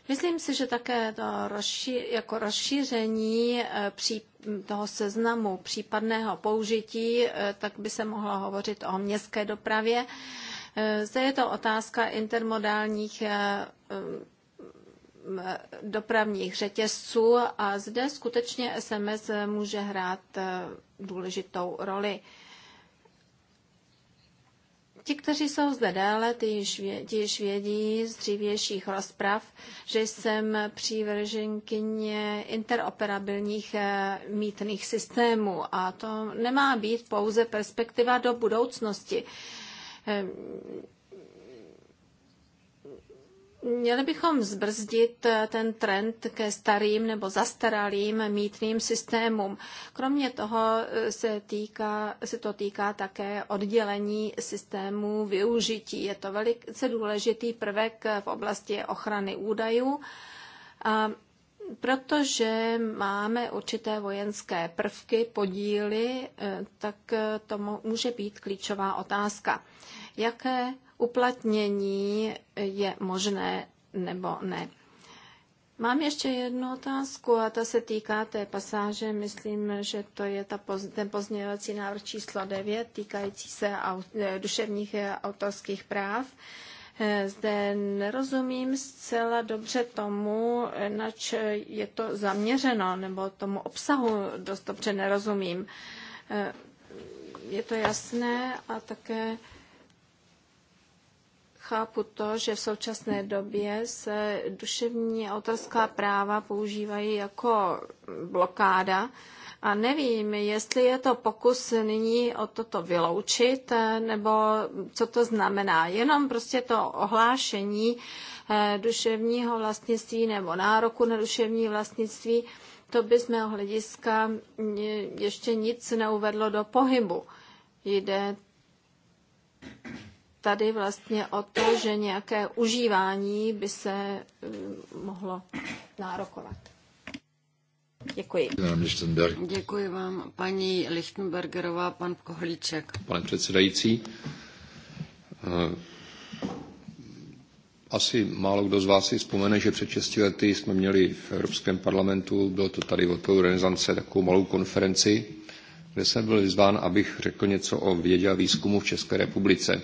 Myslím si, že také to rozší, jako rozšíření eh, případů, toho seznamu případného použití, eh, tak by se mohlo hovořit o městské dopravě. Eh, zde je to otázka intermodálních eh, dopravních řetězců a zde skutečně SMS může hrát důležitou roli. Ti, kteří jsou zde déle, ti již, ti již vědí z dřívějších rozprav, že jsem přívrženkyně interoperabilních eh, mítných systémů a to nemá být pouze perspektiva do budoucnosti ehm, Měli bychom zbrzdit eh, ten trend ke starým nebo zastaralým mítným systémům. Kromě toho eh, se, týká, se to týká také oddělení systémů využití. Je to velice důležitý prvek eh, v oblasti ochrany údajů, protože máme určité vojenské prvky, podíly, tak to může být klíčová otázka. Jaké uplatnění je možné nebo ne. Mám ještě jednu otázku a ta se týká té pasáže. Myslím, že to je ta poz, ten pozměňovací návrh číslo 9 týkající se au, eh, duševních eh, autorských práv. Eh, zde nerozumím zcela dobře tomu, nač je to zaměřeno, nebo tomu obsahu dost dobře nerozumím. Je to jasné a také chápu to, že v současné době se duševní autorská práva používají jako blokáda a nevím, jestli je to pokus nyní o toto vyloučit, eh, nebo co to znamená. Jenom prostě to ohlášení eh, duševního vlastnictví nebo nároku na duševní vlastnictví, to by z mého hlediska ještě nic neuvedlo do pohybu. Jde tady vlastně o to, že nějaké užívání by se eh, mohlo nárokovat. Děkuji. Děkuji vám, paní Lichtenbergerová, pan Kohlíček. Pane předsedající, eh, asi málo kdo z vás si vzpomene, že před 6 lety jsme měli v Evropském parlamentu, bylo to tady od odporu renesance, takovou malou konferenci, kde jsem byl vyzván, abych řekl něco o vědě a výzkumu v České republice.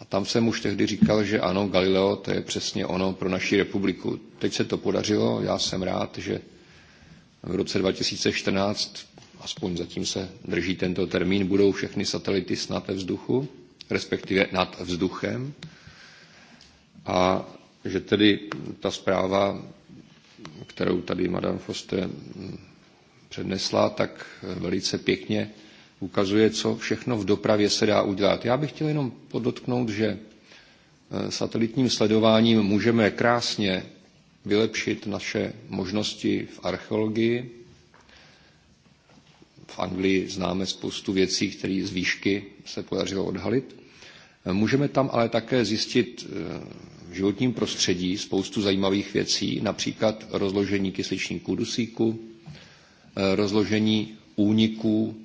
A tam jsem už tehdy říkal, že ano, Galileo, to je přesně ono pro naši republiku. Teď se to podařilo, já jsem rád, že v roce 2014, aspoň zatím se drží tento termín, budou všechny satelity snad ve vzduchu, respektive nad vzduchem. A že tedy ta zpráva, kterou tady Madame Foster přednesla, tak velice pěkně ukazuje, co všechno v dopravě se dá udělat. Já bych chtěl jenom podotknout, že eh, satelitním sledováním můžeme krásně vylepšit naše možnosti v archeologii. V Anglii známe spoustu věcí, které z výšky se podařilo odhalit. Eh, můžeme tam ale také zjistit eh, v životním prostředí spoustu zajímavých věcí, například rozložení kysličníků dusíku, rozložení úniků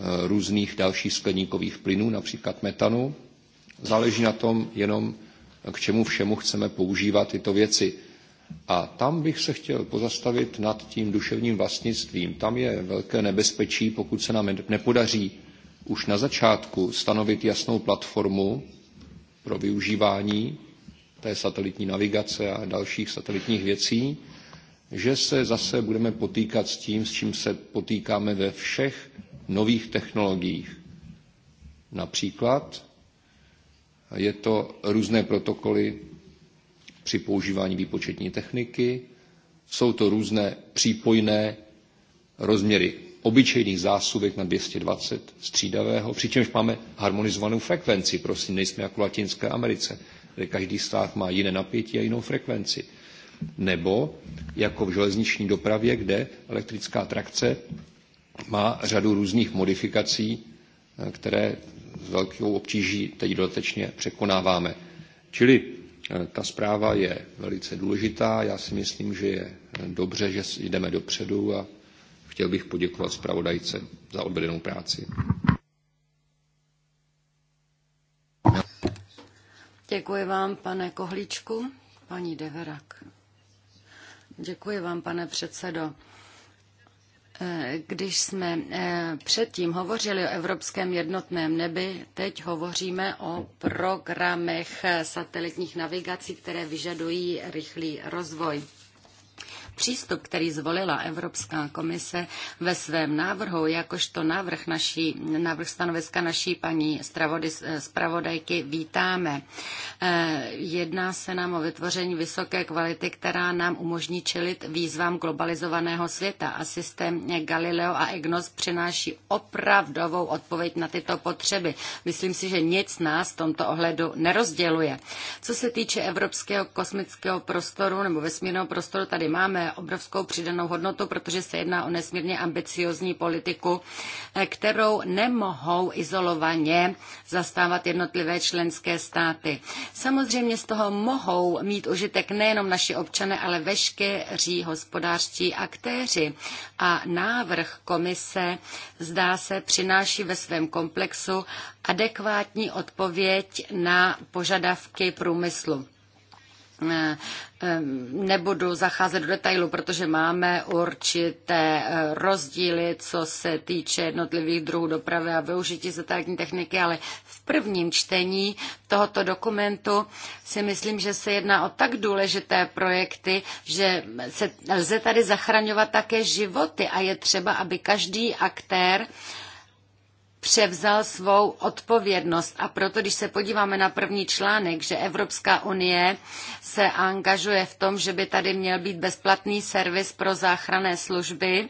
Eh, různých dalších skleníkových plynů, například metanu. Záleží na tom jenom, k čemu všemu chceme používat tyto věci. A tam bych se chtěl pozastavit nad tím duševním vlastnictvím. Tam je velké nebezpečí, pokud se nám nepodaří už na začátku stanovit jasnou platformu pro využívání té satelitní navigace a dalších satelitních věcí, že se zase budeme potýkat s tím, s čím se potýkáme ve všech nových technologiích. Například je to různé protokoly při používání výpočetní techniky, jsou to různé přípojné rozměry obyčejných zásuvek na 220 střídavého, přičemž máme harmonizovanou frekvenci, prosím, nejsme jako v Latinské Americe, kde každý stát má jiné napětí a jinou frekvenci. Nebo jako v železniční dopravě, kde elektrická trakce má řadu různých modifikací, eh, které s velkou obtíží teď dodatečně překonáváme. Čili eh, ta zpráva je velice důležitá. Já si myslím, že je eh, dobře, že jdeme dopředu a chtěl bych poděkovat zpravodajce za odvedenou práci. Děkuji vám, pane Kohlíčku, paní Deverak. Děkuji vám, pane předsedo. Když jsme eh, předtím hovořili o evropském jednotném nebi, teď hovoříme o programech satelitních navigací, které vyžadují rychlý rozvoj. Přístup, který zvolila Evropská komise ve svém návrhu, jakožto návrh, naší, návrh stanoviska naší paní zpravodajky, vítáme. Eh, jedná se nám o vytvoření vysoké kvality, která nám umožní čelit výzvám globalizovaného světa a systém Galileo a EGNOS přináší opravdovou odpověď na tyto potřeby. Myslím si, že nic nás v tomto ohledu nerozděluje. Co se týče evropského kosmického prostoru nebo vesmírného prostoru, tady máme obrovskou přidanou hodnotu, protože se jedná o nesmírně ambiciozní politiku, eh, kterou nemohou izolovaně zastávat jednotlivé členské státy. Samozřejmě z toho mohou mít užitek nejenom naši občané, ale veškeří hospodářští aktéři. A návrh komise zdá se přináší ve svém komplexu adekvátní odpověď na požadavky průmyslu. Nebudu zacházet do detailu, protože máme určité eh, rozdíly, co se týče jednotlivých druhů dopravy a využití satelitní techniky, ale v prvním čtení tohoto dokumentu si myslím, že se jedná o tak důležité projekty, že se lze tady zachraňovat také životy a je třeba, aby každý aktér převzal svou odpovědnost. A proto, když se podíváme na první článek, že Evropská unie se angažuje v tom, že by tady měl být bezplatný servis pro záchranné služby,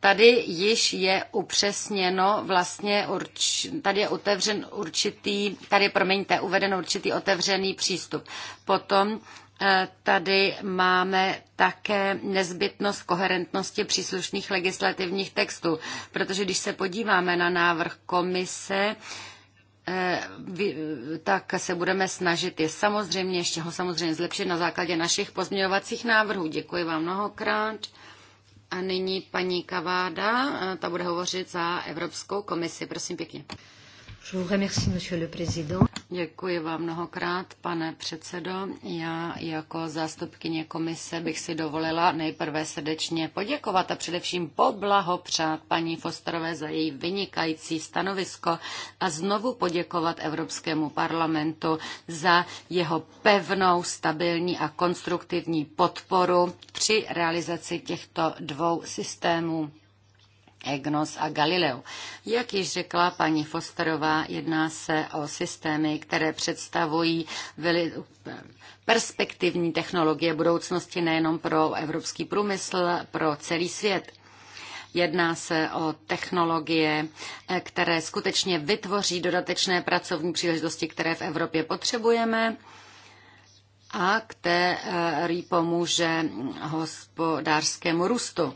tady již je upřesněno vlastně, urč, tady je otevřen určitý, tady, promiňte, uveden určitý otevřený přístup. Potom E, tady máme také nezbytnost koherentnosti příslušných legislativních textů, protože když se podíváme na návrh komise, e, tak se budeme snažit je samozřejmě, ještě ho samozřejmě zlepšit na základě našich pozměňovacích návrhů. Děkuji vám mnohokrát. A nyní paní Kaváda, e, ta bude hovořit za Evropskou komisi. Prosím pěkně. Děkuji vám mnohokrát, pane předsedo. Já jako zástupkyně komise bych si dovolila nejprve srdečně poděkovat a především poblahopřát paní Fosterové za její vynikající stanovisko a znovu poděkovat Evropskému parlamentu za jeho pevnou, stabilní a konstruktivní podporu při realizaci těchto dvou systémů EGNOS a Galileo. Jak již řekla paní Fosterová, jedná se o systémy, které představují veli perspektivní technologie budoucnosti nejenom pro evropský průmysl, pro celý svět. Jedná se o technologie, eh, které skutečně vytvoří dodatečné pracovní příležitosti, které v Evropě potřebujeme a které pomůže hospodářskému růstu.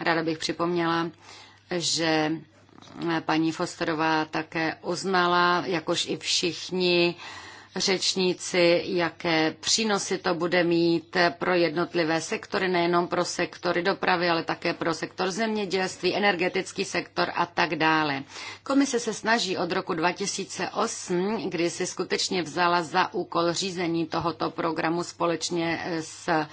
Ráda bych připomněla, že paní Fosterová také uznala, jakož i všichni řečníci, jaké přínosy to bude mít pro jednotlivé sektory, nejenom pro sektory dopravy, ale také pro sektor zemědělství, energetický sektor a tak dále. Komise se snaží od roku 2008, kdy si skutečně vzala za úkol řízení tohoto programu společně s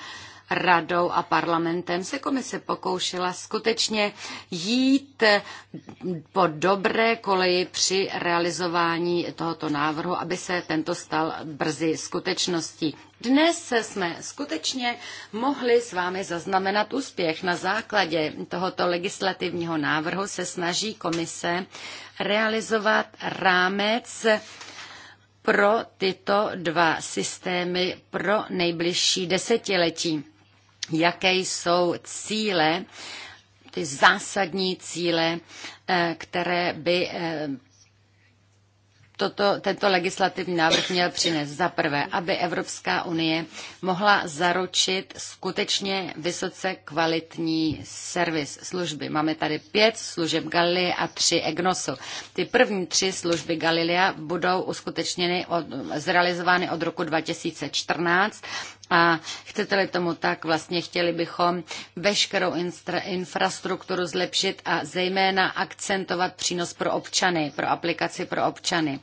radou a parlamentem se komise pokoušela skutečně jít po dobré koleji při realizování tohoto návrhu, aby se tento stal brzy skutečností. Dnes jsme skutečně mohli s vámi zaznamenat úspěch. Na základě tohoto legislativního návrhu se snaží komise realizovat rámec pro tyto dva systémy pro nejbližší desetiletí jaké jsou cíle, ty zásadní cíle, eh, které by eh, toto, tento legislativní návrh měl přinést. Za prvé, aby Evropská unie mohla zaručit skutečně vysoce kvalitní servis služby. Máme tady pět služeb Galilea a tři EGNOSu. Ty první tři služby Galilea budou uskutečněny, od, zrealizovány od roku 2014 a chcete-li tomu tak, vlastně chtěli bychom veškerou infrastrukturu zlepšit a zejména akcentovat přínos pro občany, pro aplikaci pro občany.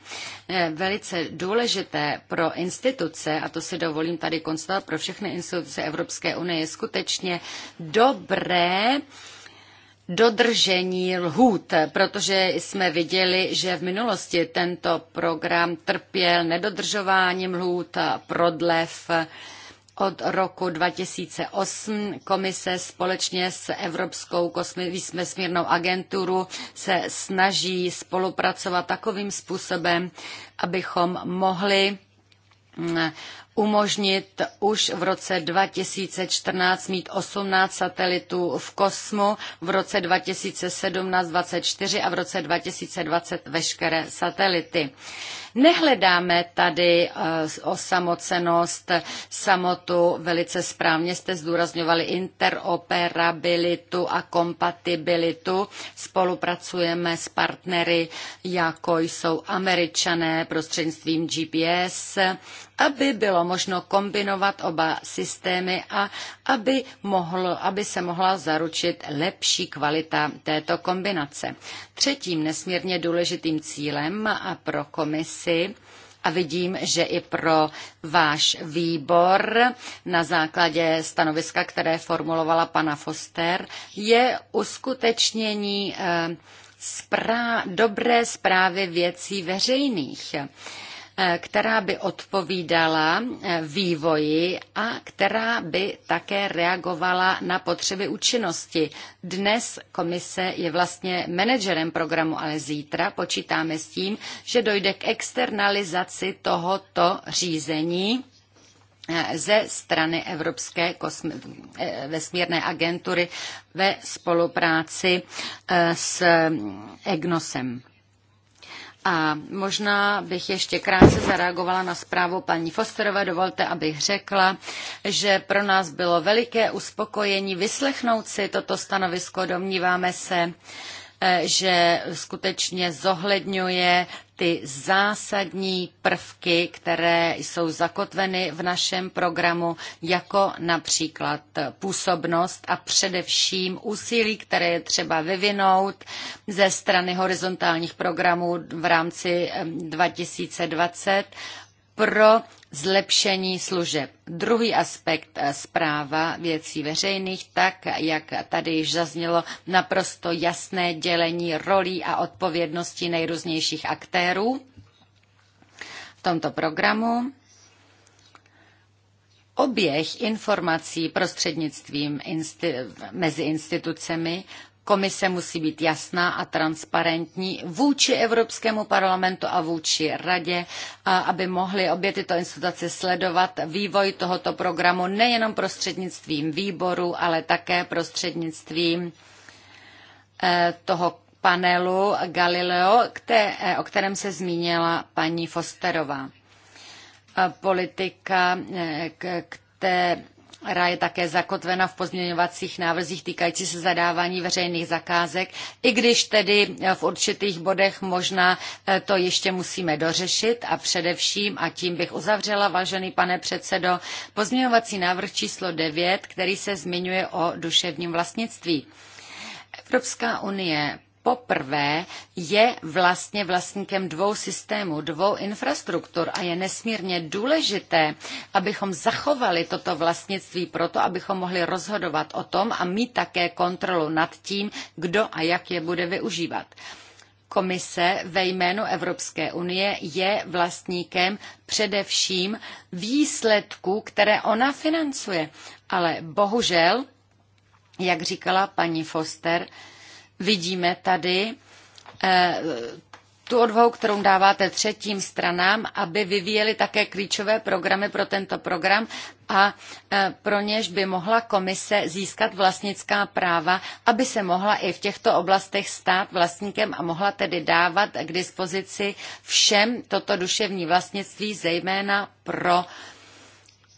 Eh, velice důležité pro instituce, a to si dovolím tady konstatovat pro všechny instituce Evropské unie, je skutečně dobré dodržení lhůt, protože jsme viděli, že v minulosti tento program trpěl nedodržováním lhůt, prodlev, od roku 2008 komise společně s Evropskou vesmírnou agenturu se snaží spolupracovat takovým způsobem, abychom mohli mm, umožnit už v roce 2014 mít 18 satelitů v kosmu, v roce 2017 24 a v roce 2020 veškeré satelity. Nehledáme tady eh, osamocenost, samotu, velice správně jste zdůrazňovali interoperabilitu a kompatibilitu. Spolupracujeme s partnery, jako jsou američané prostřednictvím GPS, aby bylo možno kombinovat oba systémy a aby, mohlo, aby se mohla zaručit lepší kvalita této kombinace. Třetím nesmírně důležitým cílem a pro komisi a vidím, že i pro váš výbor na základě stanoviska, které formulovala pana Foster, je uskutečnění eh, dobré zprávy věcí veřejných. Eh, která by odpovídala eh, vývoji a která by také reagovala na potřeby účinnosti. Dnes komise je vlastně manažerem programu, ale zítra počítáme s tím, že dojde k externalizaci tohoto řízení eh, ze strany Evropské vesmírné agentury ve spolupráci s EGNOSem. A možná bych ještě krátce zareagovala na zprávu paní Fosterové. Dovolte, abych řekla, že pro nás bylo veliké uspokojení vyslechnout si toto stanovisko. Domníváme se, že skutečně zohledňuje ty zásadní prvky, které jsou zakotveny v našem programu, jako například působnost a především úsilí, které je třeba vyvinout ze strany horizontálních programů v rámci 2020 pro zlepšení služeb. Druhý aspekt eh, zpráva věcí veřejných, tak jak tady již zaznělo, naprosto jasné dělení rolí a odpovědnosti nejrůznějších aktérů v tomto programu. Oběh informací prostřednictvím insti- mezi institucemi Komise musí být jasná a transparentní vůči Evropskému parlamentu a vůči radě, aby mohly obě tyto instituce sledovat vývoj tohoto programu nejenom prostřednictvím výboru, ale také prostřednictvím eh, toho panelu Galileo, eh, o kterém se zmínila paní Fosterová. Eh, politika, které která je také zakotvena v pozměňovacích návrzích týkající se zadávání veřejných zakázek, i když tedy v určitých bodech možná eh, to ještě musíme dořešit a především, a tím bych uzavřela, vážený pane předsedo, pozměňovací návrh číslo 9, který se zmiňuje o duševním vlastnictví. Evropská unie poprvé je vlastně vlastníkem dvou systémů, dvou infrastruktur a je nesmírně důležité, abychom zachovali toto vlastnictví proto, abychom mohli rozhodovat o tom a mít také kontrolu nad tím, kdo a jak je bude využívat. Komise ve jménu Evropské unie je vlastníkem především výsledků, které ona financuje. Ale bohužel, jak říkala paní Foster, vidíme tady eh, tu odvahu, kterou dáváte třetím stranám, aby vyvíjeli také klíčové programy pro tento program a eh, pro něž by mohla komise získat vlastnická práva, aby se mohla i v těchto oblastech stát vlastníkem a mohla tedy dávat k dispozici všem toto duševní vlastnictví, zejména pro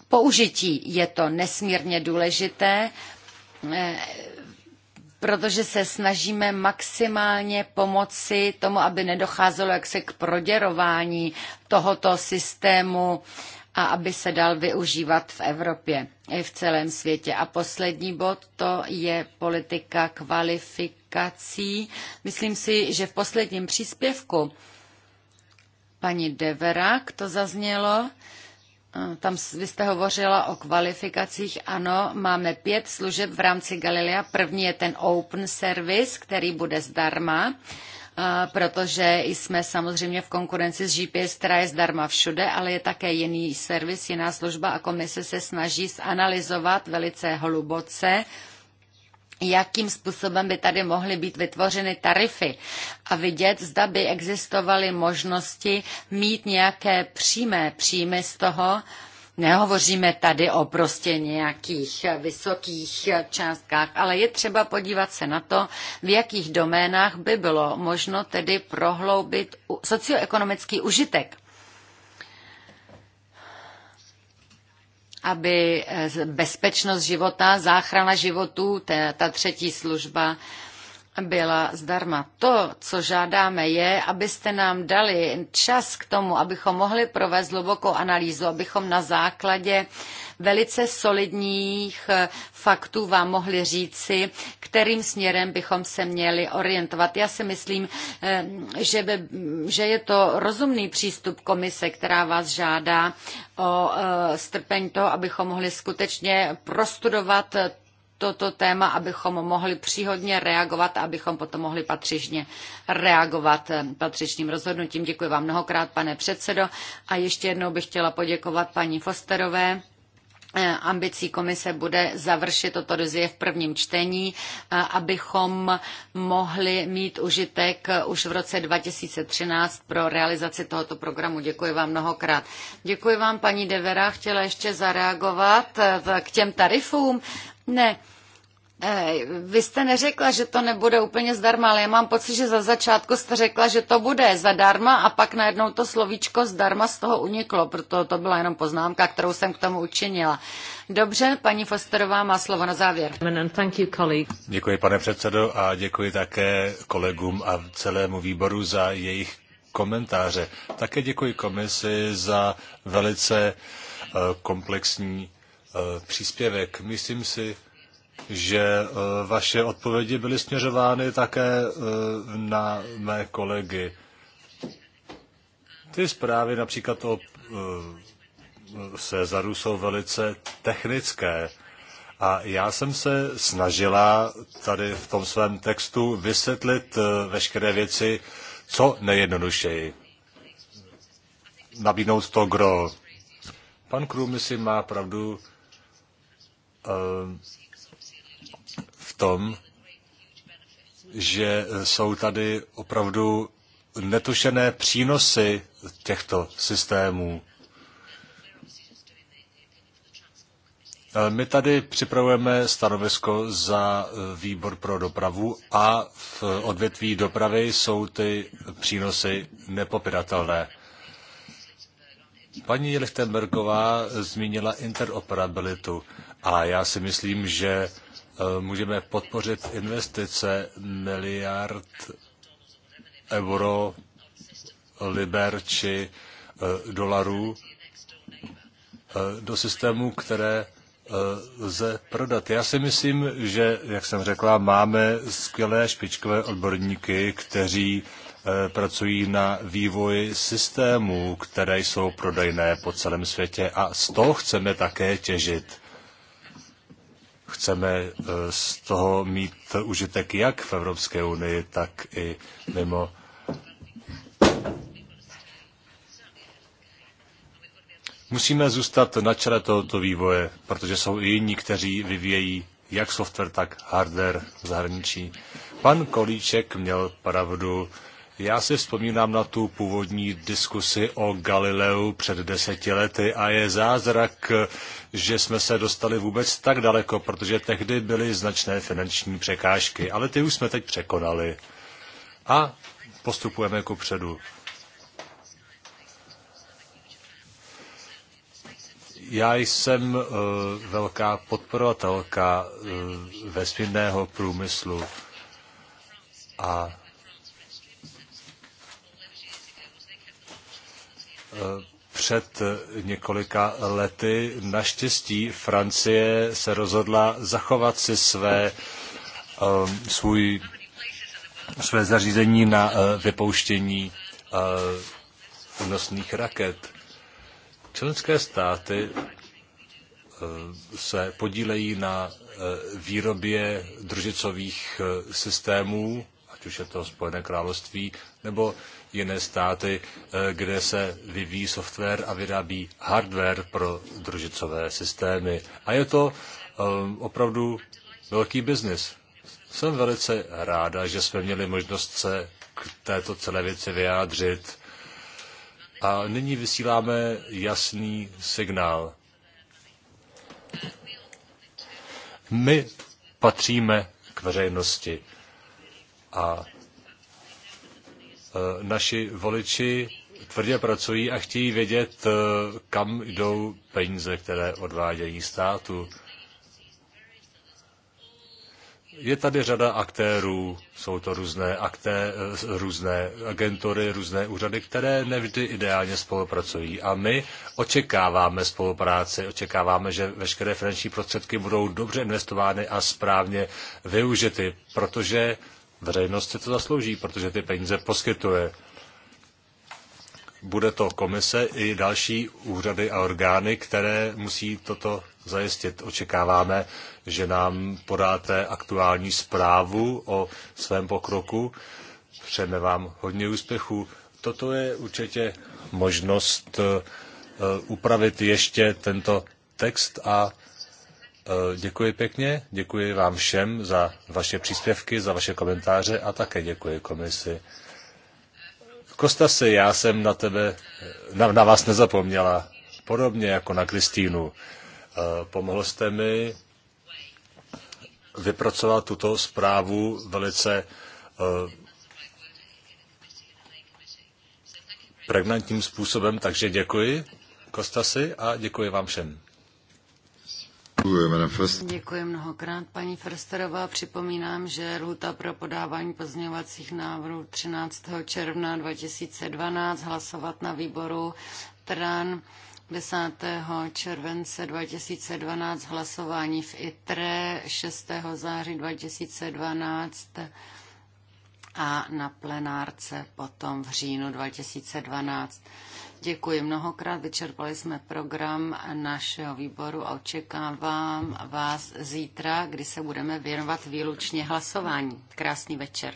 použití. Je to nesmírně důležité eh, protože se snažíme maximálně pomoci tomu, aby nedocházelo jaksi k proděrování tohoto systému a aby se dal využívat v Evropě i v celém světě. A poslední bod to je politika kvalifikací. Myslím si, že v posledním příspěvku paní Deverak to zaznělo, Eh, tam vy jste hovořila o kvalifikacích. Ano, máme pět služeb v rámci Galilea. První je ten Open Service, který bude zdarma eh, protože jsme samozřejmě v konkurenci s GPS, která je zdarma všude, ale je také jiný servis, jiná služba a komise se snaží zanalizovat velice hluboce jakým způsobem by tady mohly být vytvořeny tarify a vidět, zda by existovaly možnosti mít nějaké přímé příjmy z toho, Nehovoříme tady o prostě nějakých vysokých částkách, ale je třeba podívat se na to, v jakých doménách by bylo možno tedy prohloubit socioekonomický užitek aby eh, bezpečnost života, záchrana životů, ta, ta třetí služba, byla zdarma. To, co žádáme, je, abyste nám dali čas k tomu, abychom mohli provést hlubokou analýzu, abychom na základě velice solidních eh, faktů vám mohli říci, kterým směrem bychom se měli orientovat. Já si myslím, eh, že, by, že je to rozumný přístup komise, která vás žádá o eh, strpeň toho, abychom mohli skutečně prostudovat toto téma, abychom mohli příhodně reagovat a abychom potom mohli patřičně reagovat eh, patřičným rozhodnutím. Děkuji vám mnohokrát, pane předsedo. A ještě jednou bych chtěla poděkovat paní Fosterové eh, ambicí komise bude završit toto dozvě v prvním čtení, eh, abychom mohli mít užitek už v roce 2013 pro realizaci tohoto programu. Děkuji vám mnohokrát. Děkuji vám, paní Devera. Chtěla ještě zareagovat k těm tarifům. Ne, e, vy jste neřekla, že to nebude úplně zdarma, ale já mám pocit, že za začátku jste řekla, že to bude zadarma a pak najednou to slovíčko zdarma z toho uniklo, proto to byla jenom poznámka, kterou jsem k tomu učinila. Dobře, paní Fosterová má slovo na závěr. Děkuji, pane předsedo, a děkuji také kolegům a celému výboru za jejich komentáře. Také děkuji komisi za velice e, komplexní Eh, příspěvek. Myslím si, že eh, vaše odpovědi byly směřovány také eh, na mé kolegy. Ty zprávy například o Cezaru jsou velice technické. A já jsem se snažila tady v tom svém textu vysvětlit veškeré věci co nejjednodušeji. Nabídnout to gro. Pan Krůmy si má pravdu, Eh, v tom, že jsou tady opravdu netušené přínosy těchto systémů. Eh, my tady připravujeme stanovisko za eh, výbor pro dopravu a v odvětví dopravy jsou ty přínosy nepopiratelné. Paní Lichtenbergová zmínila interoperabilitu. A já si myslím, že eh, můžeme podpořit investice miliard euro, liber či eh, dolarů eh, do systému, které lze prodat. Já si myslím, že, jak jsem řekla, máme skvělé špičkové odborníky, kteří pracují na vývoji systémů, které jsou prodejné po celém světě a z toho chceme také těžit. Chceme eh, z toho mít užitek jak v Evropské unii, tak i mimo. Musíme zůstat na čele tohoto vývoje, protože jsou i jiní, kteří vyvíjejí jak software, tak hardware v zahraničí. Pan Kolíček měl pravdu já si vzpomínám na tu původní diskusi o Galileu před deseti lety a je zázrak, že jsme se dostali vůbec tak daleko, protože tehdy byly značné finanční překážky, ale ty už jsme teď překonali a postupujeme ku předu. Já jsem uh, velká podporovatelka uh, vesmírného průmyslu a před několika lety. Naštěstí Francie se rozhodla zachovat si své, um, svůj, své zařízení na uh, vypouštění uh, nosných raket. Členské státy uh, se podílejí na výrobě družicových systémů, ať už je to Spojené království, nebo jiné státy, eh, kde se vyvíjí software a vyrábí hardware pro družicové systémy. A je to eh, opravdu velký biznis. Jsem velice ráda, že jsme měli možnost se k této celé věci vyjádřit. A nyní vysíláme jasný signál. My patříme k veřejnosti a Eh, naši voliči tvrdě pracují a chtějí vědět, eh, kam jdou peníze, které odvádějí státu. Je tady řada aktérů, jsou to různé, akté, eh, různé agentury, různé úřady, které nevždy ideálně spolupracují. A my očekáváme spolupráci, očekáváme, že veškeré finanční prostředky budou dobře investovány a správně využity, protože Veřejnost si to zaslouží, protože ty peníze poskytuje. Bude to komise i další úřady a orgány, které musí toto zajistit. Očekáváme, že nám podáte aktuální zprávu o svém pokroku. Přejeme vám hodně úspěchů. Toto je určitě možnost eh, upravit ještě tento text a Eh, děkuji pěkně, děkuji vám všem za vaše příspěvky, za vaše komentáře a také děkuji komisi. Kostasi, já jsem na tebe, na, na vás nezapomněla, podobně jako na Kristýnu. Eh, pomohl jste mi vypracovat tuto zprávu velice eh, pregnantním způsobem, takže děkuji Kostasi a děkuji vám všem. Děkuji mnohokrát, paní Frsterová. Připomínám, že lhuta pro podávání pozměňovacích návrhů 13. června 2012 hlasovat na výboru TRAN 10. července 2012 hlasování v ITRE 6. září 2012 a na plenárce potom v říjnu 2012. Děkuji mnohokrát, vyčerpali jsme program našeho výboru a očekávám vás zítra, kdy se budeme věnovat výlučně hlasování. Krásný večer.